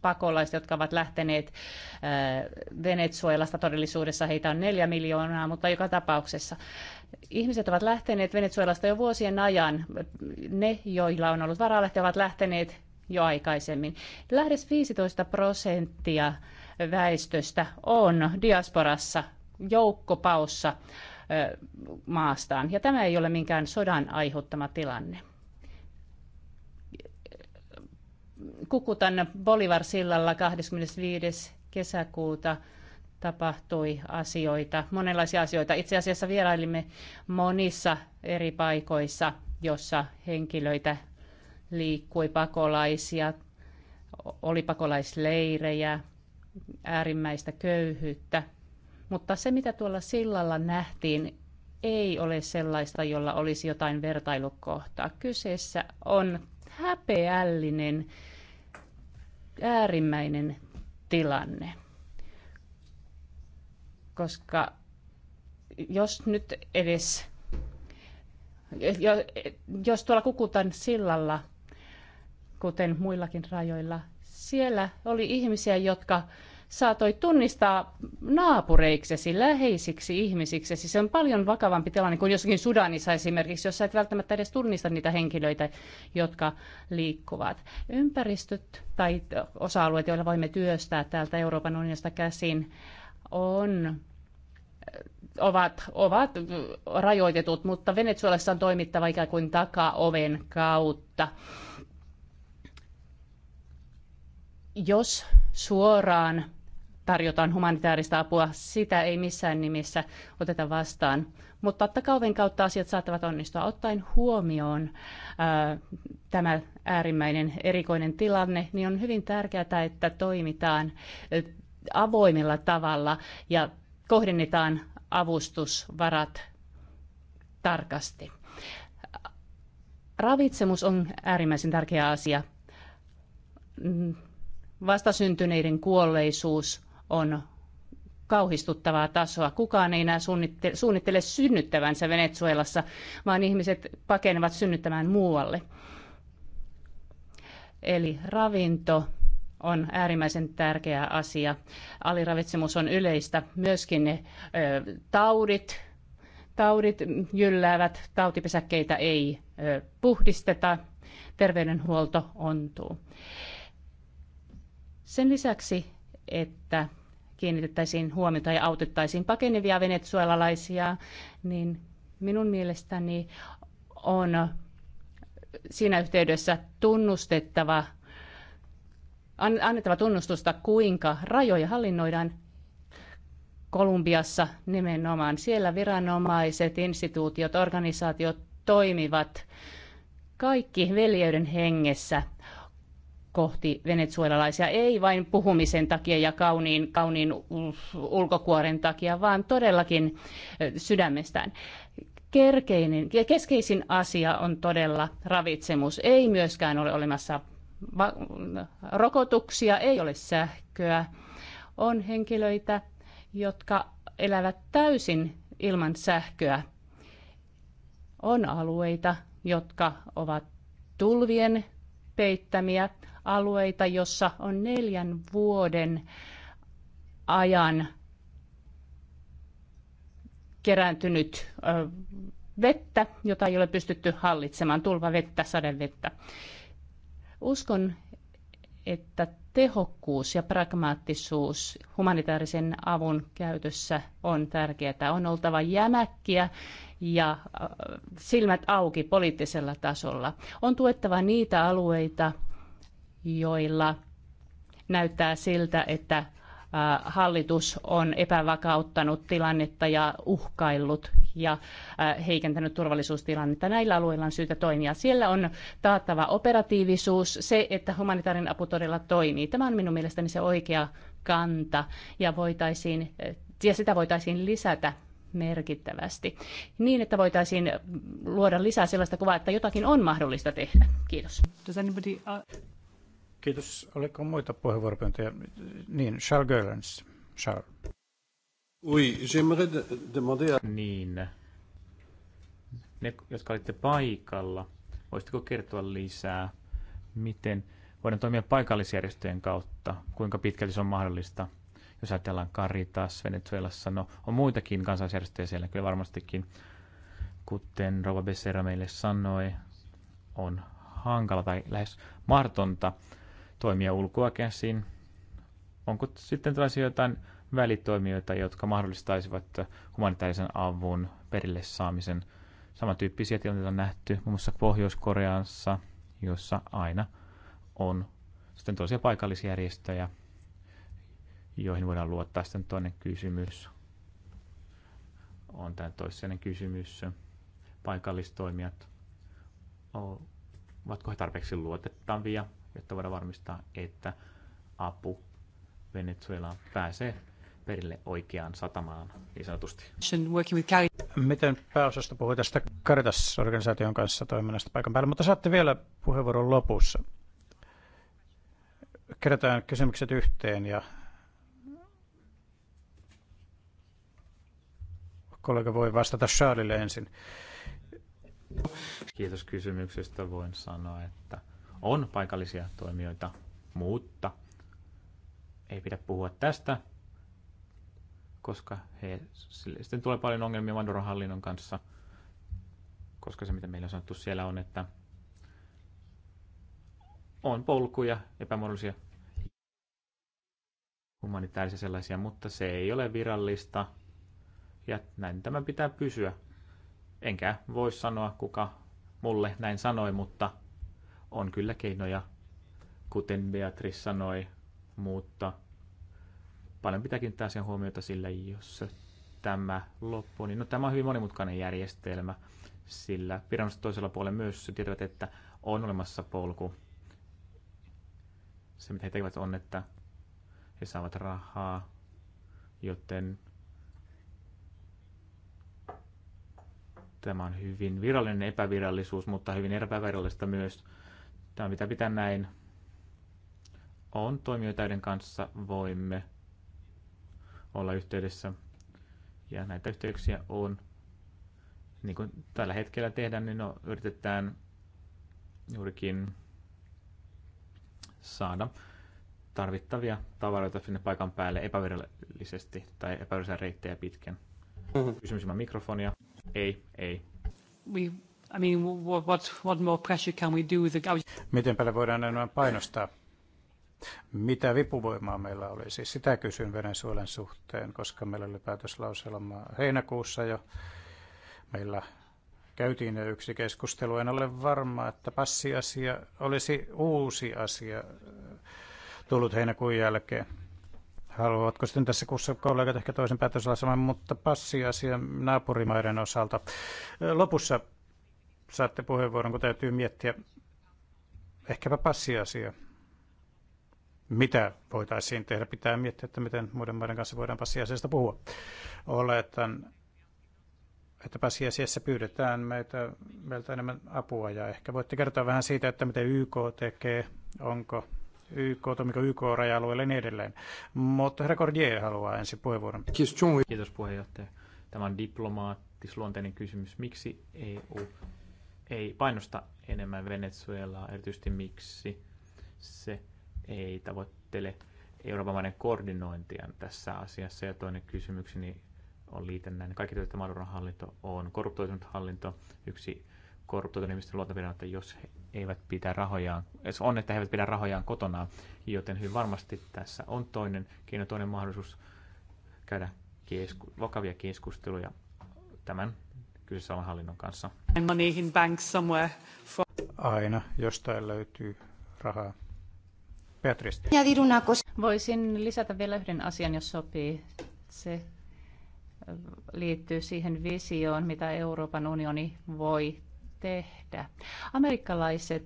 pakolaista, jotka ovat lähteneet äh, Venezuelasta. Todellisuudessa heitä on neljä miljoonaa, mutta joka tapauksessa. Ihmiset ovat lähteneet Venezuelasta jo vuosien ajan. Ne, joilla on ollut varaa lähteä, ovat lähteneet jo aikaisemmin. Lähes 15 prosenttia väestöstä on diasporassa joukkopaussa maastaan. Ja tämä ei ole minkään sodan aiheuttama tilanne. Kukutan Bolivar-sillalla 25. kesäkuuta tapahtui asioita, monenlaisia asioita. Itse asiassa vierailimme monissa eri paikoissa, jossa henkilöitä liikkui pakolaisia, oli pakolaisleirejä, äärimmäistä köyhyyttä. Mutta se, mitä tuolla sillalla nähtiin, ei ole sellaista, jolla olisi jotain vertailukohtaa. Kyseessä on häpeällinen, äärimmäinen tilanne. Koska jos nyt edes, jos tuolla Kukutan sillalla kuten muillakin rajoilla, siellä oli ihmisiä, jotka saatoi tunnistaa naapureiksesi, läheisiksi ihmisiksesi. Siis se on paljon vakavampi tilanne kuin jossakin Sudanissa esimerkiksi, jossa et välttämättä edes tunnista niitä henkilöitä, jotka liikkuvat. Ympäristöt tai osa-alueet, joilla voimme työstää täältä Euroopan unionista käsin, on ovat, ovat rajoitetut, mutta Venezuelassa on toimittava ikään kuin takaoven kautta jos suoraan tarjotaan humanitaarista apua, sitä ei missään nimissä oteta vastaan. Mutta totta kautta asiat saattavat onnistua ottaen huomioon ää, äh, tämä äärimmäinen erikoinen tilanne, niin on hyvin tärkeää, että toimitaan äh, avoimella tavalla ja kohdennetaan avustusvarat tarkasti. Ravitsemus on äärimmäisen tärkeä asia mm, vastasyntyneiden kuolleisuus on kauhistuttavaa tasoa. Kukaan ei enää suunnittele, suunnittele synnyttävänsä Venezuelassa, vaan ihmiset pakenevat synnyttämään muualle. Eli ravinto on äärimmäisen tärkeä asia. Aliravitsemus on yleistä. Myöskin ne ö, taudit, taudit jylläävät, tautipesäkkeitä ei ö, puhdisteta, terveydenhuolto ontuu. Sen lisäksi, että kiinnitettäisiin huomiota ja autettaisiin pakenevia venezuelalaisia, niin minun mielestäni on siinä yhteydessä tunnustettava, annettava tunnustusta, kuinka rajoja hallinnoidaan Kolumbiassa nimenomaan. Siellä viranomaiset, instituutiot, organisaatiot toimivat kaikki veljeyden hengessä kohti venezuelalaisia, ei vain puhumisen takia ja kauniin, kauniin ulkokuoren takia, vaan todellakin sydämestään kerkeinen, keskeisin asia on todella ravitsemus. Ei myöskään ole olemassa rokotuksia, ei ole sähköä. On henkilöitä, jotka elävät täysin ilman sähköä. On alueita, jotka ovat tulvien peittämiä alueita, jossa on neljän vuoden ajan kerääntynyt vettä, jota ei ole pystytty hallitsemaan, tulvavettä, sadevettä. Uskon, että tehokkuus ja pragmaattisuus humanitaarisen avun käytössä on tärkeää. On oltava jämäkkiä ja silmät auki poliittisella tasolla. On tuettava niitä alueita, joilla näyttää siltä, että hallitus on epävakauttanut tilannetta ja uhkaillut ja heikentänyt turvallisuustilannetta. Näillä alueilla on syytä toimia. Siellä on taattava operatiivisuus, se, että humanitaarinen apu todella toimii. Tämä on minun mielestäni se oikea kanta ja, voitaisiin, ja sitä voitaisiin lisätä merkittävästi niin, että voitaisiin luoda lisää sellaista kuvaa, että jotakin on mahdollista tehdä. Kiitos. Uh, Kiitos. Oliko muita puheenvuoropyyntöjä? Niin, Charles Görlens. Charles. Oui, j'aimerais demander Niin. Ne, jotka olitte paikalla, voisitteko kertoa lisää, miten voidaan toimia paikallisjärjestöjen kautta, kuinka pitkälti se on mahdollista? Jos ajatellaan Caritas Venezuelassa, no on muitakin kansallisjärjestöjä siellä kyllä varmastikin, kuten Rova Becerra meille sanoi, on hankala tai lähes mahdotonta toimia ulkoa käsin. Onko sitten tällaisia jotain välitoimijoita, jotka mahdollistaisivat humanitaarisen avun perille saamisen? Samantyyppisiä tilanteita on nähty muun muassa Pohjois-Koreassa, jossa aina on sitten toisia paikallisjärjestöjä, joihin voidaan luottaa. Sitten toinen kysymys on tämä toissijainen kysymys. Paikallistoimijat, ovatko he tarpeeksi luotettavia? jotta voidaan varmistaa, että apu Venezuelaan pääsee perille oikeaan satamaan niin sanotusti. Miten pääosasta puhui tästä Caritas-organisaation kanssa toiminnasta paikan päällä, mutta saatte vielä puheenvuoron lopussa. Kerätään kysymykset yhteen ja kollega voi vastata Charlille ensin. Kiitos kysymyksestä. Voin sanoa, että on paikallisia toimijoita, mutta ei pidä puhua tästä, koska he, sille sitten tulee paljon ongelmia Maduron hallinnon kanssa, koska se mitä meillä on sanottu siellä on, että on polkuja, epämuodollisia humanitaarisia sellaisia, mutta se ei ole virallista. Ja näin tämä pitää pysyä. Enkä voi sanoa, kuka mulle näin sanoi, mutta on kyllä keinoja, kuten Beatrice sanoi, mutta paljon pitääkin kiinnittää sen huomiota sillä, jos tämä loppuu. Niin no, tämä on hyvin monimutkainen järjestelmä, sillä viranomaiset toisella puolella myös tietävät, että on olemassa polku. Se, mitä he tekevät, on, että he saavat rahaa, joten tämä on hyvin virallinen epävirallisuus, mutta hyvin epävirallista myös. Tämä mitä pitää näin. On toimijoita, kanssa voimme olla yhteydessä. Ja näitä yhteyksiä on. Niin kuin tällä hetkellä tehdään, niin no, yritetään juurikin saada tarvittavia tavaroita sinne paikan päälle epävirallisesti tai epävirallisia reittejä pitkin. Mm-hmm. Kysymys mikrofonia. Ei, ei. We I mean, what, what, more pressure can we do the... Miten paljon voidaan enää painostaa? Mitä vipuvoimaa meillä oli? Siis sitä kysyn Venezuelan suhteen, koska meillä oli päätöslauselma heinäkuussa jo. Meillä käytiin jo yksi keskustelu. En ole varma, että passiasia olisi uusi asia äh, tullut heinäkuun jälkeen. Haluavatko sitten tässä kuussa kollegat ehkä toisen päätöslauselman, mutta passiasia naapurimaiden osalta. Äh, lopussa saatte puheenvuoron, kun täytyy miettiä ehkäpä passiasia. Mitä voitaisiin tehdä? Pitää miettiä, että miten muiden maiden kanssa voidaan passiasiasta puhua. Oletan, että passiasiassa pyydetään meitä, meiltä enemmän apua ja ehkä voitte kertoa vähän siitä, että miten YK tekee, onko YK, toimiko YK raja-alueelle ja niin edelleen. Mutta herra Cordier haluaa ensin puheenvuoron. Kiitos puheenjohtaja. Tämä on diplomaattisluonteinen kysymys. Miksi EU ei painosta enemmän Venezuelaa, erityisesti miksi se ei tavoittele Euroopan maiden koordinointia tässä asiassa. Ja toinen kysymykseni on liitännäinen. Kaikki tietävät, että Maduron hallinto on korruptoitunut hallinto. Yksi korruptoitunut ihmisten luontavina, että jos he eivät pidä rahojaan, jos on, että he eivät pidä rahojaan kotona, joten hyvin varmasti tässä on toinen keino, toinen mahdollisuus käydä kesku, vakavia keskusteluja tämän kyseessä olevan hallinnon kanssa. Money in bank somewhere for... Aina jostain löytyy rahaa. Beatrice. Voisin lisätä vielä yhden asian, jos sopii. Se äh, liittyy siihen visioon, mitä Euroopan unioni voi tehdä. Amerikkalaiset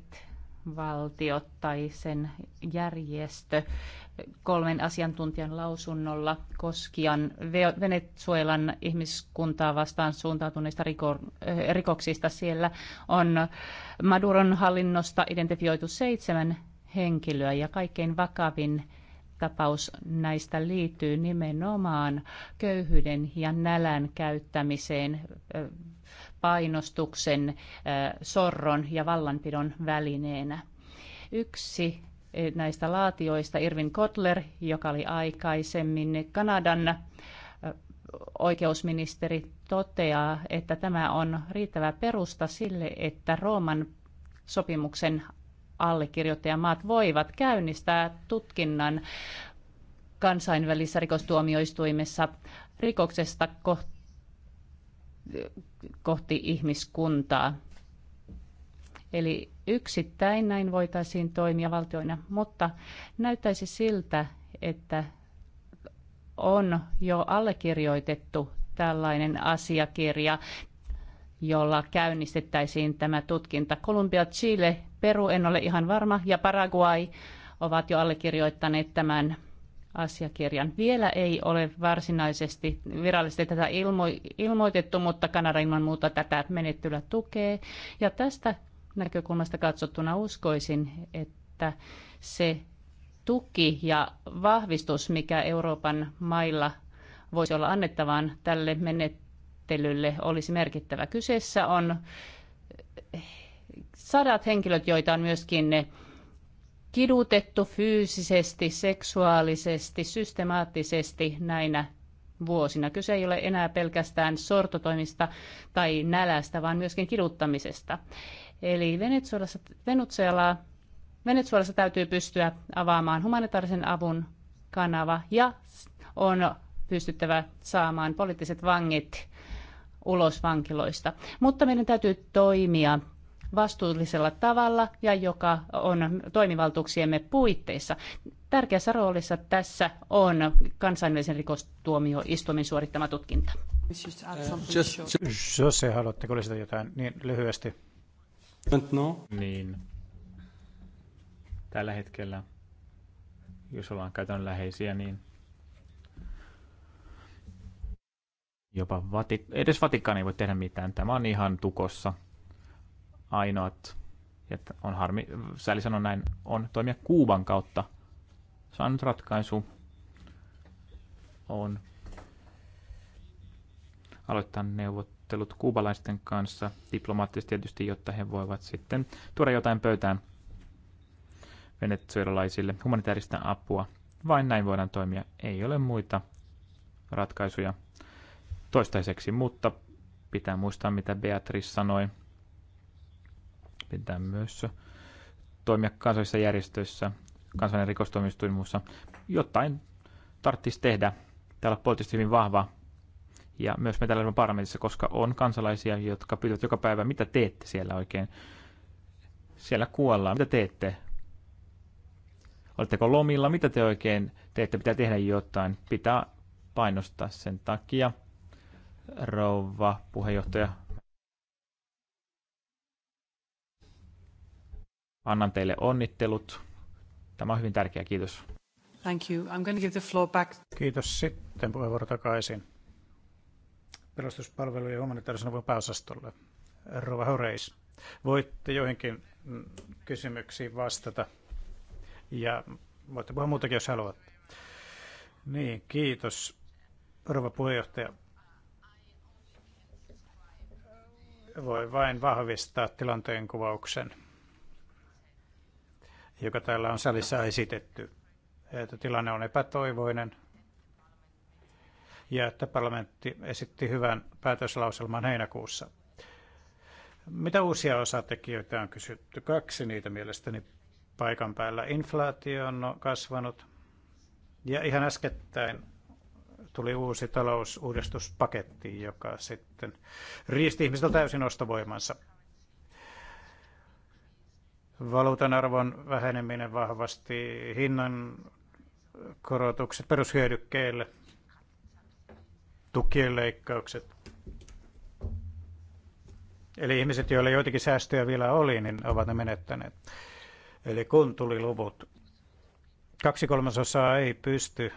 valtiot tai sen järjestö kolmen asiantuntijan lausunnolla koskien Venezuelan ihmiskuntaa vastaan suuntautuneista riko, eh, rikoksista. Siellä on Maduron hallinnosta identifioitu seitsemän henkilöä ja kaikkein vakavin tapaus näistä liittyy nimenomaan köyhyyden ja nälän käyttämiseen, eh, painostuksen, eh, sorron ja vallanpidon välineenä. Yksi Eh, näistä laatioista Irvin Kotler, joka oli aikaisemmin Kanadan eh, oikeusministeri, toteaa, että tämä on riittävä perusta sille, että Rooman sopimuksen allekirjoittajamaat voivat käynnistää tutkinnan kansainvälisessä rikostuomioistuimessa rikoksesta kohti ihmiskuntaa Eli yksittäin näin voitaisiin toimia valtioina, mutta näyttäisi siltä, että on jo allekirjoitettu tällainen asiakirja, jolla käynnistettäisiin tämä tutkinta. Kolumbia, Chile, Peru, en ole ihan varma, ja Paraguay ovat jo allekirjoittaneet tämän asiakirjan. Vielä ei ole varsinaisesti virallisesti tätä ilmo- ilmoitettu, mutta Kanada ilman muuta tätä menettelyä tukee. Ja tästä näkökulmasta katsottuna uskoisin, että se tuki ja vahvistus, mikä Euroopan mailla voisi olla annettavaan tälle menettelylle, olisi merkittävä. Kyseessä on sadat henkilöt, joita on myöskin ne kidutettu fyysisesti, seksuaalisesti, systemaattisesti näinä vuosina. Kyse ei ole enää pelkästään sortotoimista tai nälästä, vaan myöskin kiduttamisesta. Eli Venezuelassa, Venezuela, Venezuelassa täytyy pystyä avaamaan humanitaarisen avun kanava ja on pystyttävä saamaan poliittiset vangit ulos vankiloista. Mutta meidän täytyy toimia vastuullisella tavalla ja joka on toimivaltuuksiemme puitteissa. Tärkeässä roolissa tässä on kansainvälisen rikostuomioistuimen suorittama tutkinta. Jos haluatteko lisätä jotain niin lyhyesti? No. Niin. Tällä hetkellä, jos ollaan läheisiä niin jopa Vatik- edes Vatikaani ei voi tehdä mitään. Tämä on ihan tukossa. Ainoat, että on harmi, sääli sanon näin, on toimia Kuuban kautta. Saanut on ratkaisu. On aloittaa neuvottelut neuvottelut kuubalaisten kanssa diplomaattisesti tietysti, jotta he voivat sitten tuoda jotain pöytään venezuelalaisille humanitaarista apua. Vain näin voidaan toimia. Ei ole muita ratkaisuja toistaiseksi, mutta pitää muistaa, mitä Beatrice sanoi. Pitää myös toimia kansallisissa järjestöissä, kansallinen rikostuomioistuin muussa. Jotain tarvitsisi tehdä. Täällä on poliittisesti hyvin vahva ja myös me täällä parlamentissa, koska on kansalaisia, jotka pyytävät joka päivä, mitä teette siellä oikein. Siellä kuollaan, mitä teette? Oletteko lomilla, mitä te oikein teette? Pitää tehdä jotain, pitää painostaa sen takia. Rouva puheenjohtaja, annan teille onnittelut. Tämä on hyvin tärkeä, kiitos. Thank you. I'm going to give the floor back. Kiitos. Sitten puheenvuoro takaisin pelastuspalvelujen ja humanitaarisen avun pääosastolle. Rova Horeis, voitte joihinkin mm, kysymyksiin vastata ja voitte puhua muutakin, jos haluatte. Niin, kiitos, Rova puheenjohtaja. Voi vain vahvistaa tilanteen kuvauksen, joka täällä on salissa esitetty. Että tilanne on epätoivoinen, ja että parlamentti esitti hyvän päätöslauselman heinäkuussa. Mitä uusia osatekijöitä on kysytty? Kaksi niitä mielestäni paikan päällä. Inflaatio on no kasvanut ja ihan äskettäin tuli uusi talousuudistuspaketti, joka sitten riisti ihmisiltä täysin ostovoimansa. Valuutan arvon väheneminen vahvasti, hinnan korotukset perushyödykkeille – tukien leikkaukset. Eli ihmiset, joilla joitakin säästöjä vielä oli, niin ovat ne menettäneet. Eli kun tuli luvut, kaksi kolmasosaa ei pysty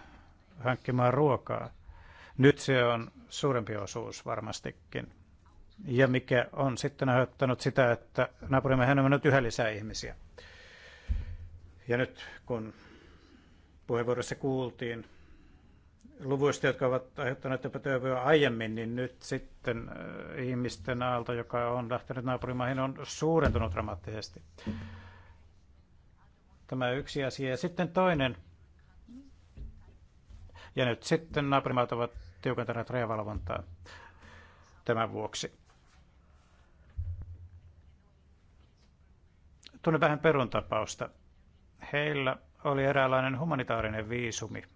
hankkimaan ruokaa. Nyt se on suurempi osuus varmastikin. Ja mikä on sitten aiheuttanut sitä, että naapurimme on mennyt yhä lisää ihmisiä. Ja nyt kun puheenvuorossa kuultiin luvuista, jotka ovat aiheuttaneet epätoivoa aiemmin, niin nyt sitten äh, ihmisten aalto, joka on lähtenyt naapurimaihin, on suurentunut dramaattisesti. Tämä yksi asia. Ja sitten toinen. Ja nyt sitten naapurimaat ovat tiukentaneet rajavalvontaa tämän vuoksi. Tunne vähän peruntapausta. Heillä oli eräänlainen humanitaarinen viisumi –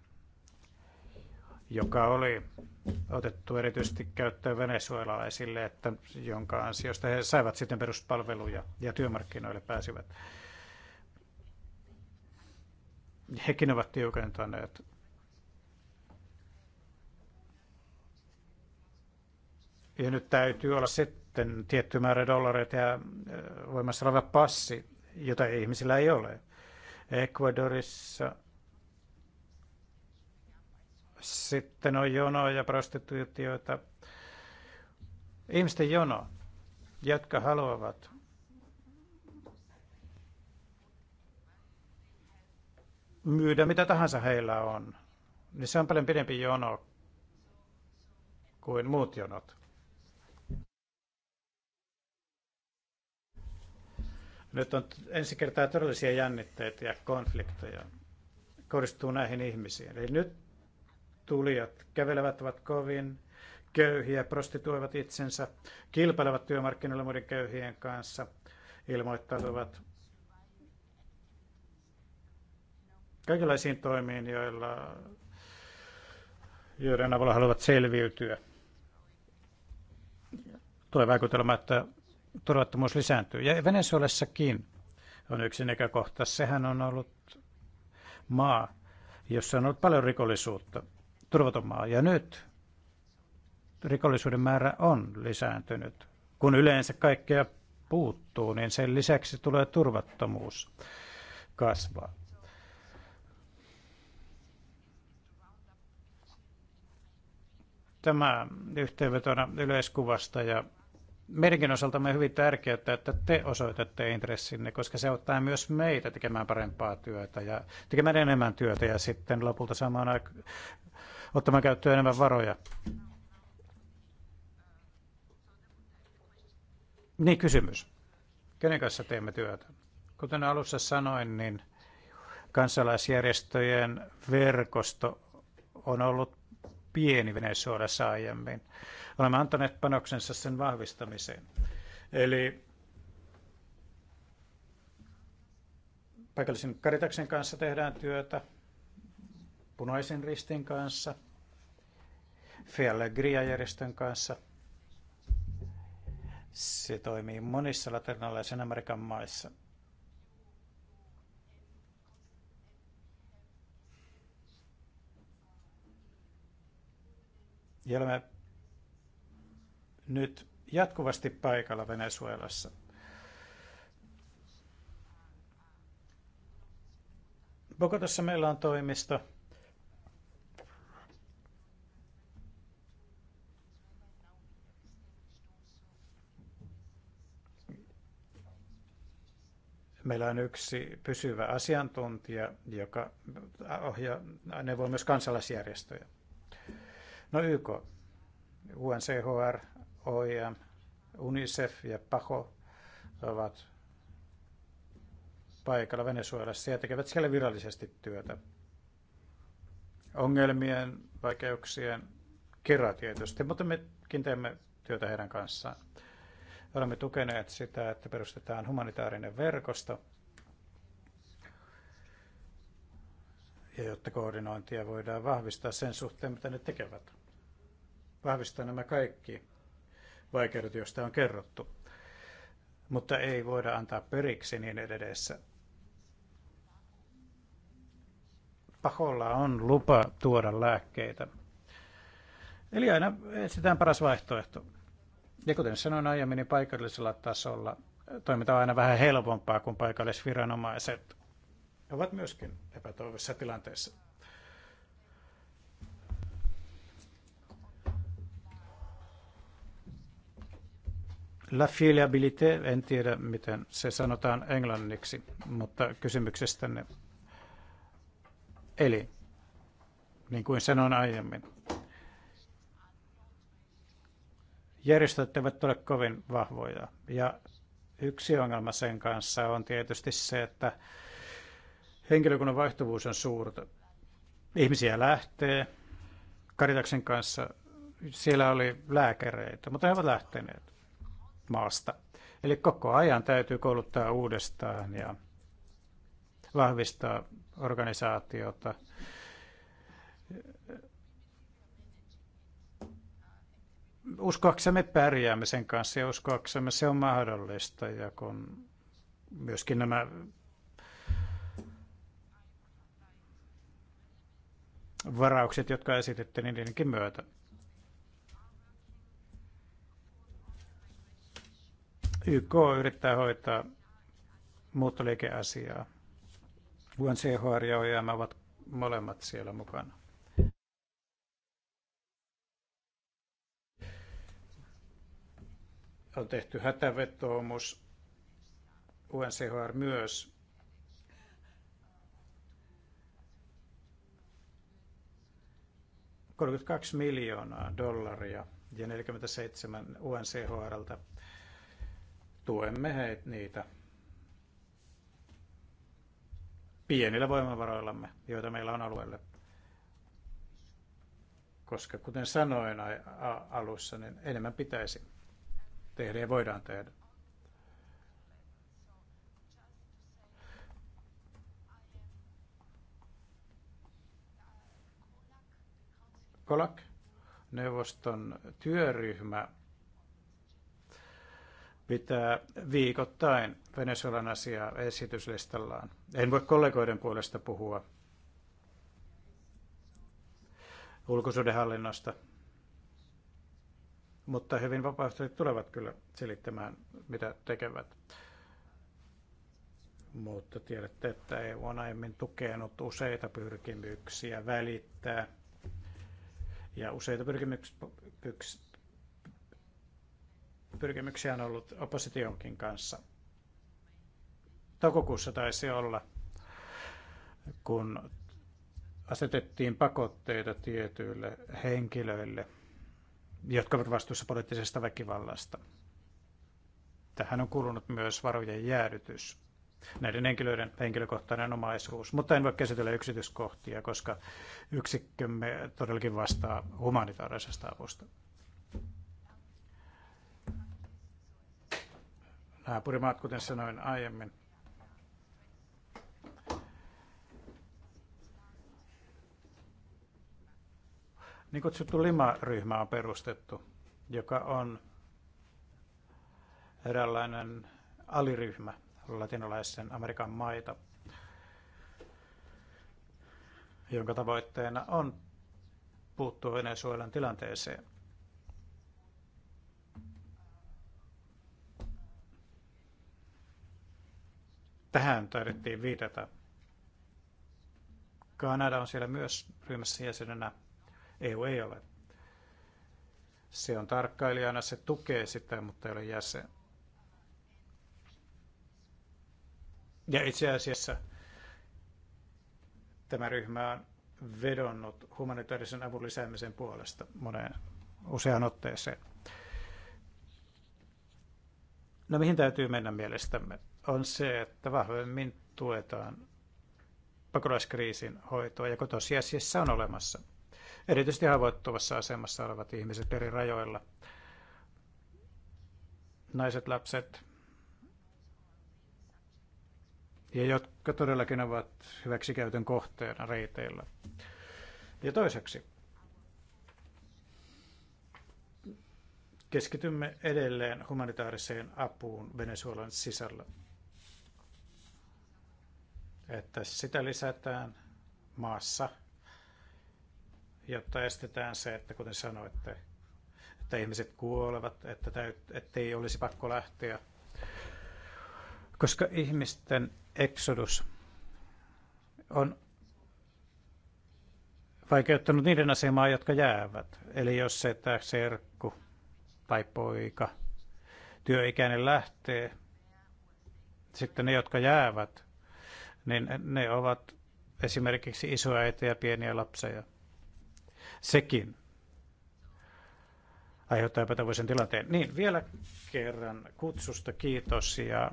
joka oli otettu erityisesti käyttöön venezuelalaisille, esille, että jonka ansiosta he saivat sitten peruspalveluja ja työmarkkinoille pääsivät. Hekin ovat tiukentaneet Ja nyt täytyy olla sitten tietty määrä dollareita ja voimassa oleva passi, jota ihmisillä ei ole. Ecuadorissa sitten on jonoja ja prostituutioita. Ihmisten jono, jotka haluavat myydä mitä tahansa heillä on, niin se on paljon pidempi jono kuin muut jonot. Nyt on ensi kertaa todellisia jännitteitä ja konflikteja kohdistuu näihin ihmisiin. Eli nyt tulijat kävelevät, ovat kovin köyhiä, prostituoivat itsensä, kilpailevat työmarkkinoilla muiden köyhien kanssa, ilmoittautuvat kaikenlaisiin toimiin, joilla, joiden avulla haluavat selviytyä. Tulee vaikutelma, että turvattomuus lisääntyy. Ja Venezuelassakin on yksi näkökohta. Sehän on ollut maa, jossa on ollut paljon rikollisuutta turvaton maa. Ja nyt rikollisuuden määrä on lisääntynyt. Kun yleensä kaikkea puuttuu, niin sen lisäksi tulee turvattomuus kasvaa. Tämä yhteenvetona yleiskuvasta ja meidänkin osalta on hyvin tärkeää, että te osoitatte intressinne, koska se auttaa myös meitä tekemään parempaa työtä ja tekemään enemmän työtä ja sitten lopulta samaan aikaan ottamaan käyttöön enemmän varoja. Niin, kysymys. Kenen kanssa teemme työtä? Kuten alussa sanoin, niin kansalaisjärjestöjen verkosto on ollut pieni Venezuelassa aiemmin. Olemme antaneet panoksensa sen vahvistamiseen. Eli paikallisen Karitaksen kanssa tehdään työtä, punaisen ristin kanssa, Fiallegria-järjestön kanssa. Se toimii monissa latinalaisen Amerikan maissa. Ja olemme nyt jatkuvasti paikalla Venezuelassa. Bogotassa meillä on toimisto, Meillä on yksi pysyvä asiantuntija, joka ohjaa, neuvoo myös kansalaisjärjestöjä. No YK, UNCHR, OIM, e UNICEF ja PAHO ovat paikalla Venezuelassa ja tekevät siellä virallisesti työtä. Ongelmien, vaikeuksien kerran tietysti, mutta mekin teemme työtä heidän kanssaan. Olemme tukeneet sitä, että perustetaan humanitaarinen verkosto, ja jotta koordinointia voidaan vahvistaa sen suhteen, mitä ne tekevät. Vahvistaa nämä kaikki vaikeudet, joista on kerrottu. Mutta ei voida antaa periksi niin edessä. Paholla on lupa tuoda lääkkeitä. Eli aina etsitään paras vaihtoehto. Ja kuten sanoin aiemmin, niin paikallisella tasolla toiminta on aina vähän helpompaa, kuin paikallisviranomaiset ovat myöskin epätoivoisessa tilanteessa. La fiabilité, en tiedä miten se sanotaan englanniksi, mutta kysymyksestänne. Eli, niin kuin sanoin aiemmin, järjestöt eivät ole kovin vahvoja. Ja yksi ongelma sen kanssa on tietysti se, että henkilökunnan vaihtuvuus on suurta. Ihmisiä lähtee. Karitaksen kanssa siellä oli lääkäreitä, mutta he ovat lähteneet maasta. Eli koko ajan täytyy kouluttaa uudestaan ja vahvistaa organisaatiota uskoaksemme pärjäämme sen kanssa ja uskoaksemme se on mahdollista ja kun myöskin nämä varaukset, jotka esititte, niin niidenkin myötä. YK yrittää hoitaa muuttoliikeasiaa. UNCHR ja OIM ovat molemmat siellä mukana. On tehty hätävetoomus. UNCHR myös kaksi miljoonaa dollaria ja 47 UNCHRlta. Tuemme heitä niitä pienillä voimavaroillamme, joita meillä on alueelle. Koska kuten sanoin alussa, niin enemmän pitäisi tehdä ja voidaan tehdä. Kolak, neuvoston työryhmä pitää viikoittain Venezuelan asiaa esityslistallaan. En voi kollegoiden puolesta puhua ulkosuhdehallinnosta, mutta hyvin vapaasti tulevat kyllä selittämään, mitä tekevät. Mutta tiedätte, että EU on aiemmin tukenut useita pyrkimyksiä välittää ja useita pyrkimyksiä, pyrkimyksiä on ollut oppositionkin kanssa. Toukokuussa taisi olla, kun asetettiin pakotteita tietyille henkilöille – jotka ovat vastuussa poliittisesta väkivallasta. Tähän on kulunut myös varojen jäädytys, näiden henkilöiden henkilökohtainen omaisuus, mutta en voi käsitellä yksityiskohtia, koska yksikkömme todellakin vastaa humanitaarisesta avusta. Naapurimaat, kuten sanoin aiemmin, Niin kutsuttu Lima-ryhmä on perustettu, joka on eräänlainen aliryhmä latinalaisen Amerikan maita, jonka tavoitteena on puuttua Venezuelan tilanteeseen. Tähän taidettiin viitata. Kanada on siellä myös ryhmässä jäsenenä EU ei ole. Se on tarkkailijana, se tukee sitä, mutta ei ole jäsen. Ja itse asiassa tämä ryhmä on vedonnut humanitaarisen avun lisäämisen puolesta moneen useaan otteeseen. No mihin täytyy mennä mielestämme? On se, että vahvemmin tuetaan pakolaiskriisin hoitoa, joka tosiasiassa on olemassa – erityisesti haavoittuvassa asemassa olevat ihmiset eri rajoilla. Naiset, lapset ja jotka todellakin ovat hyväksikäytön kohteena reiteillä. Ja toiseksi, keskitymme edelleen humanitaariseen apuun Venezuelan sisällä. Että sitä lisätään maassa jotta estetään se, että kuten sanoitte, että ihmiset kuolevat, että täyt, ettei olisi pakko lähteä. Koska ihmisten eksodus on vaikeuttanut niiden asemaa, jotka jäävät. Eli jos se, että serkku tai poika, työikäinen lähtee, sitten ne, jotka jäävät, niin ne ovat esimerkiksi isoäitä ja pieniä lapsia sekin aiheuttaa epätavoisen tilanteen. Niin, vielä kerran kutsusta kiitos ja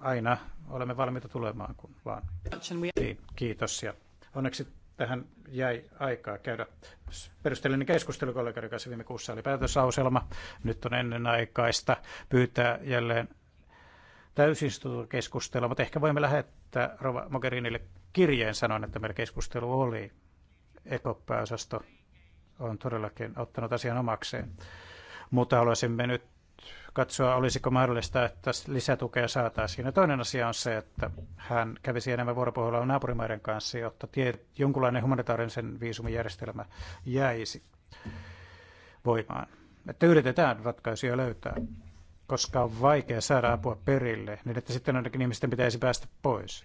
aina olemme valmiita tulemaan, kun vaan. Niin, kiitos ja onneksi tähän jäi aikaa käydä perusteellinen keskustelu kollegoiden kanssa viime kuussa oli päätösauselma. Nyt on ennenaikaista pyytää jälleen täysistuntokeskustelua, mutta ehkä voimme lähettää Rova Mogherinille kirjeen sanon, että meillä keskustelu oli ekopääosasto on todellakin ottanut asian omakseen. Mutta haluaisimme nyt katsoa, olisiko mahdollista, että lisätukea saataisiin. Ja toinen asia on se, että hän kävisi enemmän vuoropuhelua naapurimaiden kanssa, jotta tie, jonkunlainen humanitaarisen viisumijärjestelmä jäisi voimaan. Että yritetään ratkaisuja löytää, koska on vaikea saada apua perille, niin että sitten ainakin ihmisten pitäisi päästä pois,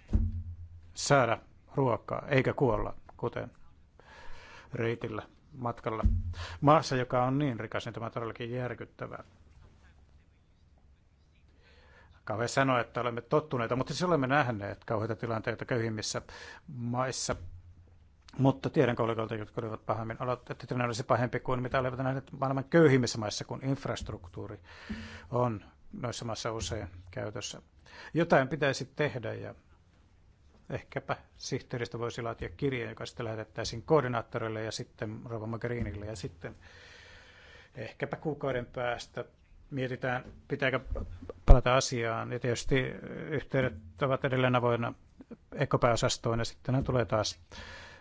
saada ruokaa, eikä kuolla, kuten reitillä matkalla maassa, joka on niin rikas, niin tämä on todellakin järkyttävää. Kauhe sanoa, että olemme tottuneita, mutta siis olemme nähneet kauheita tilanteita köyhimmissä maissa. Mutta tiedän kollegoilta, jotka olivat pahemmin, että tilanne olisi pahempi kuin mitä olivat nähneet maailman köyhimmissä maissa, kun infrastruktuuri on noissa maissa usein käytössä. Jotain pitäisi tehdä ja Ehkäpä sihteeristä voisi laatia kirje, joka sitten lähetettäisiin koordinaattorille ja sitten Rova Magarinille ja sitten ehkäpä kuukauden päästä mietitään, pitääkö palata asiaan. Ja tietysti yhteydet ovat edelleen avoinna ekopääosastoon ja sittenhän tulee taas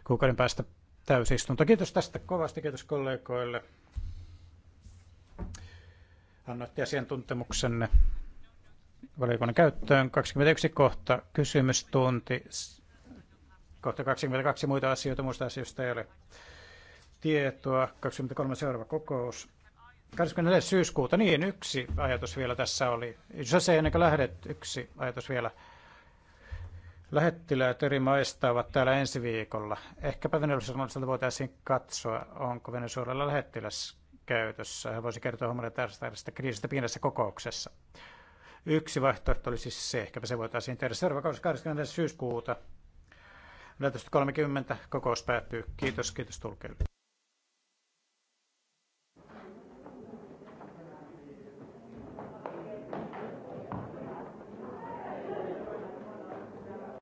kuukauden päästä täysistunto. Kiitos tästä kovasti, kiitos kollegoille. Annoitte asiantuntemuksenne valiokunnan käyttöön. 21 kohta kysymystunti. Kohta 22 muita asioita, muista asioista ei ole tietoa. 23 seuraava kokous. 24. syyskuuta, niin yksi ajatus vielä tässä oli. Jos ei ennen kuin lähdet, yksi ajatus vielä. Lähettiläät eri maista ovat täällä ensi viikolla. Ehkäpä venezuelalaiselta voitaisiin katsoa, onko Venezuelalla lähettiläs käytössä. Hän voisi kertoa tästä kriisistä pienessä kokouksessa. Yksi vaihtoehto oli siis se, ehkäpä se voitaisiin tehdä. Seuraava 20. syyskuuta 14.30 kokous päättyy. Kiitos, kiitos tulkeille.